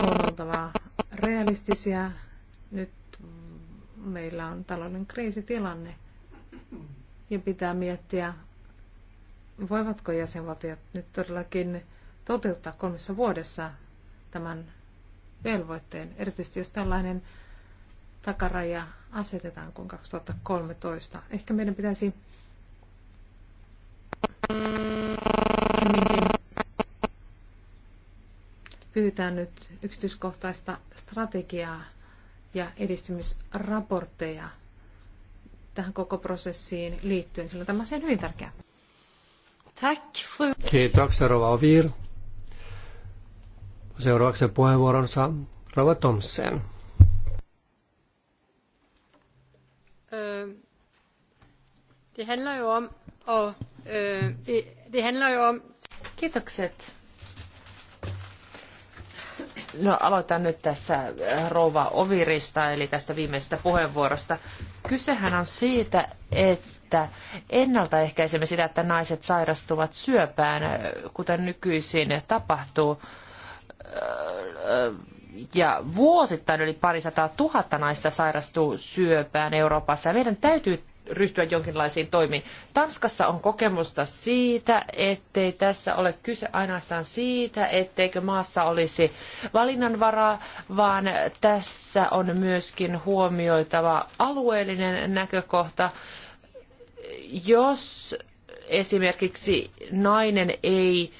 on oltava realistisia. Nyt meillä on talouden kriisitilanne ja pitää miettiä, voivatko jäsenvaltiot nyt todellakin toteuttaa kolmessa vuodessa tämän velvoitteen, erityisesti jos tällainen takaraja asetetaan kuin 2013. Ehkä meidän pitäisi pyytää nyt yksityiskohtaista strategiaa ja edistymisraportteja tähän koko prosessiin liittyen, sillä tämä on hyvin tärkeää. Kiitos, Rova Ovir. Seuraavaksi puheenvuoronsa Rova Thompson. Øh, det om øh, det, om... Kiitokset. No aloitan nyt tässä äh, rova Ovirista, eli tästä viimeisestä puheenvuorosta. Kysehän on siitä, että ennaltaehkäisemme sitä, että naiset sairastuvat syöpään, äh, kuten nykyisin tapahtuu äh, ja vuosittain yli parisataa tuhatta naista sairastuu syöpään Euroopassa ja meidän täytyy ryhtyä jonkinlaisiin toimiin. Tanskassa on kokemusta siitä, ettei tässä ole kyse ainoastaan siitä, etteikö maassa olisi valinnanvaraa, vaan tässä on myöskin huomioitava alueellinen näkökohta. Jos esimerkiksi nainen ei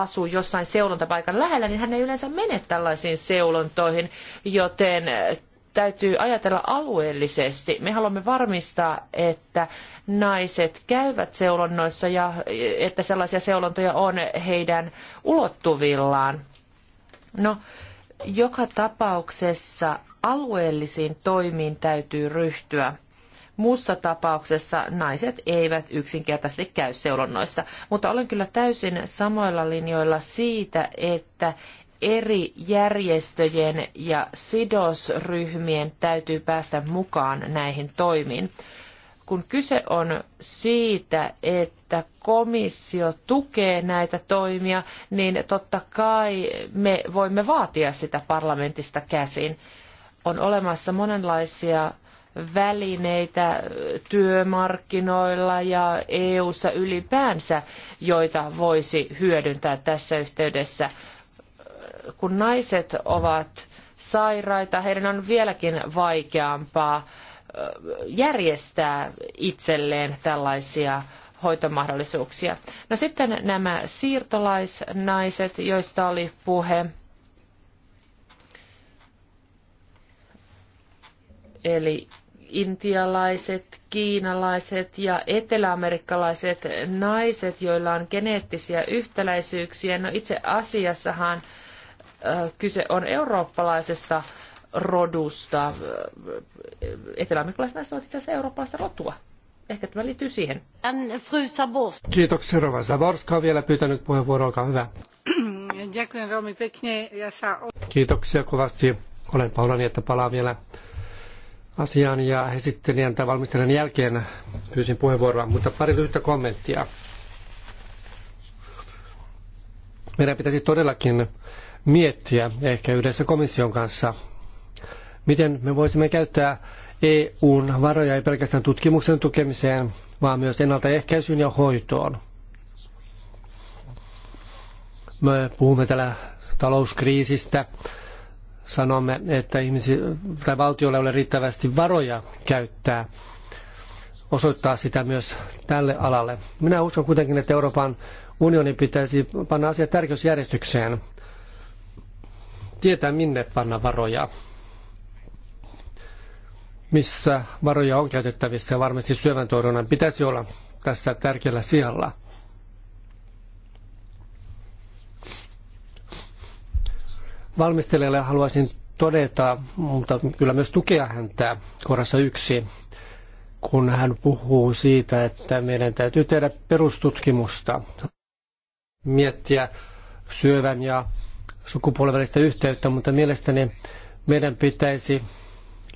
asuu jossain seulontapaikan lähellä, niin hän ei yleensä mene tällaisiin seulontoihin, joten eh, täytyy ajatella alueellisesti. Me haluamme varmistaa, että naiset käyvät seulonnoissa ja eh, että sellaisia seulontoja on heidän ulottuvillaan. No, joka tapauksessa alueellisiin toimiin täytyy ryhtyä. Muussa tapauksessa naiset eivät yksinkertaisesti käy seulonnoissa. Mutta olen kyllä täysin samoilla linjoilla siitä, että eri järjestöjen ja sidosryhmien täytyy päästä mukaan näihin toimiin. Kun kyse on siitä, että komissio tukee näitä toimia, niin totta kai me voimme vaatia sitä parlamentista käsin. On olemassa monenlaisia välineitä työmarkkinoilla ja EU:ssa ylipäänsä, joita voisi hyödyntää tässä yhteydessä. Kun naiset ovat sairaita, heidän on vieläkin vaikeampaa järjestää itselleen tällaisia hoitomahdollisuuksia. No sitten nämä siirtolaisnaiset, joista oli puhe. Eli intialaiset, kiinalaiset ja eteläamerikkalaiset naiset, joilla on geneettisiä yhtäläisyyksiä. No itse asiassahan kyse on eurooppalaisesta rodusta. Eteläamerikkalaiset naiset ovat itse asiassa eurooppalaista rotua. Ehkä tämä liittyy siihen. Ähm, Kiitoksia, Rova Zaborska on vielä pyytänyt puheenvuoroa, olkaa hyvä. Kiitoksia kovasti. Olen pahoillani, että palaan vielä asian ja esittelijän tai valmistelijan jälkeen pyysin puheenvuoroa, mutta pari lyhyttä kommenttia. Meidän pitäisi todellakin miettiä, ehkä yhdessä komission kanssa, miten me voisimme käyttää EUn varoja ei pelkästään tutkimuksen tukemiseen, vaan myös ennaltaehkäisyyn ja hoitoon. Me puhumme täällä talouskriisistä, sanomme, että ihmisi, tai valtiolla ei ole riittävästi varoja käyttää, osoittaa sitä myös tälle alalle. Minä uskon kuitenkin, että Euroopan unionin pitäisi panna asiat tärkeysjärjestykseen. Tietää, minne panna varoja. Missä varoja on käytettävissä ja varmasti syövän pitäisi olla tässä tärkeällä sijalla. valmistelijalle haluaisin todeta, mutta kyllä myös tukea häntä kohdassa yksi, kun hän puhuu siitä, että meidän täytyy tehdä perustutkimusta, miettiä syövän ja sukupuolen välistä yhteyttä, mutta mielestäni meidän pitäisi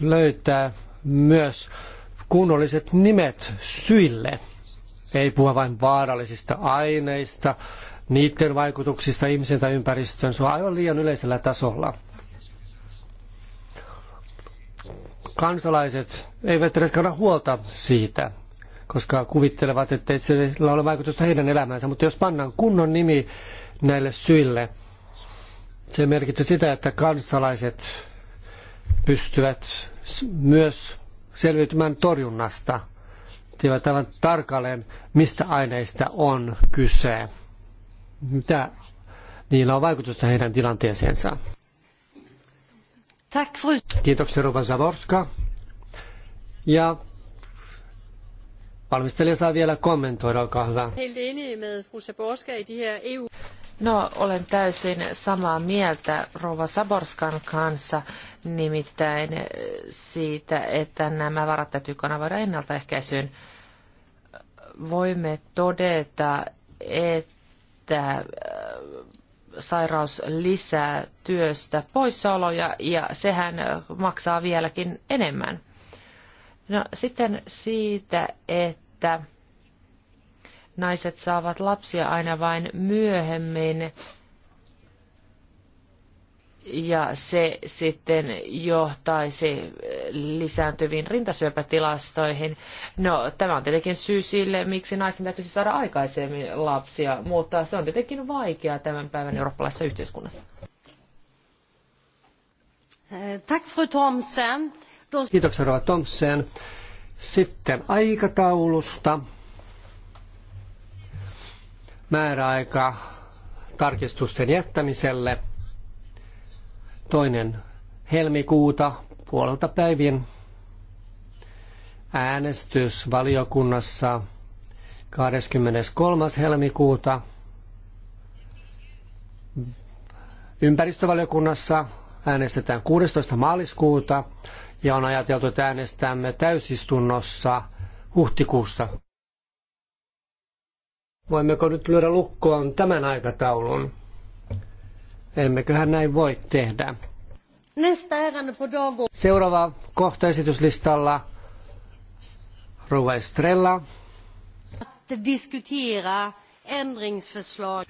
löytää myös kunnolliset nimet syille. Ei puhua vain vaarallisista aineista, niiden vaikutuksista ihmisen tai ympäristöön. Se on aivan liian yleisellä tasolla. Kansalaiset eivät edes kanna huolta siitä, koska kuvittelevat, että ei sillä ole vaikutusta heidän elämäänsä. Mutta jos pannaan kunnon nimi näille syille, se merkitsee sitä, että kansalaiset pystyvät myös selviytymään torjunnasta. Tiedät aivan tarkalleen, mistä aineista on kyse mitä niillä on vaikutusta heidän tilanteeseensa. Kiitoksia Rova Zavorska. Ja valmistelija saa vielä kommentoida, olkaa hyvä. E no, olen täysin samaa mieltä Rova Saborskan kanssa, nimittäin eh, siitä, että nämä varat täytyy kanavoida ennaltaehkäisyyn. Voimme todeta, että että äh, sairaus lisää työstä poissaoloja ja sehän äh, maksaa vieläkin enemmän. No sitten siitä, että naiset saavat lapsia aina vain myöhemmin ja se sitten johtaisi lisääntyviin rintasyöpätilastoihin. No, tämä on tietenkin syy sille, miksi naisten täytyisi saada aikaisemmin lapsia, mutta se on tietenkin vaikeaa tämän päivän eurooppalaisessa yhteiskunnassa. Kiitoksia Rova Thompson. Sitten aikataulusta. Määräaika tarkistusten jättämiselle Toinen helmikuuta puolelta päivin äänestys valiokunnassa 23. helmikuuta ympäristövaliokunnassa äänestetään 16. maaliskuuta ja on ajateltu, että äänestämme täysistunnossa huhtikuussa. Voimmeko nyt lyödä lukkoon tämän aikataulun? Emmeköhän näin voi tehdä. Seuraava kohta esityslistalla Rova Estrella.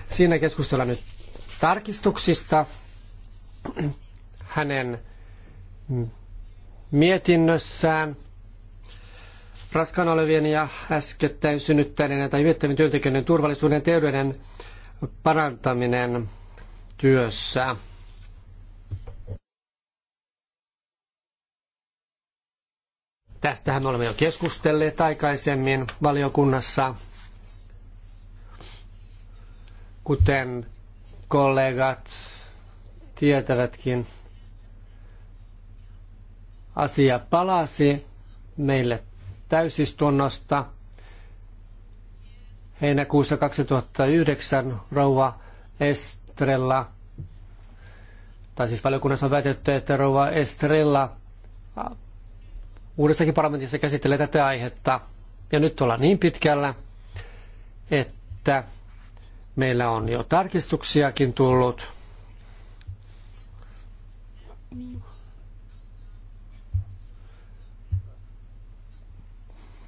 Siinä keskustellaan nyt tarkistuksista hänen mietinnössään raskaana olevien ja äskettäin synnyttäneiden tai viettävien työntekijöiden turvallisuuden ja terveyden parantaminen työssä. Tästähän olemme jo keskustelleet aikaisemmin valiokunnassa. Kuten kollegat tietävätkin, asia palasi meille täysistunnosta heinäkuussa 2009 rouva Estrella, tai siis valiokunnassa on väitetty, että Rova Estrella uudessakin parlamentissa käsittelee tätä aihetta. Ja nyt ollaan niin pitkällä, että meillä on jo tarkistuksiakin tullut.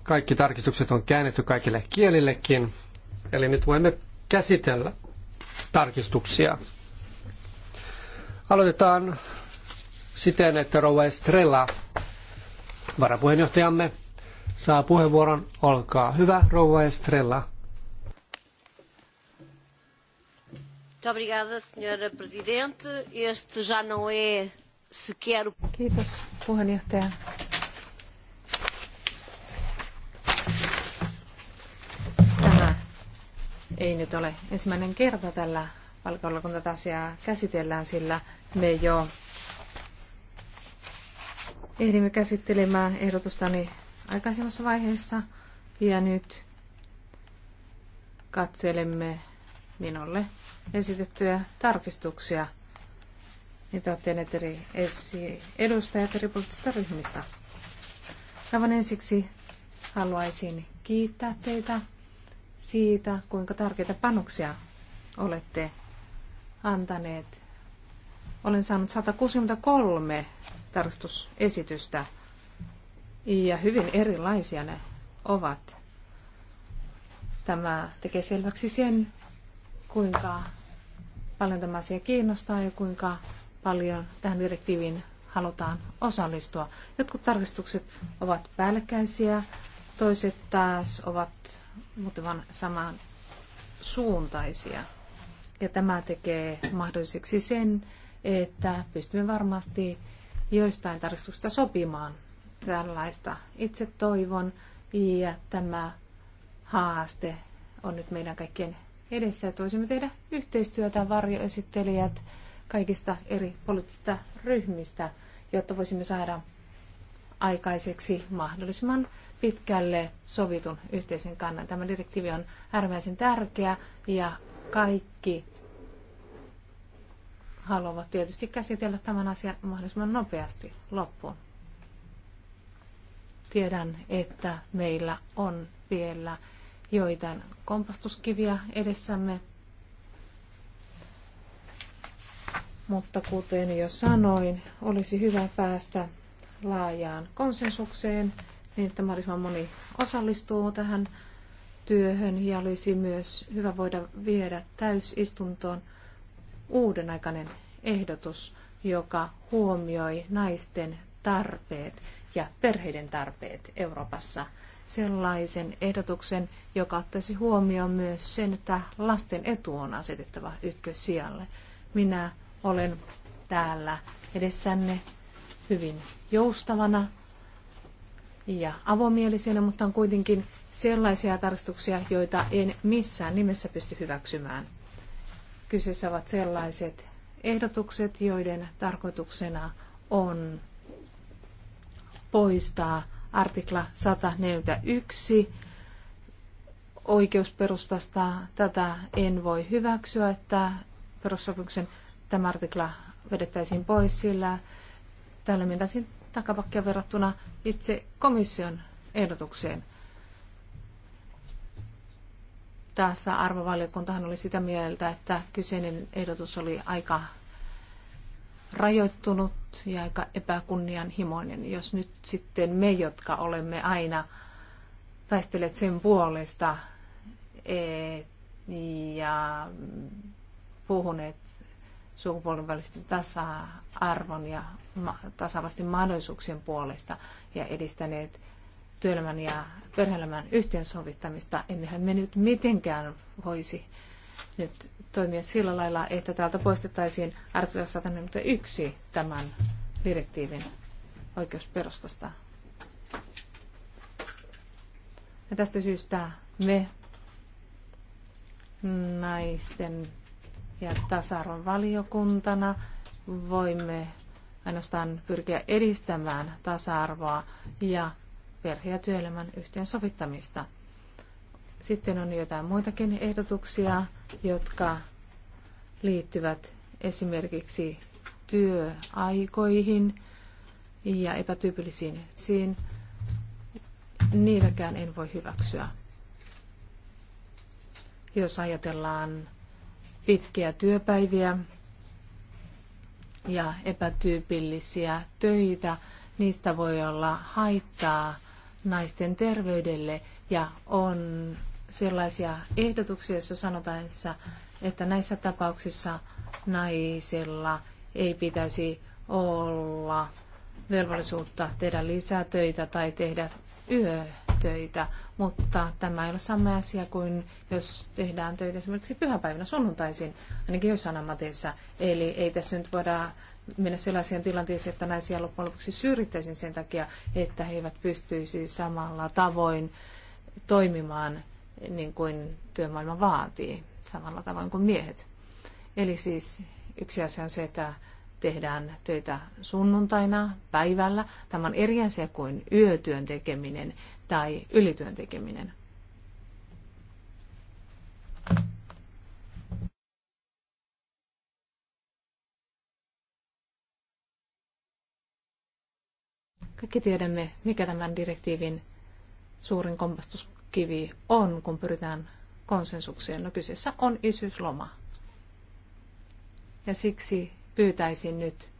Kaikki tarkistukset on käännetty kaikille kielillekin, eli nyt voimme käsitellä tarkistuksia. Aloitetaan siten, että Rouva Estrella, varapuheenjohtajamme, saa puheenvuoron. Olkaa hyvä, Rouva Estrella. Obrigada, senhora Kiitos, puheenjohtaja. Ei nyt ole ensimmäinen kerta tällä palkalla, kun tätä asiaa käsitellään, sillä me jo ehdimme käsittelemään ehdotustani aikaisemmassa vaiheessa ja nyt katselemme minulle esitettyjä tarkistuksia, mitä ovat tehneet eri edustajat eri poliittisista ryhmistä. Aivan ensiksi haluaisin kiittää teitä siitä, kuinka tärkeitä panoksia olette antaneet. Olen saanut 163 tarkastusesitystä ja hyvin erilaisia ne ovat. Tämä tekee selväksi sen, kuinka paljon tämä asia kiinnostaa ja kuinka paljon tähän direktiiviin halutaan osallistua. Jotkut tarkistukset ovat päällekkäisiä, toiset taas ovat mutta vaan samaan suuntaisia. Ja tämä tekee mahdolliseksi sen, että pystymme varmasti joistain tarkistuksista sopimaan tällaista. Itse toivon, ja tämä haaste on nyt meidän kaikkien edessä, että voisimme tehdä yhteistyötä varjoesittelijät kaikista eri poliittisista ryhmistä, jotta voisimme saada aikaiseksi mahdollisimman pitkälle sovitun yhteisen kannan. Tämä direktiivi on äärimmäisen tärkeä ja kaikki haluavat tietysti käsitellä tämän asian mahdollisimman nopeasti loppuun. Tiedän, että meillä on vielä joitain kompastuskiviä edessämme, mutta kuten jo sanoin, olisi hyvä päästä laajaan konsensukseen niin että mahdollisimman moni osallistuu tähän työhön ja olisi myös hyvä voida viedä täysistuntoon uuden aikainen ehdotus, joka huomioi naisten tarpeet ja perheiden tarpeet Euroopassa. Sellaisen ehdotuksen, joka ottaisi huomioon myös sen, että lasten etu on asetettava ykkössijalle. Minä olen täällä edessänne hyvin joustavana ja avomielisenä, mutta on kuitenkin sellaisia tarkastuksia, joita en missään nimessä pysty hyväksymään. Kyseessä ovat sellaiset ehdotukset, joiden tarkoituksena on poistaa artikla 141 oikeusperustasta. Tätä en voi hyväksyä, että perussopimuksen tämä artikla vedettäisiin pois, sillä tällä mentäisiin takapakkia verrattuna itse komission ehdotukseen. Tässä arvovaliokuntahan oli sitä mieltä, että kyseinen ehdotus oli aika rajoittunut ja aika epäkunnianhimoinen. Jos nyt sitten me, jotka olemme aina taistelleet sen puolesta e, ja puhuneet sukupuolen välisten tasa-arvon ja tasavasti mahdollisuuksien puolesta ja edistäneet työelämän ja perheelämän yhteensovittamista. Emmehän me nyt mitenkään voisi nyt toimia sillä lailla, että täältä poistettaisiin artikla 141 tämän direktiivin oikeusperustasta. Ja tästä syystä me naisten ja tasa-arvon valiokuntana voimme ainoastaan pyrkiä edistämään tasa-arvoa ja perhe- ja työelämän yhteensovittamista. Sitten on jotain muitakin ehdotuksia, jotka liittyvät esimerkiksi työaikoihin ja epätyypillisiin siin. Niitäkään en voi hyväksyä. Jos ajatellaan pitkiä työpäiviä ja epätyypillisiä töitä. Niistä voi olla haittaa naisten terveydelle ja on sellaisia ehdotuksia, joissa sanotaan, että näissä tapauksissa naisella ei pitäisi olla velvollisuutta tehdä lisää tai tehdä yö, töitä, mutta tämä ei ole sama asia kuin jos tehdään töitä esimerkiksi pyhäpäivänä sunnuntaisin, ainakin joissain ammateissa. Eli ei tässä nyt voida mennä sellaiseen tilanteeseen, että naisia loppujen lopuksi syrjittäisiin sen takia, että he eivät pystyisi samalla tavoin toimimaan niin kuin työmaailma vaatii, samalla tavoin kuin miehet. Eli siis yksi asia on se, että tehdään töitä sunnuntaina, päivällä. Tämä on eri asia kuin yötyön tekeminen tai ylityön tekeminen. Kaikki tiedämme, mikä tämän direktiivin suurin kompastuskivi on, kun pyritään konsensukseen. No kyseessä on isyysloma. Ja siksi pyytäisin nyt,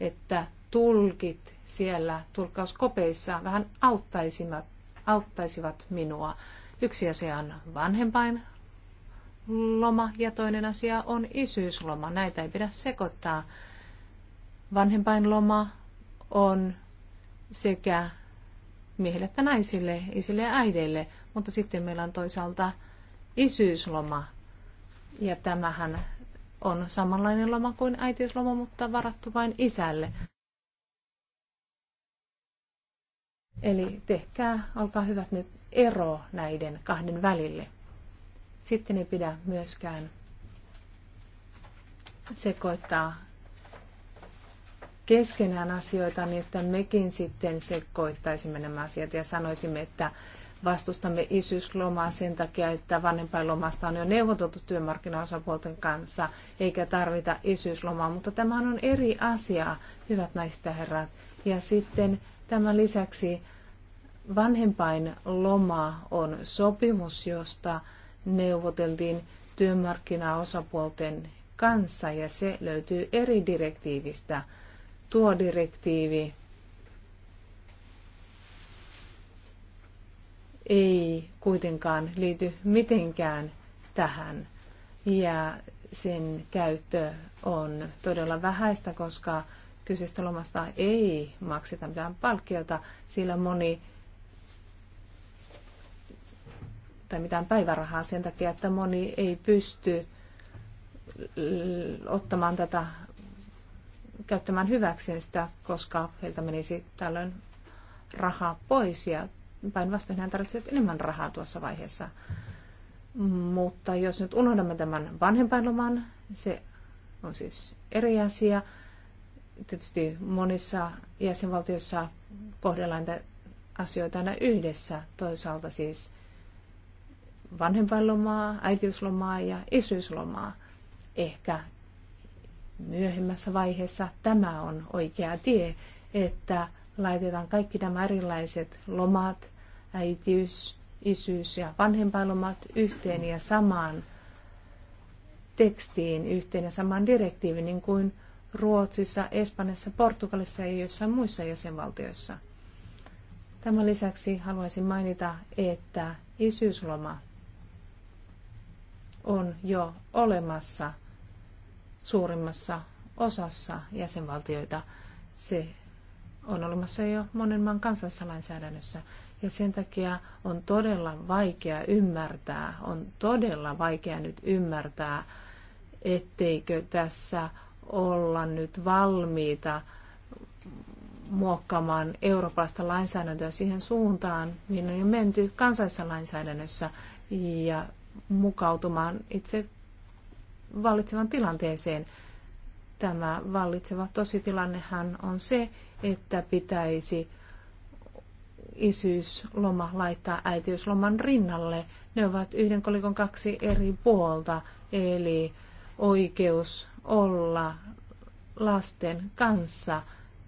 että tulkit siellä tulkkauskopeissa vähän auttaisivat auttaisivat minua. Yksi asia on vanhempain loma ja toinen asia on isyysloma. Näitä ei pidä sekoittaa. Vanhempainloma on sekä miehille että naisille, isille ja äideille, mutta sitten meillä on toisaalta isyysloma. Ja tämähän on samanlainen loma kuin äitiysloma, mutta varattu vain isälle. Eli tehkää, olkaa hyvät nyt ero näiden kahden välille. Sitten ei pidä myöskään sekoittaa keskenään asioita, niin että mekin sitten sekoittaisimme nämä asiat ja sanoisimme, että vastustamme isyyslomaa sen takia, että vanhempainlomasta on jo neuvoteltu työmarkkinaosapuolten kanssa, eikä tarvita isyyslomaa, mutta tämä on eri asia, hyvät naiset ja herrat. Ja sitten tämän lisäksi Vanhempain loma on sopimus, josta neuvoteltiin työmarkkinaosapuolten kanssa ja se löytyy eri direktiivistä. Tuo direktiivi ei kuitenkaan liity mitenkään tähän. Ja sen käyttö on todella vähäistä, koska kyseistä lomasta ei makseta mitään palkkiota, sillä moni tai mitään päivärahaa sen takia, että moni ei pysty ottamaan tätä käyttämään hyväkseen sitä, koska heiltä menisi tällöin rahaa pois ja päinvastoin hän tarvitsee enemmän rahaa tuossa vaiheessa. Mutta jos nyt unohdamme tämän vanhempainloman, se on siis eri asia. Tietysti monissa jäsenvaltioissa kohdellaan asioita aina yhdessä. Toisaalta siis vanhempainlomaa, äitiyslomaa ja isyyslomaa. Ehkä myöhemmässä vaiheessa tämä on oikea tie, että laitetaan kaikki nämä erilaiset lomat, äitiys, isyys ja vanhempainlomat yhteen ja samaan tekstiin, yhteen ja samaan direktiiviin, niin kuin Ruotsissa, Espanjassa, Portugalissa ja joissain muissa jäsenvaltioissa. Tämän lisäksi haluaisin mainita, että isyysloma on jo olemassa suurimmassa osassa jäsenvaltioita. Se on olemassa jo monen maan kansallisessa Ja sen takia on todella vaikea ymmärtää, on todella vaikea nyt ymmärtää, etteikö tässä olla nyt valmiita muokkaamaan eurooppalaista lainsäädäntöä siihen suuntaan, mihin on jo menty kansallisessa lainsäädännössä ja mukautumaan itse vallitsevan tilanteeseen. Tämä vallitseva tositilannehan on se, että pitäisi isyysloma laittaa äitiysloman rinnalle. Ne ovat yhden kolikon kaksi eri puolta, eli oikeus olla lasten kanssa.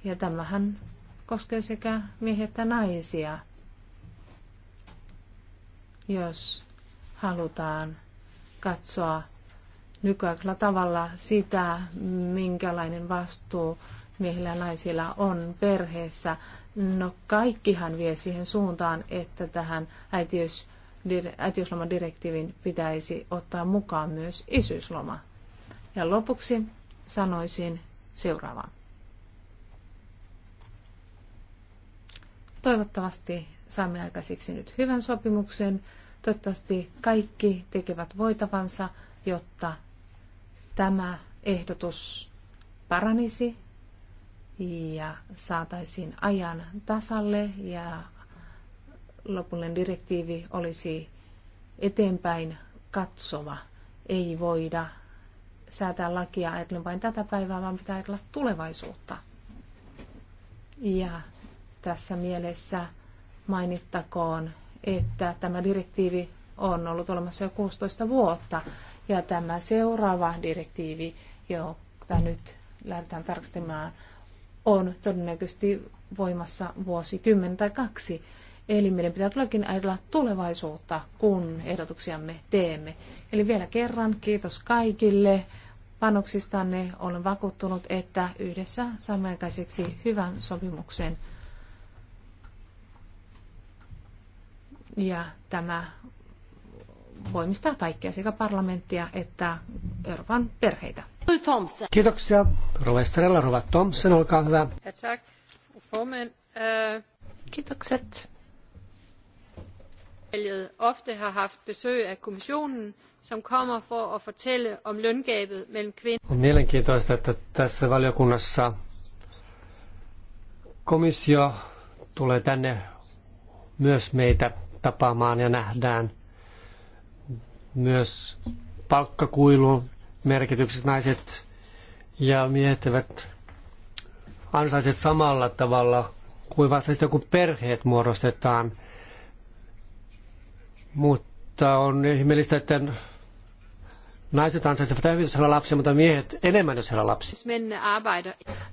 Ja tämähän koskee sekä miehet että naisia. Jos halutaan katsoa nykyaikalla tavalla sitä, minkälainen vastuu miehillä ja naisilla on perheessä. No kaikkihan vie siihen suuntaan, että tähän äitiys, äitiyslomadirektiivin pitäisi ottaa mukaan myös isyysloma. Ja lopuksi sanoisin seuraavaa. Toivottavasti saamme aikaisiksi nyt hyvän sopimuksen Toivottavasti kaikki tekevät voitavansa, jotta tämä ehdotus paranisi ja saataisiin ajan tasalle ja lopullinen direktiivi olisi eteenpäin katsova. Ei voida säätää lakia ajatellen vain tätä päivää, vaan pitää ajatella tulevaisuutta. Ja tässä mielessä mainittakoon että tämä direktiivi on ollut olemassa jo 16 vuotta. Ja tämä seuraava direktiivi, jota nyt lähdetään tarkastamaan, on todennäköisesti voimassa 10 tai kaksi. Eli meidän pitää tuleekin ajatella tulevaisuutta, kun ehdotuksiamme teemme. Eli vielä kerran kiitos kaikille panoksistanne. Olen vakuuttunut, että yhdessä saamme aikaiseksi hyvän sopimuksen. Ja tämä voimistaa kaikkea sekä parlamenttia että Euroopan perheitä. Kiitoksia. Rovesterella Rova Thompson, olkaa hyvä. Kiitokset. ofte har haft besøg af kommissionen, som kommer for at fortælle om løngabet mellem kvinder. On mielenkiintoista, että tässä valiokunnassa komissio tulee tänne myös meitä tapaamaan ja nähdään myös palkkakuilun merkitykset. Naiset ja miehet eivät ansaitse samalla tavalla kuin vasta sitten kun perheet muodostetaan. Mutta on ihmeellistä, että Naiset ansaitsevat hyvin, jos heillä on lapsia, mutta miehet enemmän, jos heillä on lapsia. Siis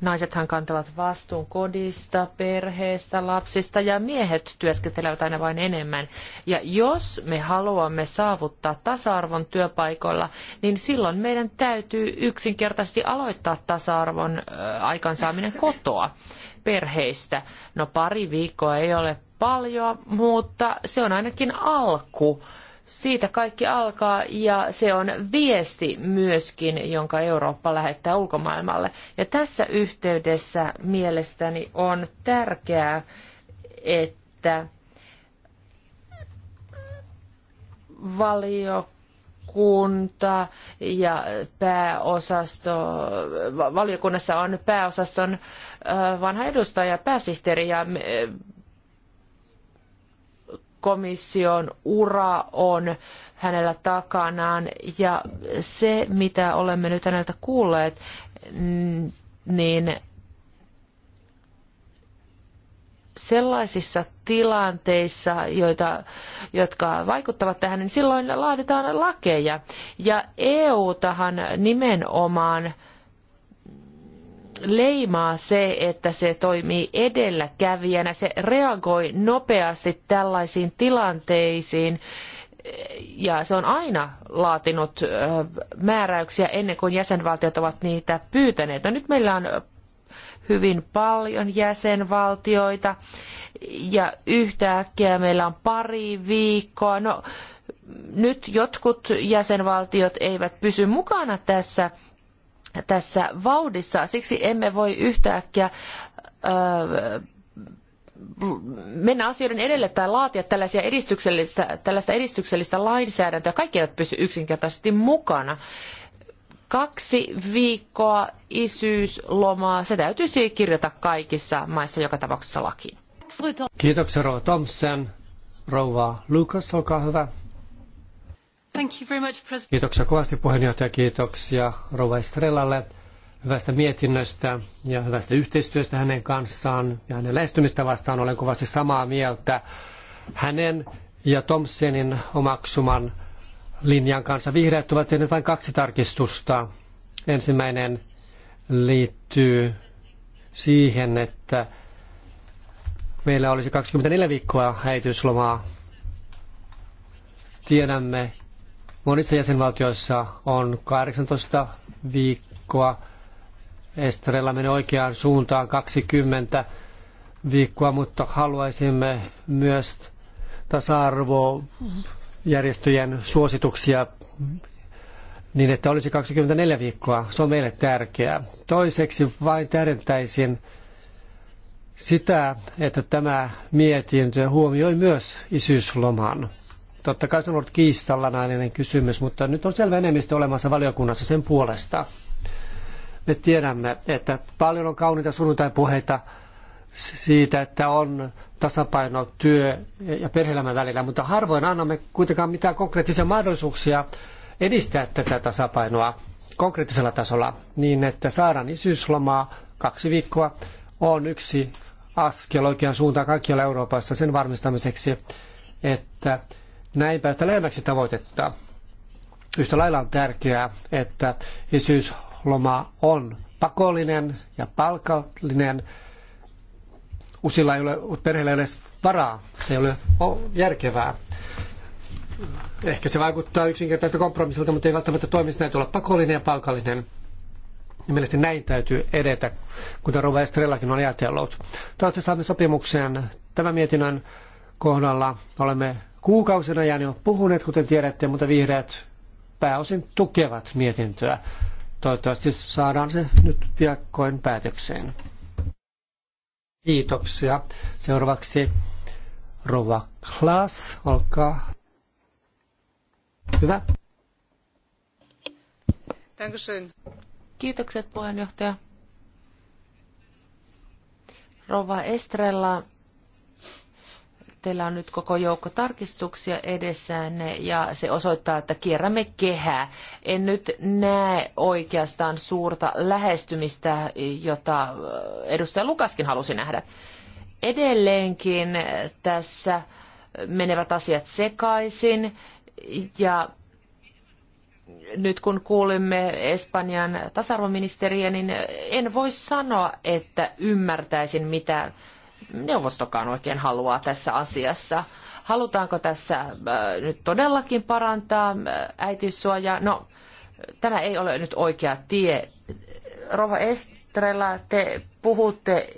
Naisethan kantavat vastuun kodista, perheestä, lapsista ja miehet työskentelevät aina vain enemmän. Ja jos me haluamme saavuttaa tasa-arvon työpaikoilla, niin silloin meidän täytyy yksinkertaisesti aloittaa tasa-arvon aikansaaminen kotoa perheistä. No pari viikkoa ei ole paljon, mutta se on ainakin alku siitä kaikki alkaa ja se on viesti myöskin, jonka Eurooppa lähettää ulkomaailmalle. Ja tässä yhteydessä mielestäni on tärkeää, että valiokunta ja pääosasto, valiokunnassa on pääosaston vanha edustaja, pääsihteeri ja komission ura on hänellä takanaan. Ja se, mitä olemme nyt häneltä kuulleet, niin sellaisissa tilanteissa, joita, jotka vaikuttavat tähän, niin silloin laaditaan lakeja. Ja EU-tahan nimenomaan leimaa se, että se toimii edelläkävijänä, se reagoi nopeasti tällaisiin tilanteisiin ja se on aina laatinut määräyksiä ennen kuin jäsenvaltiot ovat niitä pyytäneet. No nyt meillä on hyvin paljon jäsenvaltioita ja yhtäkkiä meillä on pari viikkoa. No, nyt jotkut jäsenvaltiot eivät pysy mukana tässä tässä vauhdissa. Siksi emme voi yhtäkkiä mennä asioiden edelle tai laatia tällaisia edistyksellistä, tällaista edistyksellistä lainsäädäntöä. Kaikki eivät pysy yksinkertaisesti mukana. Kaksi viikkoa isyyslomaa, se täytyisi kirjata kaikissa maissa joka tapauksessa lakiin. Kiitoksia Rova Thompson. Rouva Lucas, olkaa hyvä. Kiitoksia kovasti puheenjohtaja, kiitoksia Rova Estrellalle hyvästä mietinnöstä ja hyvästä yhteistyöstä hänen kanssaan ja hänen lähestymistä vastaan. Olen kovasti samaa mieltä hänen ja Thompsonin omaksuman linjan kanssa. Vihreät ovat tehneet vain kaksi tarkistusta. Ensimmäinen liittyy siihen, että meillä olisi 24 viikkoa äitiyslomaa. Tiedämme, Monissa jäsenvaltioissa on 18 viikkoa. Estrella menee oikeaan suuntaan 20 viikkoa, mutta haluaisimme myös tasa-arvojärjestöjen suosituksia niin, että olisi 24 viikkoa. Se on meille tärkeää. Toiseksi vain täydentäisin sitä, että tämä mietintö huomioi myös isyysloman. Totta kai se on ollut kiistallanainen kysymys, mutta nyt on selvä enemmistö olemassa valiokunnassa sen puolesta. Me tiedämme, että paljon on kauniita sunnuntai-puheita siitä, että on tasapaino työ- ja perheelämän välillä, mutta harvoin annamme kuitenkaan mitään konkreettisia mahdollisuuksia edistää tätä tasapainoa konkreettisella tasolla niin, että saadaan isyyslomaa kaksi viikkoa on yksi askel oikeaan suuntaan kaikkialla Euroopassa sen varmistamiseksi, että näin päästä lähemmäksi tavoitetta. Yhtä lailla on tärkeää, että isyysloma on pakollinen ja palkallinen. Usilla ei ole, perheellä ei ole edes varaa, se ei ole järkevää. Ehkä se vaikuttaa yksinkertaista kompromissilta, mutta ei välttämättä toimi, se täytyy olla pakollinen ja palkallinen. Ja mielestäni näin täytyy edetä, kuten Rova Estrellakin on ajatellut. Toivottavasti saamme sopimukseen tämän mietinnön kohdalla. Olemme kuukausien ajan jo puhuneet, kuten tiedätte, mutta vihreät pääosin tukevat mietintöä. Toivottavasti saadaan se nyt piakkoin päätökseen. Kiitoksia. Seuraavaksi Rova Klaas, olkaa hyvä. Kiitokset puheenjohtaja. Rova Estrella teillä on nyt koko joukko tarkistuksia edessänne ja se osoittaa, että kierrämme kehää. En nyt näe oikeastaan suurta lähestymistä, jota edustaja Lukaskin halusi nähdä. Edelleenkin tässä menevät asiat sekaisin ja nyt kun kuulimme Espanjan tasa-arvoministeriä, niin en voi sanoa, että ymmärtäisin, mitä neuvostokaan oikein haluaa tässä asiassa. Halutaanko tässä äh, nyt todellakin parantaa äh, äitiyssuojaa? No, tämä ei ole nyt oikea tie. Rova Estrella, te puhutte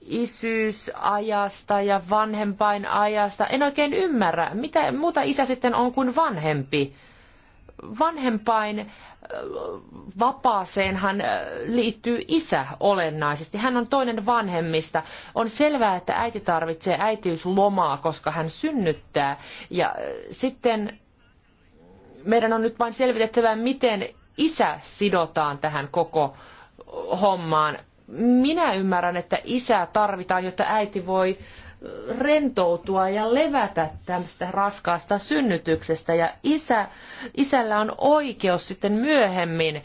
isyysajasta ja vanhempainajasta. En oikein ymmärrä, mitä muuta isä sitten on kuin vanhempi vanhempain vapaaseenhan liittyy isä olennaisesti. Hän on toinen vanhemmista. On selvää, että äiti tarvitsee äitiyslomaa, koska hän synnyttää. Ja sitten meidän on nyt vain selvitettävä, miten isä sidotaan tähän koko hommaan. Minä ymmärrän, että isää tarvitaan, jotta äiti voi rentoutua ja levätä tästä raskaasta synnytyksestä ja isä, isällä on oikeus sitten myöhemmin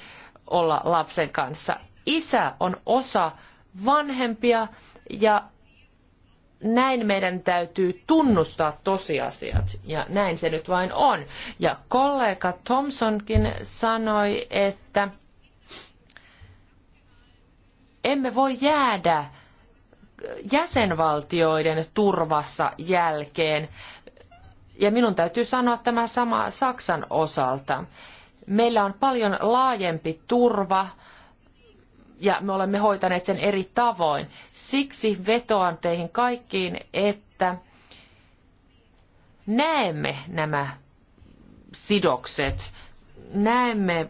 olla lapsen kanssa. Isä on osa vanhempia ja näin meidän täytyy tunnustaa tosiasiat ja näin se nyt vain on. Ja kollega Thompsonkin sanoi, että emme voi jäädä jäsenvaltioiden turvassa jälkeen. Ja minun täytyy sanoa tämä sama Saksan osalta. Meillä on paljon laajempi turva ja me olemme hoitaneet sen eri tavoin. Siksi vetoan teihin kaikkiin, että näemme nämä sidokset näemme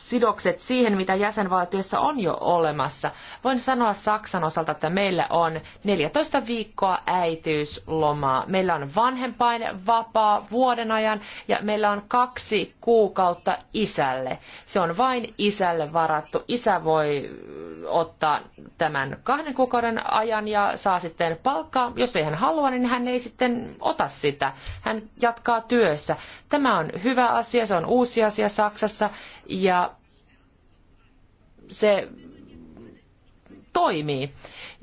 sidokset siihen, mitä jäsenvaltioissa on jo olemassa. Voin sanoa Saksan osalta, että meillä on 14 viikkoa äitiyslomaa. Meillä on vanhempain vapaa vuoden ajan ja meillä on kaksi kuukautta isälle. Se on vain isälle varattu. Isä voi ottaa tämän kahden kuukauden ajan ja saa sitten palkkaa. Jos ei hän halua, niin hän ei sitten ota sitä. Hän jatkaa työssä. Tämä on hyvä asia, se on uusi uusi asia Saksassa ja se toimii.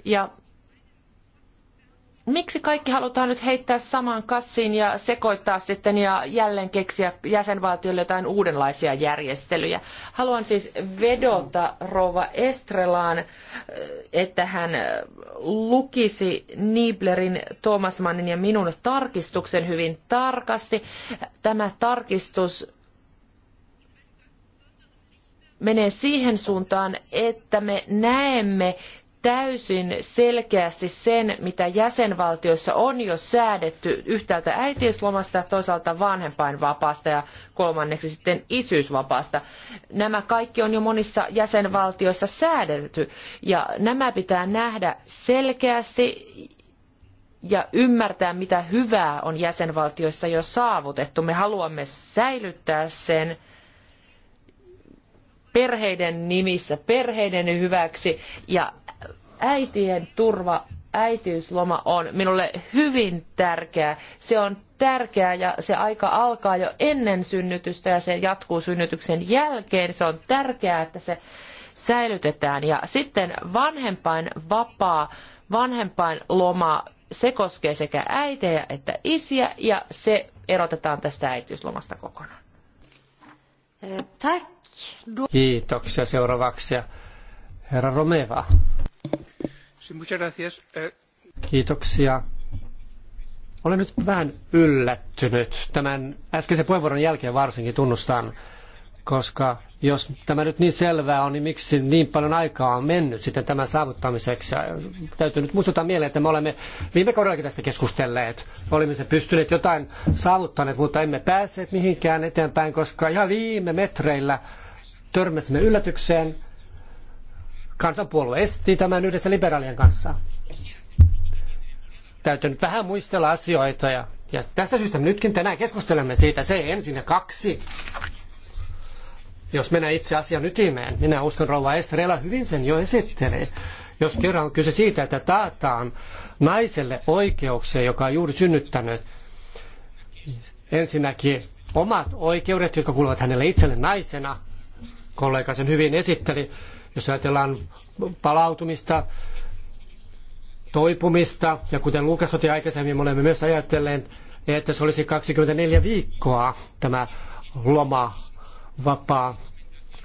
Ja miksi kaikki halutaan nyt heittää samaan kassiin ja sekoittaa sitten ja jälleen keksiä jäsenvaltioille jotain uudenlaisia järjestelyjä? Haluan siis vedota Rova Estrelaan, että hän lukisi Niblerin, Thomas Mannin ja minun tarkistuksen hyvin tarkasti. Tämä tarkistus menee siihen suuntaan, että me näemme täysin selkeästi sen, mitä jäsenvaltioissa on jo säädetty yhtäältä äitiyslomasta, toisaalta vanhempainvapaasta ja kolmanneksi sitten isyysvapaasta. Nämä kaikki on jo monissa jäsenvaltioissa säädelty ja nämä pitää nähdä selkeästi ja ymmärtää, mitä hyvää on jäsenvaltioissa jo saavutettu. Me haluamme säilyttää sen perheiden nimissä, perheiden hyväksi ja äitien turva, äitiysloma on minulle hyvin tärkeä. Se on tärkeä ja se aika alkaa jo ennen synnytystä ja se jatkuu synnytyksen jälkeen. Se on tärkeää, että se säilytetään. Ja sitten vanhempain vapaa, vanhempain loma, se koskee sekä äitejä että isiä ja se erotetaan tästä äitiyslomasta kokonaan. Tack. Kiitoksia seuraavaksi. Herra Romeva. Eh, Kiitoksia. Olen nyt vähän yllättynyt tämän äskeisen puheenvuoron jälkeen varsinkin tunnustan koska jos tämä nyt niin selvää on, niin miksi niin paljon aikaa on mennyt sitten tämän saavuttamiseksi? Täytyy nyt muistuttaa mieleen, että me olemme viime kaudellakin tästä keskustelleet. Olimme se pystyneet jotain saavuttaneet, mutta emme päässeet mihinkään eteenpäin, koska ihan viime metreillä törmäsimme yllätykseen. Kansanpuolue esti tämän yhdessä liberaalien kanssa. Täytyy nyt vähän muistella asioita ja, ja tästä syystä nytkin tänään keskustelemme siitä. Se ensin ja kaksi jos mennään itse asian ytimeen, minä uskon rouva Estrella hyvin sen jo esittelee. Jos kerran on kyse siitä, että taataan naiselle oikeuksia, joka on juuri synnyttänyt ensinnäkin omat oikeudet, jotka kuuluvat hänelle itselle naisena, kollega sen hyvin esitteli, jos ajatellaan palautumista, toipumista, ja kuten Lukas otti aikaisemmin, me olemme myös ajatelleet, että se olisi 24 viikkoa tämä loma vapaa.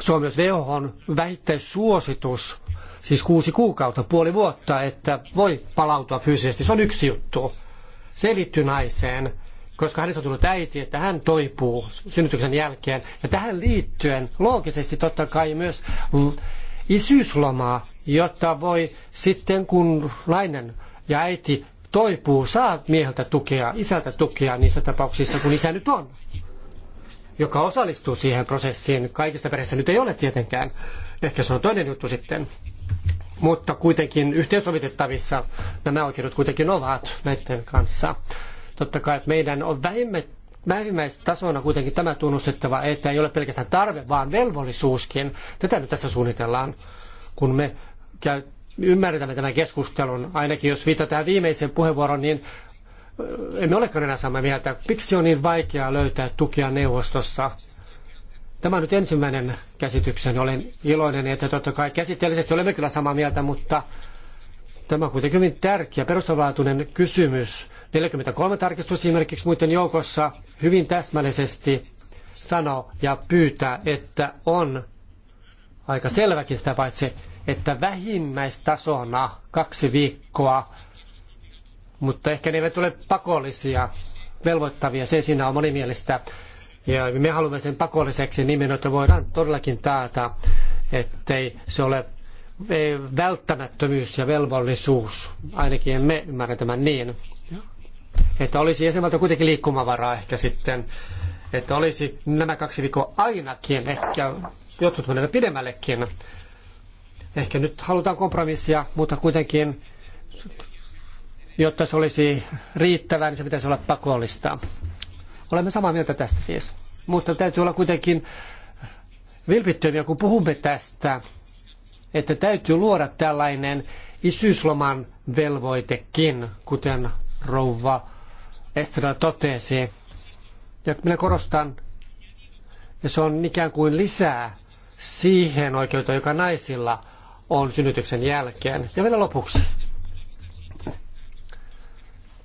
Se on myös WHOn vähittäissuositus, siis kuusi kuukautta, puoli vuotta, että voi palautua fyysisesti. Se on yksi juttu. Se liittyy naiseen, koska hänestä on tullut äiti, että hän toipuu synnytyksen jälkeen. Ja tähän liittyen loogisesti totta kai myös isyyslomaa, jotta voi sitten kun nainen ja äiti toipuu, saa mieheltä tukea, isältä tukea niissä tapauksissa, kun isä nyt on joka osallistuu siihen prosessiin. Kaikissa perheissä nyt ei ole tietenkään. Ehkä se on toinen juttu sitten. Mutta kuitenkin yhteensovitettavissa nämä oikeudet kuitenkin ovat näiden kanssa. Totta kai meidän on Vähimmäistasona kuitenkin tämä tunnustettava, että ei ole pelkästään tarve, vaan velvollisuuskin. Tätä nyt tässä suunnitellaan, kun me käy, ymmärrämme tämän keskustelun. Ainakin jos viitataan viimeiseen puheenvuoroon, niin emme olekaan enää samaa mieltä. Miksi on niin vaikeaa löytää tukea neuvostossa? Tämä on nyt ensimmäinen käsityksen. Olen iloinen, että totta kai käsitteellisesti olemme kyllä samaa mieltä, mutta tämä on kuitenkin hyvin tärkeä perustavanlaatuinen kysymys. 43 tarkistus esimerkiksi muiden joukossa hyvin täsmällisesti sanoo ja pyytää, että on aika selväkin sitä paitsi, että vähimmäistasona kaksi viikkoa mutta ehkä ne eivät ole pakollisia, velvoittavia. Se siinä on moni Ja me haluamme sen pakolliseksi nimen, että voidaan todellakin taata, ettei se ole eh, välttämättömyys ja velvollisuus. Ainakin me ymmärrä tämän niin. Että olisi jäsenvaltio kuitenkin liikkumavaraa ehkä sitten, että olisi nämä kaksi viikkoa ainakin, ehkä jotkut menevät pidemmällekin. Ehkä nyt halutaan kompromissia, mutta kuitenkin jotta se olisi riittävää, niin se pitäisi olla pakollista. Olemme samaa mieltä tästä siis. Mutta täytyy olla kuitenkin vilpittömiä, kun puhumme tästä, että täytyy luoda tällainen isyysloman velvoitekin, kuten rouva Estrella totesi. Ja minä korostan, ja se on ikään kuin lisää siihen oikeuteen, joka naisilla on synnytyksen jälkeen. Ja vielä lopuksi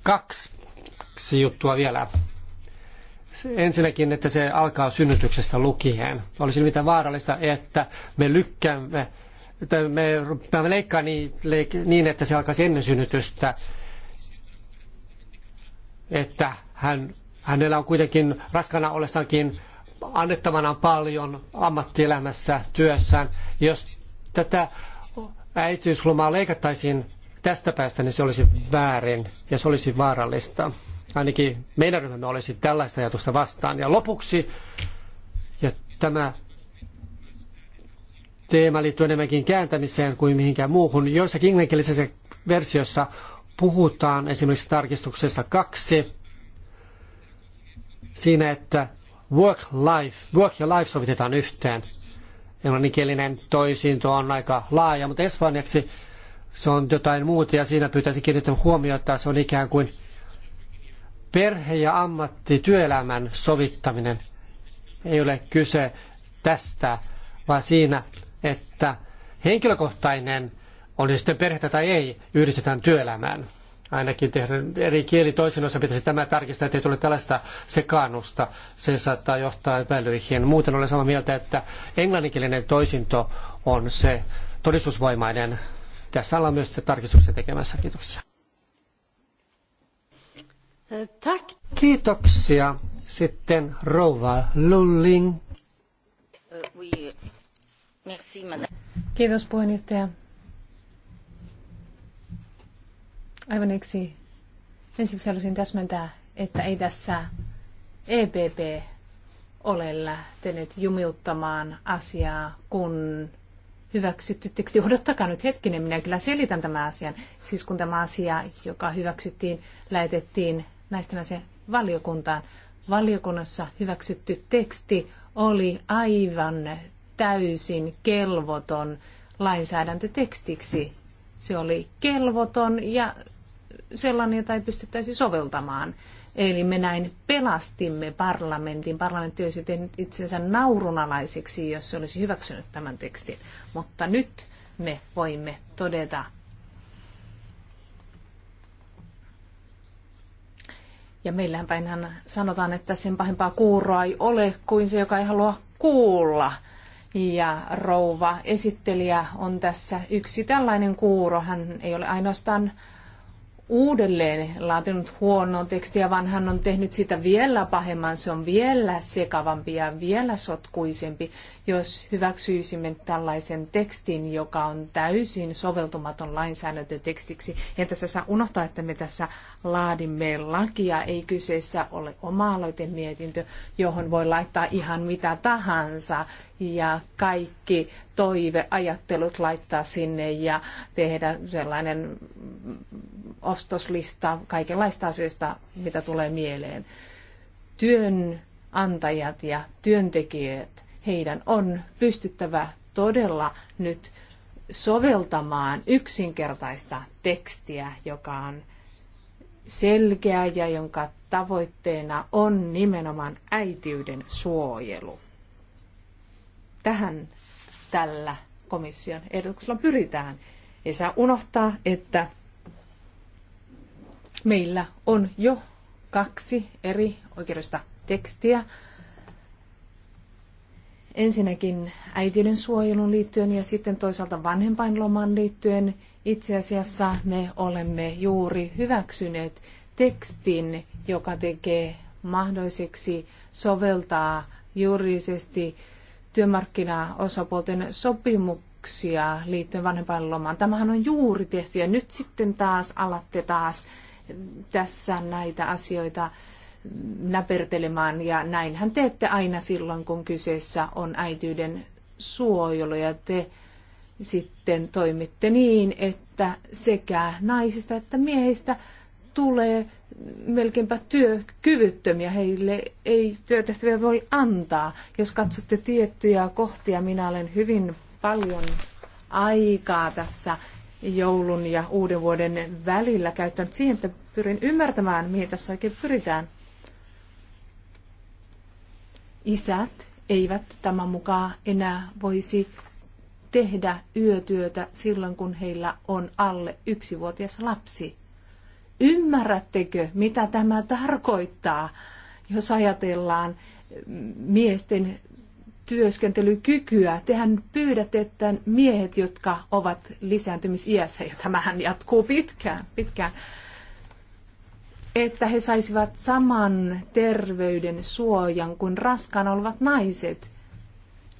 Kaksi, kaksi juttua vielä. Ensinnäkin, että se alkaa synnytyksestä lukien. Olisi nimittäin vaarallista, että me lykkäämme, että me rupeamme leikkaamaan niin, leik, niin, että se alkaisi ennen synnytystä. Että hän, hänellä on kuitenkin raskana ollessaankin annettavanaan paljon ammattielämässä, työssään. Jos tätä äitiyslomaa leikattaisiin tästä päästä, niin se olisi väärin ja se olisi vaarallista. Ainakin meidän ryhmämme olisi tällaista ajatusta vastaan. Ja lopuksi, ja tämä teema liittyy enemmänkin kääntämiseen kuin mihinkään muuhun. Joissakin englanninkielisessä versiossa puhutaan esimerkiksi tarkistuksessa kaksi siinä, että work, life, work ja life sovitetaan yhteen. Englanninkielinen toisiinto on aika laaja, mutta espanjaksi se on jotain muuta ja siinä pyytäisi kiinnittää huomiota, se on ikään kuin perhe- ja ammatti työelämän sovittaminen. Ei ole kyse tästä, vaan siinä, että henkilökohtainen, on sitten perhettä tai ei, yhdistetään työelämään. Ainakin tehdä eri kieli osa pitäisi tämä tarkistaa, ettei tule tällaista sekaannusta. Se saattaa johtaa epäilyihin. Muuten olen samaa mieltä, että englanninkielinen toisinto on se todistusvoimainen tässä ollaan myös tarkistuksia tekemässä. Kiitoksia. Äh, tack. Kiitoksia. Sitten rouva Lulling. Äh, Kiitos puheenjohtaja. Aivan eksi. Ensiksi haluaisin täsmentää, että ei tässä EPP ole lähtenyt jumiuttamaan asiaa, kun hyväksytty teksti. Odottakaa nyt hetkinen, minä kyllä selitän tämän asian. Siis kun tämä asia, joka hyväksyttiin, lähetettiin näistä asian valiokuntaan, valiokunnassa hyväksytty teksti oli aivan täysin kelvoton lainsäädäntötekstiksi. Se oli kelvoton ja sellainen, jota ei pystyttäisi soveltamaan. Eli me näin pelastimme parlamentin. Parlamentti olisi tehnyt itsensä naurunalaiseksi, jos se olisi hyväksynyt tämän tekstin. Mutta nyt me voimme todeta Ja meillähän päinhän sanotaan, että sen pahempaa kuuroa ei ole kuin se, joka ei halua kuulla. Ja rouva esittelijä on tässä yksi tällainen kuuro. Hän ei ole ainoastaan uudelleen laatinut huonoa tekstiä, vaan hän on tehnyt sitä vielä pahemman, se on vielä sekavampi ja vielä sotkuisempi, jos hyväksyisimme tällaisen tekstin, joka on täysin soveltumaton lainsäädäntötekstiksi. En tässä saa unohtaa, että me tässä laadimme lakia, ei kyseessä ole oma-aloitemietintö, johon voi laittaa ihan mitä tahansa, ja kaikki toiveajattelut laittaa sinne ja tehdä sellainen ostoslista kaikenlaista asioista, mitä tulee mieleen. Työnantajat ja työntekijät, heidän on pystyttävä todella nyt soveltamaan yksinkertaista tekstiä, joka on selkeä ja jonka tavoitteena on nimenomaan äitiyden suojelu. Tähän tällä komission ehdotuksella pyritään. Ei saa unohtaa, että meillä on jo kaksi eri oikeudesta tekstiä. Ensinnäkin äitiyden suojelun liittyen ja sitten toisaalta vanhempainloman liittyen. Itse asiassa me olemme juuri hyväksyneet tekstin, joka tekee mahdolliseksi soveltaa juridisesti työmarkkinaosapuolten sopimuksia liittyen vanhempainlomaan. Tämähän on juuri tehty ja nyt sitten taas alatte taas tässä näitä asioita näpertelemään ja näinhän teette aina silloin, kun kyseessä on äityyden suojelu ja te sitten toimitte niin, että sekä naisista että miehistä tulee melkeinpä työkyvyttömiä, heille ei työtehtäviä voi antaa. Jos katsotte tiettyjä kohtia, minä olen hyvin paljon aikaa tässä joulun ja uuden vuoden välillä käyttänyt siihen, että pyrin ymmärtämään, mihin tässä oikein pyritään. Isät eivät tämän mukaan enää voisi tehdä yötyötä silloin, kun heillä on alle yksivuotias lapsi. Ymmärrättekö, mitä tämä tarkoittaa, jos ajatellaan miesten työskentelykykyä. Tehän pyydätte, että miehet, jotka ovat lisääntymisiässä, ja tämähän jatkuu pitkään, pitkään, että he saisivat saman terveyden suojan kuin raskaana olevat naiset.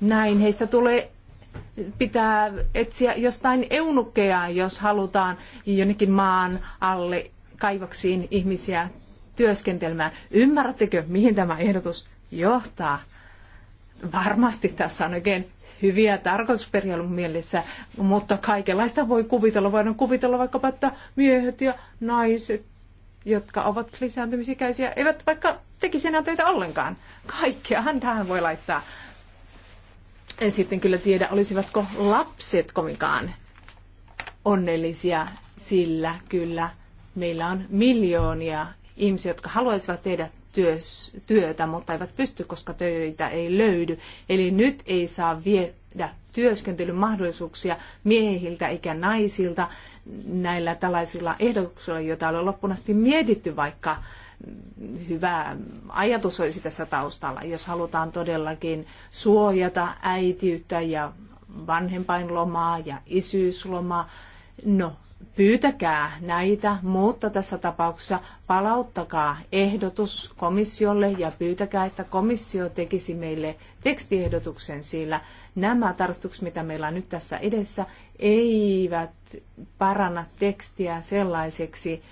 Näin heistä tulee pitää etsiä jostain eunukkeja, jos halutaan jonnekin maan alle kaivoksiin ihmisiä työskentelemään. Ymmärrättekö, mihin tämä ehdotus johtaa? Varmasti tässä on oikein hyviä tarkoitusperiä mielessä, mutta kaikenlaista voi kuvitella. Voidaan kuvitella vaikkapa, että miehet ja naiset, jotka ovat lisääntymisikäisiä, eivät vaikka tekisi enää töitä ollenkaan. Kaikkeahan tähän voi laittaa. En sitten kyllä tiedä, olisivatko lapset kovinkaan onnellisia, sillä kyllä – Meillä on miljoonia ihmisiä, jotka haluaisivat tehdä työs, työtä, mutta eivät pysty, koska töitä ei löydy. Eli nyt ei saa viedä työskentelyn mahdollisuuksia miehiltä eikä naisilta näillä tällaisilla ehdotuksilla, joita on loppuun asti mietitty, vaikka hyvä ajatus olisi tässä taustalla, jos halutaan todellakin suojata äitiyttä ja vanhempainlomaa ja isyyslomaa. No, pyytäkää näitä, mutta tässä tapauksessa palauttakaa ehdotus komissiolle ja pyytäkää, että komissio tekisi meille tekstiehdotuksen, sillä nämä tarkastukset, mitä meillä on nyt tässä edessä, eivät paranna tekstiä sellaiseksi,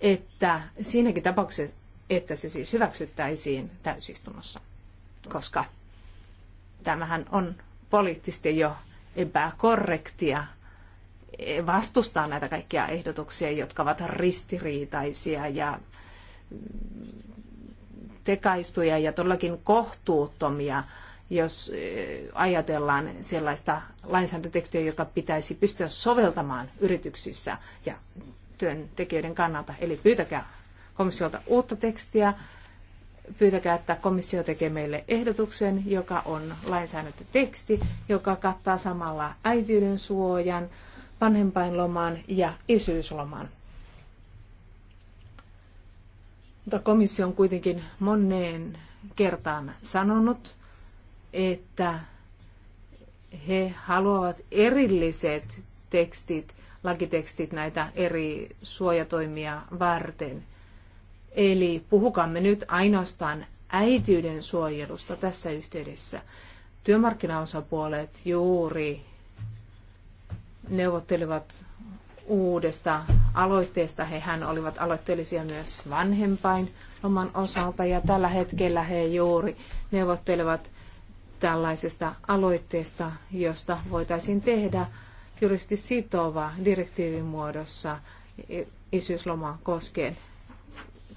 että siinäkin tapauksessa, että se siis hyväksyttäisiin täysistunnossa, koska tämähän on poliittisesti jo epäkorrektia vastustaa näitä kaikkia ehdotuksia, jotka ovat ristiriitaisia ja tekaistuja ja todellakin kohtuuttomia, jos eh, ajatellaan sellaista lainsäädäntötekstiä, joka pitäisi pystyä soveltamaan yrityksissä ja työntekijöiden kannalta. Eli pyytäkää komissiolta uutta tekstiä, pyytäkää, että komissio tekee meille ehdotuksen, joka on lainsäädäntöteksti, joka kattaa samalla äitiyden suojan, vanhempainlomaan ja isyyslomaan. Mutta komissio on kuitenkin moneen kertaan sanonut, että he haluavat erilliset tekstit, lakitekstit näitä eri suojatoimia varten. Eli puhukamme nyt ainoastaan äitiyden suojelusta tässä yhteydessä. Työmarkkinaosapuolet juuri neuvottelivat uudesta aloitteesta. Hehän olivat aloitteellisia myös vanhempain loman osalta ja tällä hetkellä he juuri neuvottelevat tällaisesta aloitteesta, josta voitaisiin tehdä juristi sitova direktiivin muodossa isyyslomaa koskien.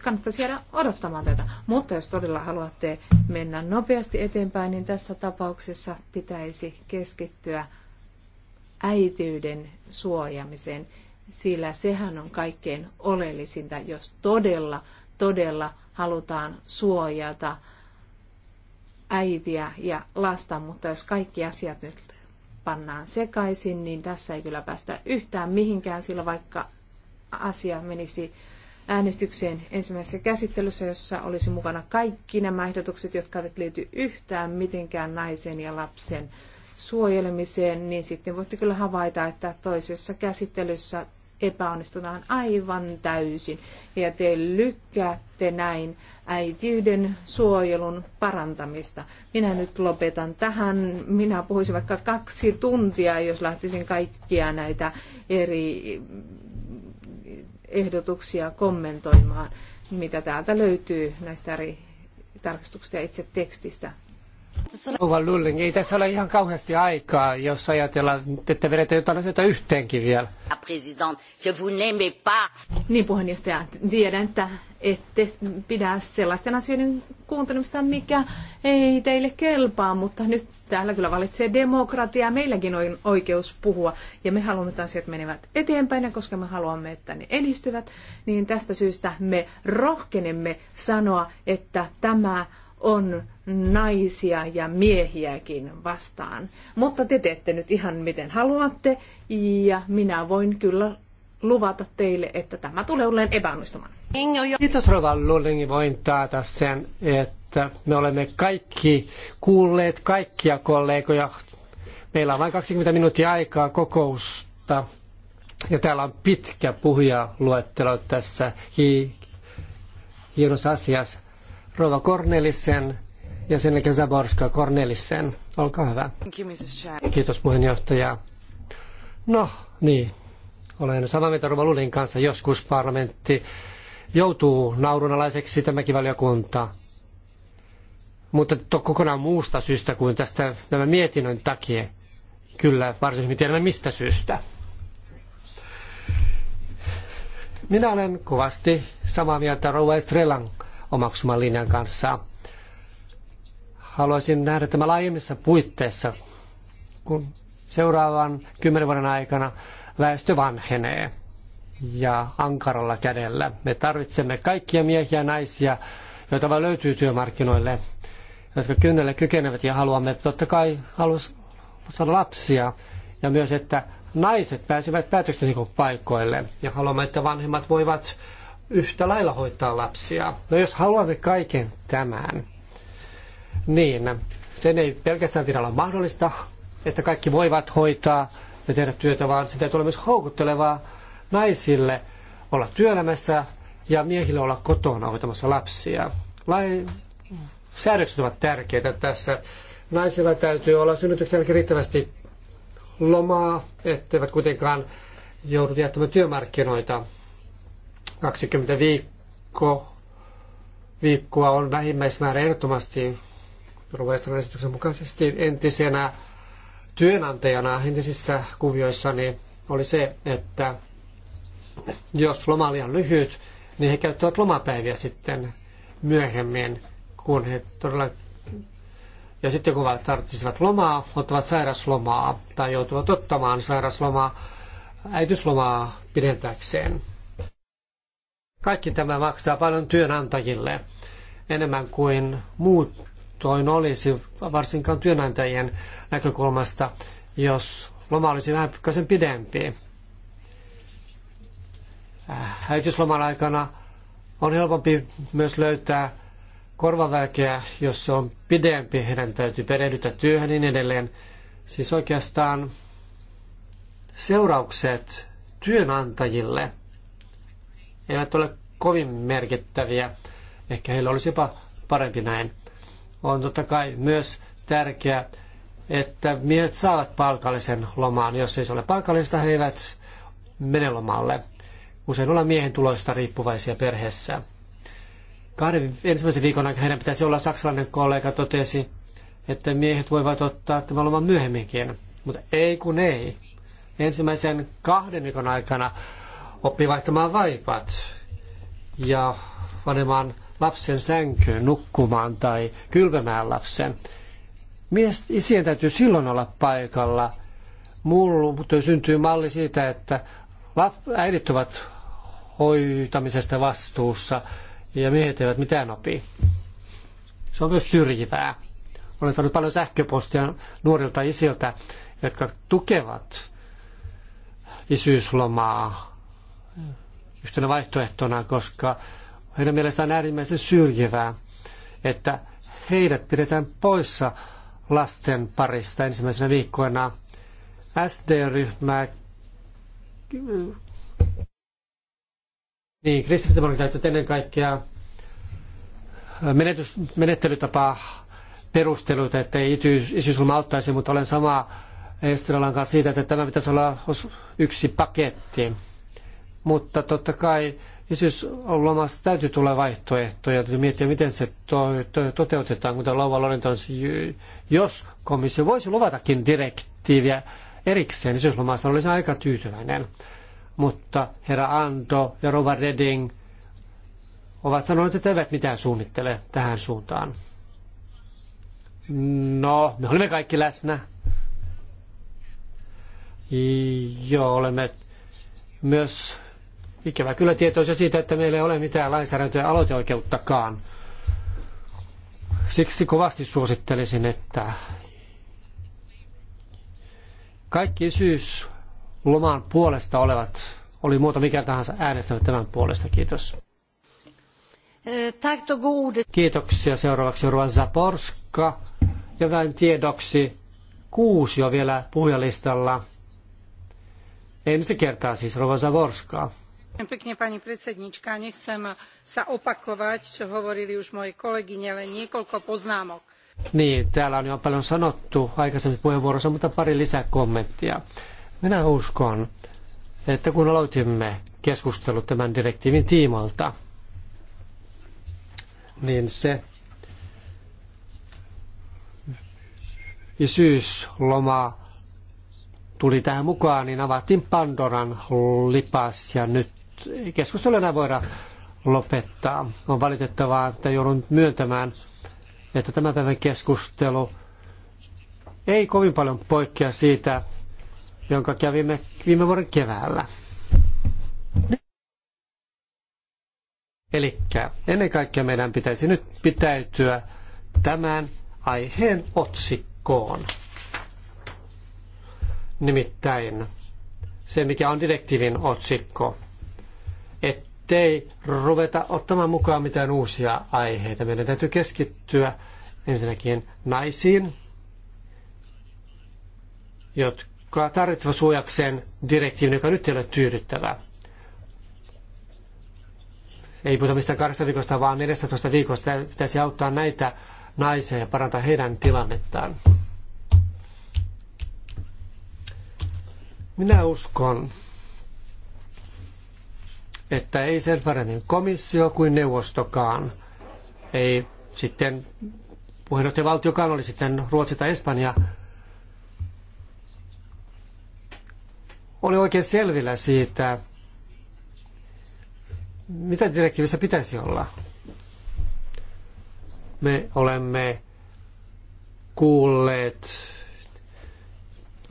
Kannattaisi jäädä odottamaan tätä, mutta jos todella haluatte mennä nopeasti eteenpäin, niin tässä tapauksessa pitäisi keskittyä äitiyden suojaamiseen, sillä sehän on kaikkein oleellisinta, jos todella, todella halutaan suojata äitiä ja lasta, mutta jos kaikki asiat nyt pannaan sekaisin, niin tässä ei kyllä päästä yhtään mihinkään, sillä vaikka asia menisi äänestykseen ensimmäisessä käsittelyssä, jossa olisi mukana kaikki nämä ehdotukset, jotka eivät liity yhtään mitenkään naisen ja lapsen suojelemiseen, niin sitten voitte kyllä havaita, että toisessa käsittelyssä epäonnistutaan aivan täysin. Ja te lykkäätte näin äitiyden suojelun parantamista. Minä nyt lopetan tähän. Minä puhuisin vaikka kaksi tuntia, jos lähtisin kaikkia näitä eri ehdotuksia kommentoimaan, mitä täältä löytyy näistä eri tarkastuksista ja itse tekstistä. Rouva Lulling, ei tässä ole ihan kauheasti aikaa, jos ajatellaan, että vedetään jotain asioita yhteenkin vielä. Niin puheenjohtaja, tiedän, että ette pidä sellaisten asioiden kuuntelemista, mikä ei teille kelpaa, mutta nyt täällä kyllä valitsee demokratia. Meilläkin on oikeus puhua ja me haluamme, että asiat menevät eteenpäin ja koska me haluamme, että ne edistyvät, niin tästä syystä me rohkenemme sanoa, että tämä on naisia ja miehiäkin vastaan. Mutta te teette nyt ihan miten haluatte ja minä voin kyllä luvata teille, että tämä tulee olemaan epäonnistumaan. Kiitos Rova Lullingi, voin taata sen, että me olemme kaikki kuulleet kaikkia kollegoja. Meillä on vain 20 minuuttia aikaa kokousta ja täällä on pitkä puhujaluettelo tässä hi- hienossa asiassa. Rova Cornelissen ja sen jälkeen Zaborska Cornelissen. Olkaa hyvä. Kiitos puheenjohtaja. No niin, olen samaa mieltä Rova Lulin kanssa. Joskus parlamentti joutuu naurunalaiseksi tämäkin valiokunta. Mutta kokonaan muusta syystä kuin tästä nämä mietinnön takia. Kyllä, varsinkin tiedämme mistä syystä. Minä olen kovasti samaa mieltä Rouva Estrellan omaksuman linjan kanssa. Haluaisin nähdä tämä laajemmissa puitteissa, kun seuraavan kymmenen vuoden aikana väestö vanhenee ja ankaralla kädellä. Me tarvitsemme kaikkia miehiä ja naisia, joita vain löytyy työmarkkinoille, jotka kynnelle kykenevät ja haluamme totta kai halus saada lapsia ja myös, että naiset pääsevät paikoille ja haluamme, että vanhemmat voivat yhtä lailla hoitaa lapsia. No jos haluamme kaiken tämän, niin sen ei pelkästään pidä olla mahdollista, että kaikki voivat hoitaa ja tehdä työtä, vaan sitä tulee myös houkuttelevaa naisille olla työelämässä ja miehille olla kotona hoitamassa lapsia. Lai, säädökset ovat tärkeitä tässä. Naisilla täytyy olla synnytyksen jälkeen riittävästi lomaa, etteivät kuitenkaan joudu jättämään työmarkkinoita. 20 viikko, viikkoa on vähimmäismäärä ehdottomasti Ruvaistan esityksen mukaisesti entisenä työnantajana entisissä niin oli se, että jos loma on liian lyhyt, niin he käyttävät lomapäiviä sitten myöhemmin, kun he todella ja sitten kun tarvitsisivat lomaa, ottavat sairaslomaa tai joutuvat ottamaan sairaslomaa äitiyslomaa pidentääkseen. Kaikki tämä maksaa paljon työnantajille enemmän kuin muutoin olisi, varsinkaan työnantajien näkökulmasta, jos loma olisi vähän pikkasen pidempi. Äh, äitiysloman aikana on helpompi myös löytää korvaväkeä, jos se on pidempi, heidän täytyy perehdytä työhön niin edelleen. Siis oikeastaan seuraukset työnantajille – eivät ole kovin merkittäviä. Ehkä heillä olisi jopa parempi näin. On totta kai myös tärkeää, että miehet saavat palkallisen lomaan. Jos ei se ole palkallista, he eivät mene lomalle. Usein olla miehen tuloista riippuvaisia perheessä. Kahden ensimmäisen viikon aikana heidän pitäisi olla, saksalainen kollega totesi, että miehet voivat ottaa tämän loman myöhemminkin. Mutta ei kun ei. Ensimmäisen kahden viikon aikana oppii vaihtamaan vaipat ja panemaan lapsen sänkyyn nukkumaan tai kylvämään lapsen. Mies, isien täytyy silloin olla paikalla. Mulla syntyy malli siitä, että lap, äidit ovat hoitamisesta vastuussa ja miehet eivät mitään opi. Se on myös syrjivää. Olen saanut paljon sähköpostia nuorilta isiltä, jotka tukevat isyyslomaa yhtenä vaihtoehtona, koska heidän mielestään on äärimmäisen syrjivää, että heidät pidetään poissa lasten parista ensimmäisenä viikkoina. SD-ryhmää niin, kristillisdemokraatit ennen kaikkea menetys, menettelytapaa perustelut, että ei isyysulma auttaisi, mutta olen samaa Eestilalan kanssa siitä, että tämä pitäisi olla yksi paketti mutta totta kai isyyslomasta täytyy tulla vaihtoehtoja, täytyy miettiä, miten se to, to, toteutetaan, kuten Lauva Lorentons, jos komissio voisi luvatakin direktiiviä erikseen isyyslomasta, olisi aika tyytyväinen. Mutta herra Ando ja Rova Redding ovat sanoneet, että eivät mitään suunnittele tähän suuntaan. No, me olemme kaikki läsnä. Joo, olemme myös ikävä kyllä tietoisia siitä, että meillä ei ole mitään lainsäädäntöä aloiteoikeuttakaan. Siksi kovasti suosittelisin, että kaikki syysloman puolesta olevat oli muuta mikä tahansa äänestävät tämän puolesta. Kiitos. Kiitoksia. Seuraavaksi Ruan Zaporska. Ja vähän tiedoksi kuusi on vielä puhujalistalla. Ensi kertaa siis Ruan Zaporskaa nechcem sa opakovať, čo hovorili už moje kolegyne, len niekoľko poznámok. Niin, täällä on jo paljon sanottu aikaisemmissa puheenvuoroissa, mutta pari lisäkommenttia. Minä uskon, että kun aloitimme keskustelut tämän direktiivin tiimalta, niin se isyysloma tuli tähän mukaan, niin avattiin Pandoran lipas ja nyt keskustelu enää voida lopettaa. On valitettavaa, että joudun myöntämään, että tämän päivän keskustelu ei kovin paljon poikkea siitä, jonka kävimme viime vuoden keväällä. Eli ennen kaikkea meidän pitäisi nyt pitäytyä tämän aiheen otsikkoon. Nimittäin se, mikä on direktiivin otsikko, ettei ruveta ottamaan mukaan mitään uusia aiheita. Meidän täytyy keskittyä ensinnäkin naisiin, jotka tarvitsevat suojakseen direktiivin, joka nyt ei ole tyydyttävä. Ei puhuta mistään kahdesta viikosta, vaan 14 viikosta. Pitäisi auttaa näitä naisia ja parantaa heidän tilannettaan. Minä uskon, että ei sen paremmin komissio kuin neuvostokaan, ei sitten puheenjohtajavaltiokaan oli sitten Ruotsi tai Espanja, oli oikein selvillä siitä, mitä direktiivissä pitäisi olla. Me olemme kuulleet,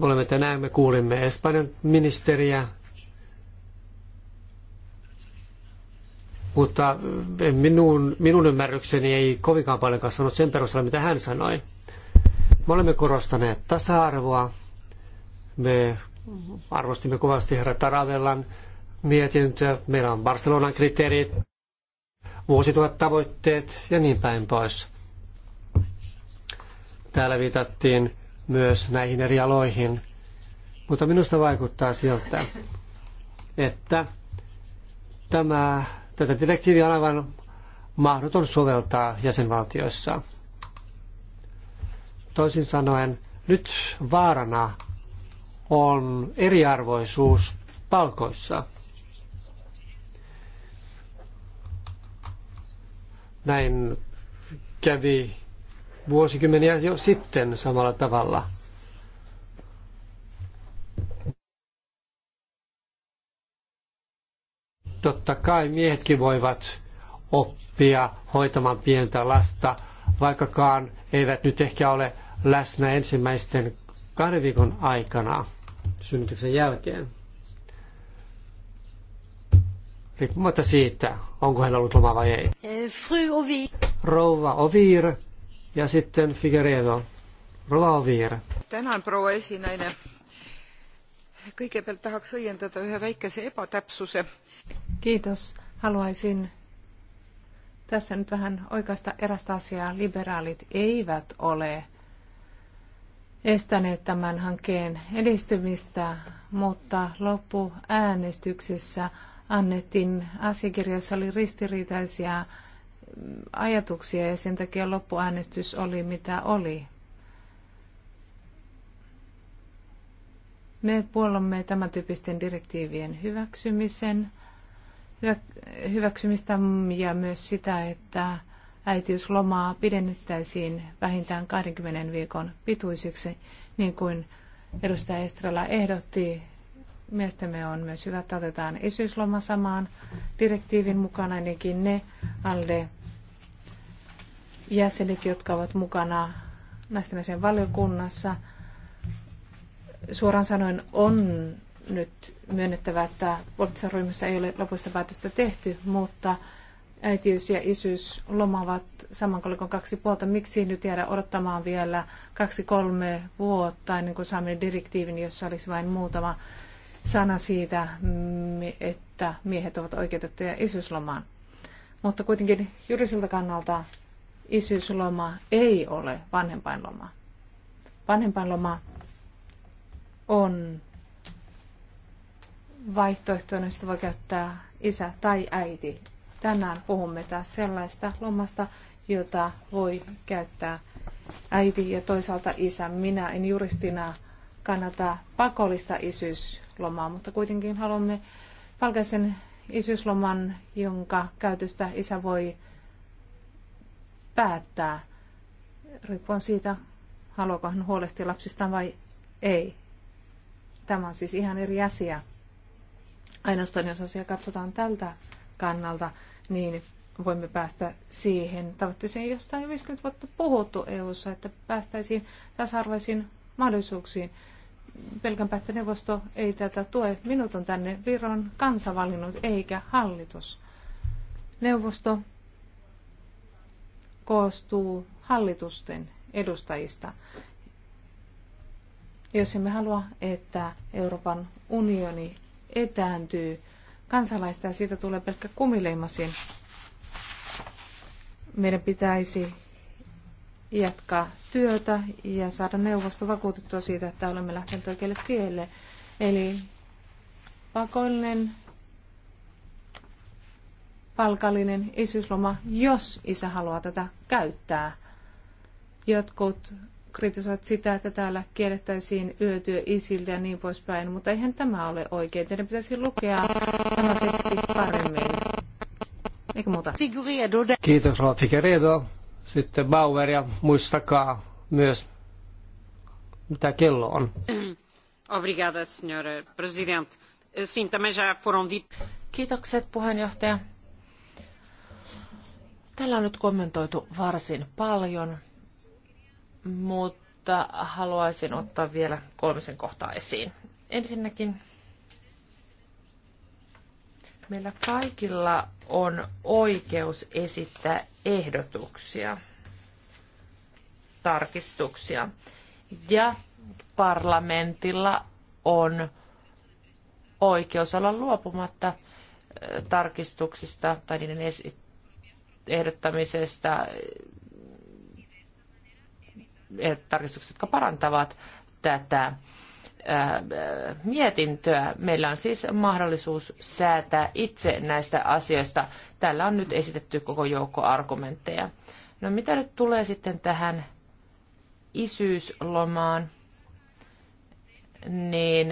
olemme tänään me kuulimme Espanjan ministeriä, mutta eh, minun, minun ymmärrykseni ei kovinkaan paljon kasvanut sen perusteella, mitä hän sanoi. Me olemme korostaneet tasa-arvoa. Me arvostimme kovasti herra Taravellan mietintöä. Meillä on Barcelonan kriteerit, vuosituhat tavoitteet ja niin päin pois. Täällä viitattiin myös näihin eri aloihin, mutta minusta vaikuttaa siltä, että tämä Tätä direktiiviä on aivan mahdoton soveltaa jäsenvaltioissa. Toisin sanoen, nyt vaarana on eriarvoisuus palkoissa. Näin kävi vuosikymmeniä jo sitten samalla tavalla – Totta kai miehetkin voivat oppia hoitamaan pientä lasta, vaikkakaan eivät nyt ehkä ole läsnä ensimmäisten kahden viikon aikana synnytyksen jälkeen. Riippumatta siitä, onko heillä ollut loma vai ei. Rouva Ovir ja sitten Figueredo. Rouva Ovir. Tänään proua esinäinen. Kõigepealt tahaks õiendada ühe väikese ebatäpsuse. Kiitos. Haluaisin tässä nyt vähän oikeasta erästä asiaa. Liberaalit eivät ole estäneet tämän hankkeen edistymistä, mutta loppuäänestyksessä annettiin asiakirja, jossa oli ristiriitaisia ajatuksia ja sen takia loppuäänestys oli mitä oli. Me puolamme tämän tyyppisten direktiivien hyväksymisen, hyväksymistä ja myös sitä, että äitiyslomaa pidennettäisiin vähintään 20 viikon pituisiksi, niin kuin edustaja Estrella ehdotti. Mielestämme on myös hyvä, että otetaan isyysloma samaan direktiivin mukana, ainakin ne alle jäsenet, jotka ovat mukana naisten valiokunnassa – suoraan sanoen on nyt myönnettävä, että poliittisessa ryhmässä ei ole lopuista päätöstä tehty, mutta äitiys ja isyys lomaavat saman kolikon kaksi puolta. Miksi nyt jäädä odottamaan vielä kaksi-kolme vuotta ennen kuin saamme direktiivin, jossa olisi vain muutama sana siitä, että miehet ovat oikeutettuja isyyslomaan. Mutta kuitenkin juridiselta kannalta isyysloma ei ole vanhempainloma. Vanhempainloma on vaihtoehtoinen, josta voi käyttää isä tai äiti. Tänään puhumme taas sellaista lomasta, jota voi käyttää äiti ja toisaalta isä. Minä en juristina kannata pakollista isyyslomaa, mutta kuitenkin haluamme palkaisen isyysloman, jonka käytöstä isä voi päättää, riippuen siitä, haluaako hän huolehtia lapsistaan vai ei. Tämä on siis ihan eri asia. Ainoastaan jos asia katsotaan tältä kannalta, niin voimme päästä siihen tavoitteeseen, josta jo 50 vuotta puhuttu EU:ssa, että päästäisiin tasa-arvoisiin mahdollisuuksiin. Pelkän neuvosto ei tätä tue. Minut on tänne Viron kansa valinnut, eikä hallitus. Neuvosto koostuu hallitusten edustajista. Jos emme halua, että Euroopan unioni etääntyy kansalaista ja siitä tulee pelkkä kumileimasin, meidän pitäisi jatkaa työtä ja saada neuvosto vakuutettua siitä, että olemme lähteneet oikealle tielle. Eli pakollinen palkallinen isyysloma, jos isä haluaa tätä käyttää. Jotkut kritisoivat sitä, että täällä kiellettäisiin yötyö isiltä ja niin poispäin, mutta eihän tämä ole oikein. Teidän pitäisi lukea tämä teksti paremmin. Eikö muuta? Kiitos Roa Figueredo. Sitten Bauer ja muistakaa myös, mitä kello on. Obrigada, signore president. Kiitokset puheenjohtaja. Tällä on nyt kommentoitu varsin paljon mutta haluaisin ottaa vielä kolmisen kohtaa esiin. Ensinnäkin meillä kaikilla on oikeus esittää ehdotuksia, tarkistuksia. Ja parlamentilla on oikeus olla luopumatta tarkistuksista tai niiden esittämisestä ehdottamisesta Eh, tarkistukset, jotka parantavat tätä eh, mietintöä. Meillä on siis mahdollisuus säätää itse näistä asioista. Täällä on nyt esitetty koko joukko argumentteja. No mitä nyt tulee sitten tähän isyyslomaan, niin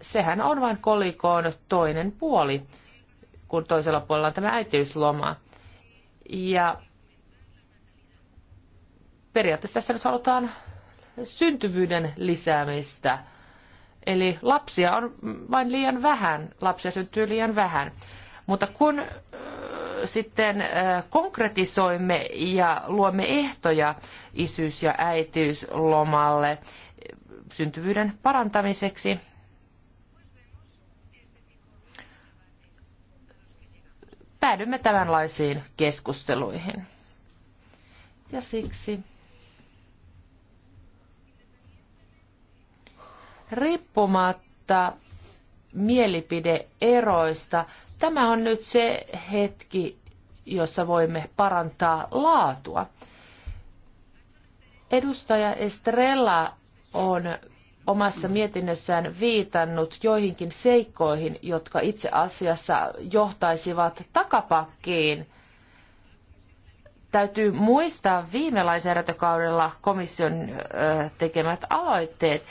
sehän on vain kolikoon toinen puoli, kun toisella puolella on tämä äitiysloma. Ja periaatteessa tässä nyt halutaan syntyvyyden lisäämistä. Eli lapsia on vain liian vähän, lapsia syntyy liian vähän. Mutta kun sitten konkretisoimme ja luomme ehtoja isyys- ja äitiyslomalle syntyvyyden parantamiseksi, päädymme tämänlaisiin keskusteluihin. Ja siksi riippumatta mielipideeroista, tämä on nyt se hetki, jossa voimme parantaa laatua. Edustaja Estrella on omassa mietinnössään viitannut joihinkin seikkoihin, jotka itse asiassa johtaisivat takapakkiin täytyy muistaa viime lainsäädäntökaudella komission tekemät aloitteet.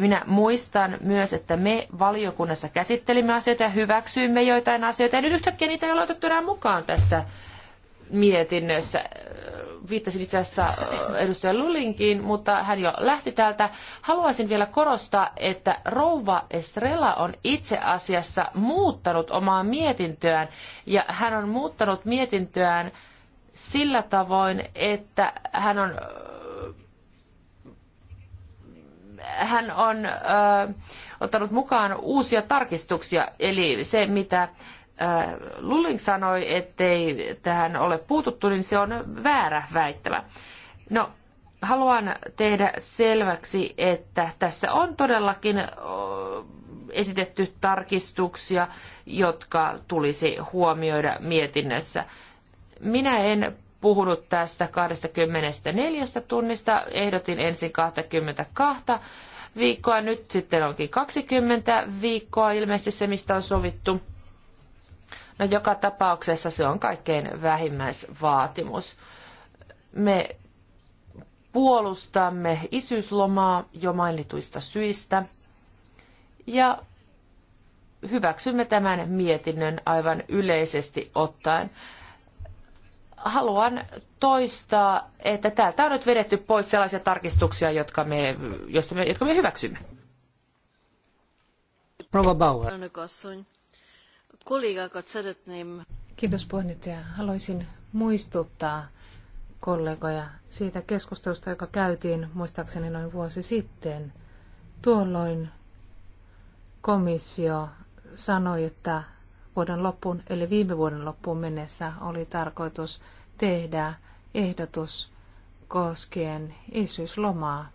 Minä muistan myös, että me valiokunnassa käsittelimme asioita ja hyväksyimme joitain asioita, ja nyt yhtäkkiä niitä ei ole otettu enää mukaan tässä mietinnössä. Viittasin itse asiassa edustaja Lulinkiin, mutta hän jo lähti täältä. Haluaisin vielä korostaa, että rouva Estrella on itse asiassa muuttanut omaa mietintöään, ja hän on muuttanut mietintöään sillä tavoin, että hän on hän on ö, ottanut mukaan uusia tarkistuksia, eli se mitä Lulling sanoi, ettei tähän ole puututtu, niin se on väärä väittämä. No, haluan tehdä selväksi, että tässä on todellakin esitetty tarkistuksia, jotka tulisi huomioida mietinnössä. Minä en puhunut tästä 24 tunnista, ehdotin ensin 22 viikkoa, nyt sitten onkin 20 viikkoa ilmeisesti se, mistä on sovittu. No joka tapauksessa se on kaikkein vähimmäisvaatimus. Me puolustamme isyyslomaa jo mainituista syistä ja hyväksymme tämän mietinnön aivan yleisesti ottaen haluan toistaa, että täältä on nyt vedetty pois sellaisia tarkistuksia, jotka me, josta me, jotka me hyväksymme. Rova Bauer. Kiitos puheenjohtaja. Haluaisin muistuttaa kollegoja siitä keskustelusta, joka käytiin muistaakseni noin vuosi sitten. Tuolloin komissio sanoi, että vuoden loppuun, eli viime vuoden loppuun mennessä oli tarkoitus tehdä ehdotus koskien isyyslomaa.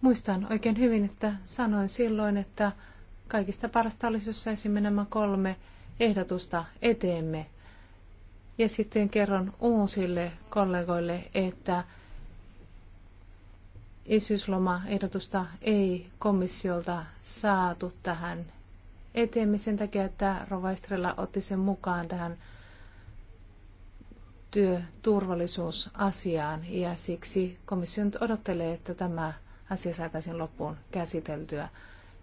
Muistan oikein hyvin, että sanoin silloin, että kaikista parasta olisi, jos saisimme nämä kolme ehdotusta eteemme. Ja sitten kerron uusille kollegoille, että isyysloma-ehdotusta ei komissiolta saatu tähän eteemme sen takia, että Estrella otti sen mukaan tähän työturvallisuusasiaan ja siksi komissio nyt odottelee, että tämä asia saataisiin loppuun käsiteltyä.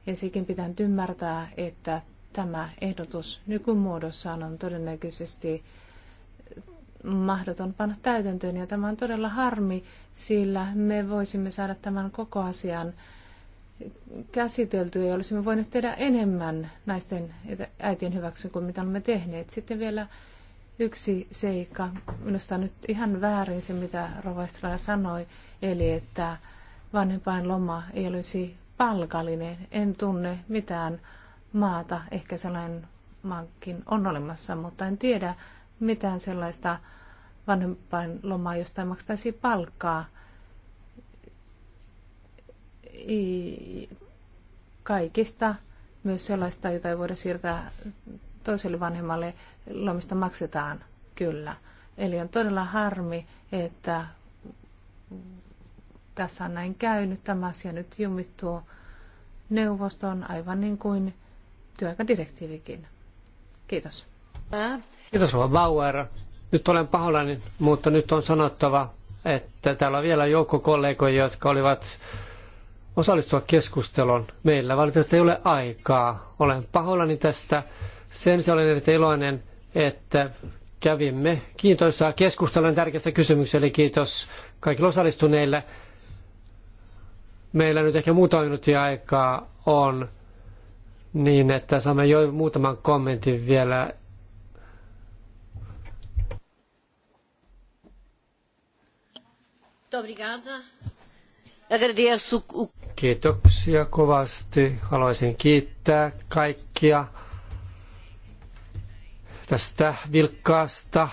Ja sekin pitää nyt ymmärtää, että tämä ehdotus nykymuodossaan on todennäköisesti mahdoton panna täytäntöön ja tämä on todella harmi, sillä me voisimme saada tämän koko asian käsitelty ja olisimme voineet tehdä enemmän naisten äitien hyväksi kuin mitä olemme tehneet. Sitten vielä yksi seikka. Minusta on nyt ihan väärin se, mitä Rovastrana sanoi, eli että vanhempain loma ei olisi palkallinen. En tunne mitään maata, ehkä sellainen maankin on olemassa, mutta en tiedä mitään sellaista vanhempain lomaa, josta maksaisi palkkaa kaikista, myös sellaista, jota ei voida siirtää toiselle vanhemmalle, lomista maksetaan kyllä. Eli on todella harmi, että tässä on näin käynyt. Tämä asia nyt jumittuu neuvostoon aivan niin kuin työaikadirektiivikin. Kiitos. Kiitos Ova Bauer. Nyt olen pahoillani, mutta nyt on sanottava, että täällä on vielä joukko kollegoja, jotka olivat osallistua keskusteluun. Meillä valitettavasti ei ole aikaa. Olen pahoillani tästä. Sen se olen erittäin iloinen, että kävimme kiintoisaa keskustelua tärkeästä kysymyksestä, eli kiitos kaikille osallistuneille. Meillä nyt ehkä muutama minuutti aikaa on niin, että saamme jo muutaman kommentin vielä obrigada. Agradeço o Kiitoksia kovasti. Haluaisin kiittää kaikkia tästä vilkkaasta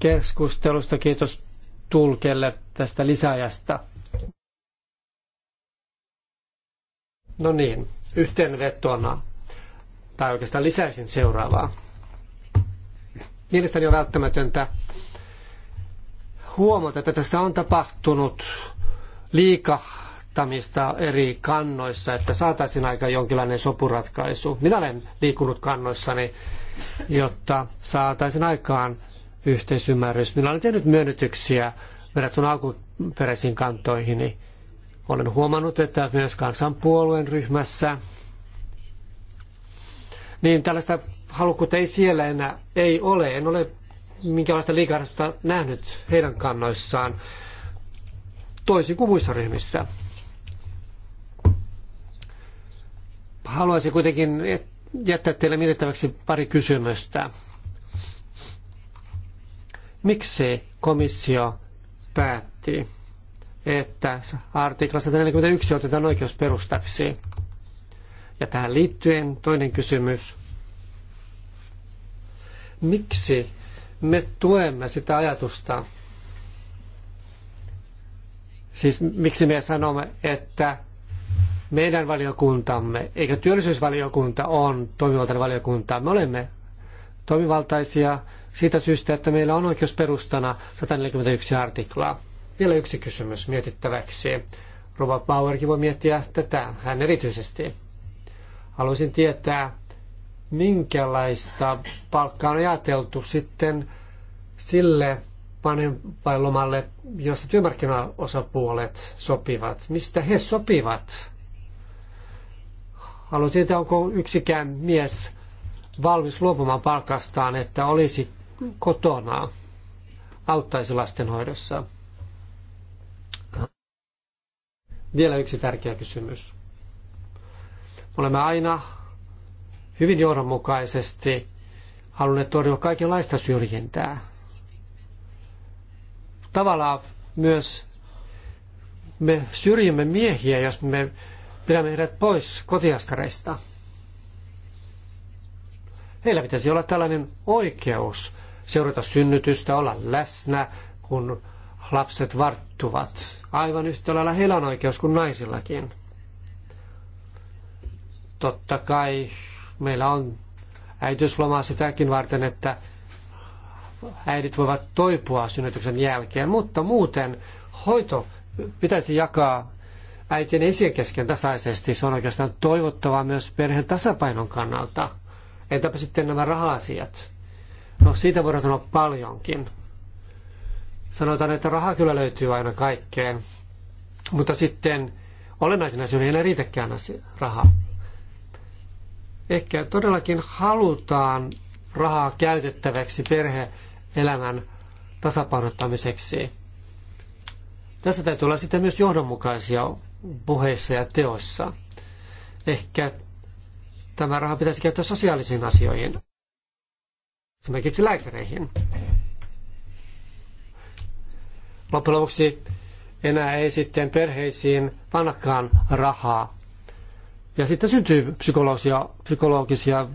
keskustelusta. Kiitos tulkelle tästä lisäajasta. No niin, yhteenvetona, tai oikeastaan lisäisin seuraavaa. Mielestäni on välttämätöntä huomata, että tässä on tapahtunut liika erottamista eri kannoissa, että saataisiin aika jonkinlainen sopuratkaisu. Minä olen liikkunut kannoissani, jotta saataisiin aikaan yhteisymmärrys. Minä olen tehnyt myönnytyksiä verrattuna alkuperäisiin kantoihini. Olen huomannut, että myös kansanpuolueen ryhmässä niin tällaista halukkuutta ei siellä enää ei ole. En ole minkäänlaista liikahdusta nähnyt heidän kannoissaan toisin kuin muissa ryhmissä. Haluaisin kuitenkin jättää teille mietittäväksi pari kysymystä. Miksi komissio päätti, että artikla 141 otetaan oikeusperustaksi? Ja tähän liittyen toinen kysymys. Miksi me tuemme sitä ajatusta, siis miksi me sanomme, että meidän valiokuntamme, eikä työllisyysvaliokunta on toimivaltainen valiokunta. Me olemme toimivaltaisia siitä syystä, että meillä on oikeusperustana 141 artiklaa. Vielä yksi kysymys mietittäväksi. Robert Bauerkin voi miettiä tätä, hän erityisesti. Haluaisin tietää, minkälaista palkkaa on ajateltu sitten sille vanhempainlomalle, josta työmarkkinaosapuolet sopivat. Mistä he sopivat? Haluaisin tietää, onko yksikään mies valmis luopumaan palkastaan, että olisi kotona, auttaisi lastenhoidossa. Vielä yksi tärkeä kysymys. Me olemme aina hyvin johdonmukaisesti halunneet torjua kaikenlaista syrjintää. Tavallaan myös me syrjimme miehiä, jos me pidämme heidät pois kotiaskareista. Heillä pitäisi olla tällainen oikeus seurata synnytystä, olla läsnä, kun lapset varttuvat. Aivan yhtä lailla heillä on oikeus kuin naisillakin. Totta kai meillä on äitiyslomaa sitäkin varten, että äidit voivat toipua synnytyksen jälkeen, mutta muuten hoito pitäisi jakaa äitien esiä kesken tasaisesti. Se on oikeastaan toivottavaa myös perheen tasapainon kannalta. Entäpä sitten nämä raha-asiat? No siitä voidaan sanoa paljonkin. Sanotaan, että rahaa kyllä löytyy aina kaikkeen, mutta sitten olennaisena asioina ei riitäkään asia, rahaa. Ehkä todellakin halutaan rahaa käytettäväksi perhe-elämän tasapainottamiseksi. Tässä täytyy olla sitten myös johdonmukaisia puheissa ja teoissa. Ehkä tämä raha pitäisi käyttää sosiaalisiin asioihin, esimerkiksi lääkäreihin. Loppujen lopuksi enää ei sitten perheisiin pannakaan rahaa. Ja sitten syntyy psykologisia, psykologisia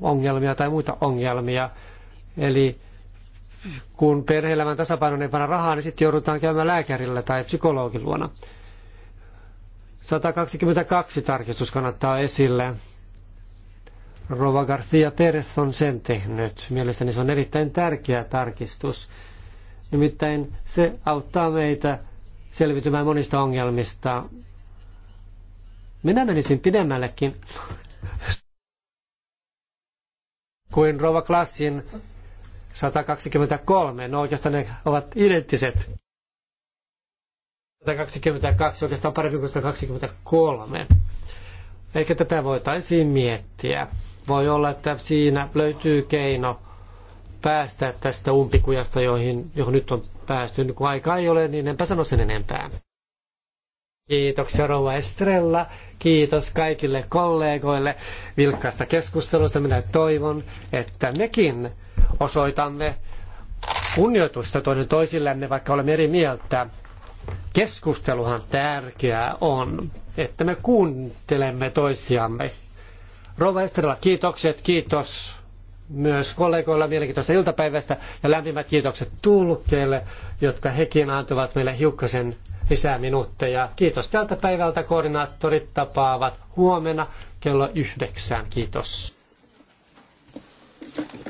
ongelmia tai muita ongelmia. Eli kun perhe-elämän tasapainoon ei panna rahaa, niin sitten joudutaan käymään lääkärillä tai psykologin luona. 122 tarkistus kannattaa esille. Rova Garcia Perez on sen tehnyt. Mielestäni se on erittäin tärkeä tarkistus. Nimittäin se auttaa meitä selvitymään monista ongelmista. Minä menisin pidemmällekin kuin Rova Klassin 123. No oikeastaan ne ovat identtiset. 122 oikeastaan parempi kuin 123. Ehkä tätä voitaisiin miettiä. Voi olla, että siinä löytyy keino päästä tästä umpikujasta, joihin, johon nyt on päästy. Kun aika ei ole, niin enpä sano sen enempää. Kiitoksia Rouva Estrella. Kiitos kaikille kollegoille vilkkaasta keskustelusta. Minä toivon, että mekin osoitamme kunnioitusta toinen toisillemme, vaikka olemme eri mieltä keskusteluhan tärkeää on, että me kuuntelemme toisiamme. Rova Estrella, kiitokset, kiitos myös kollegoilla mielenkiintoista iltapäivästä ja lämpimät kiitokset tulkeille, jotka hekin antavat meille hiukkasen lisää minuutteja. Kiitos tältä päivältä. Koordinaattorit tapaavat huomenna kello yhdeksän. Kiitos.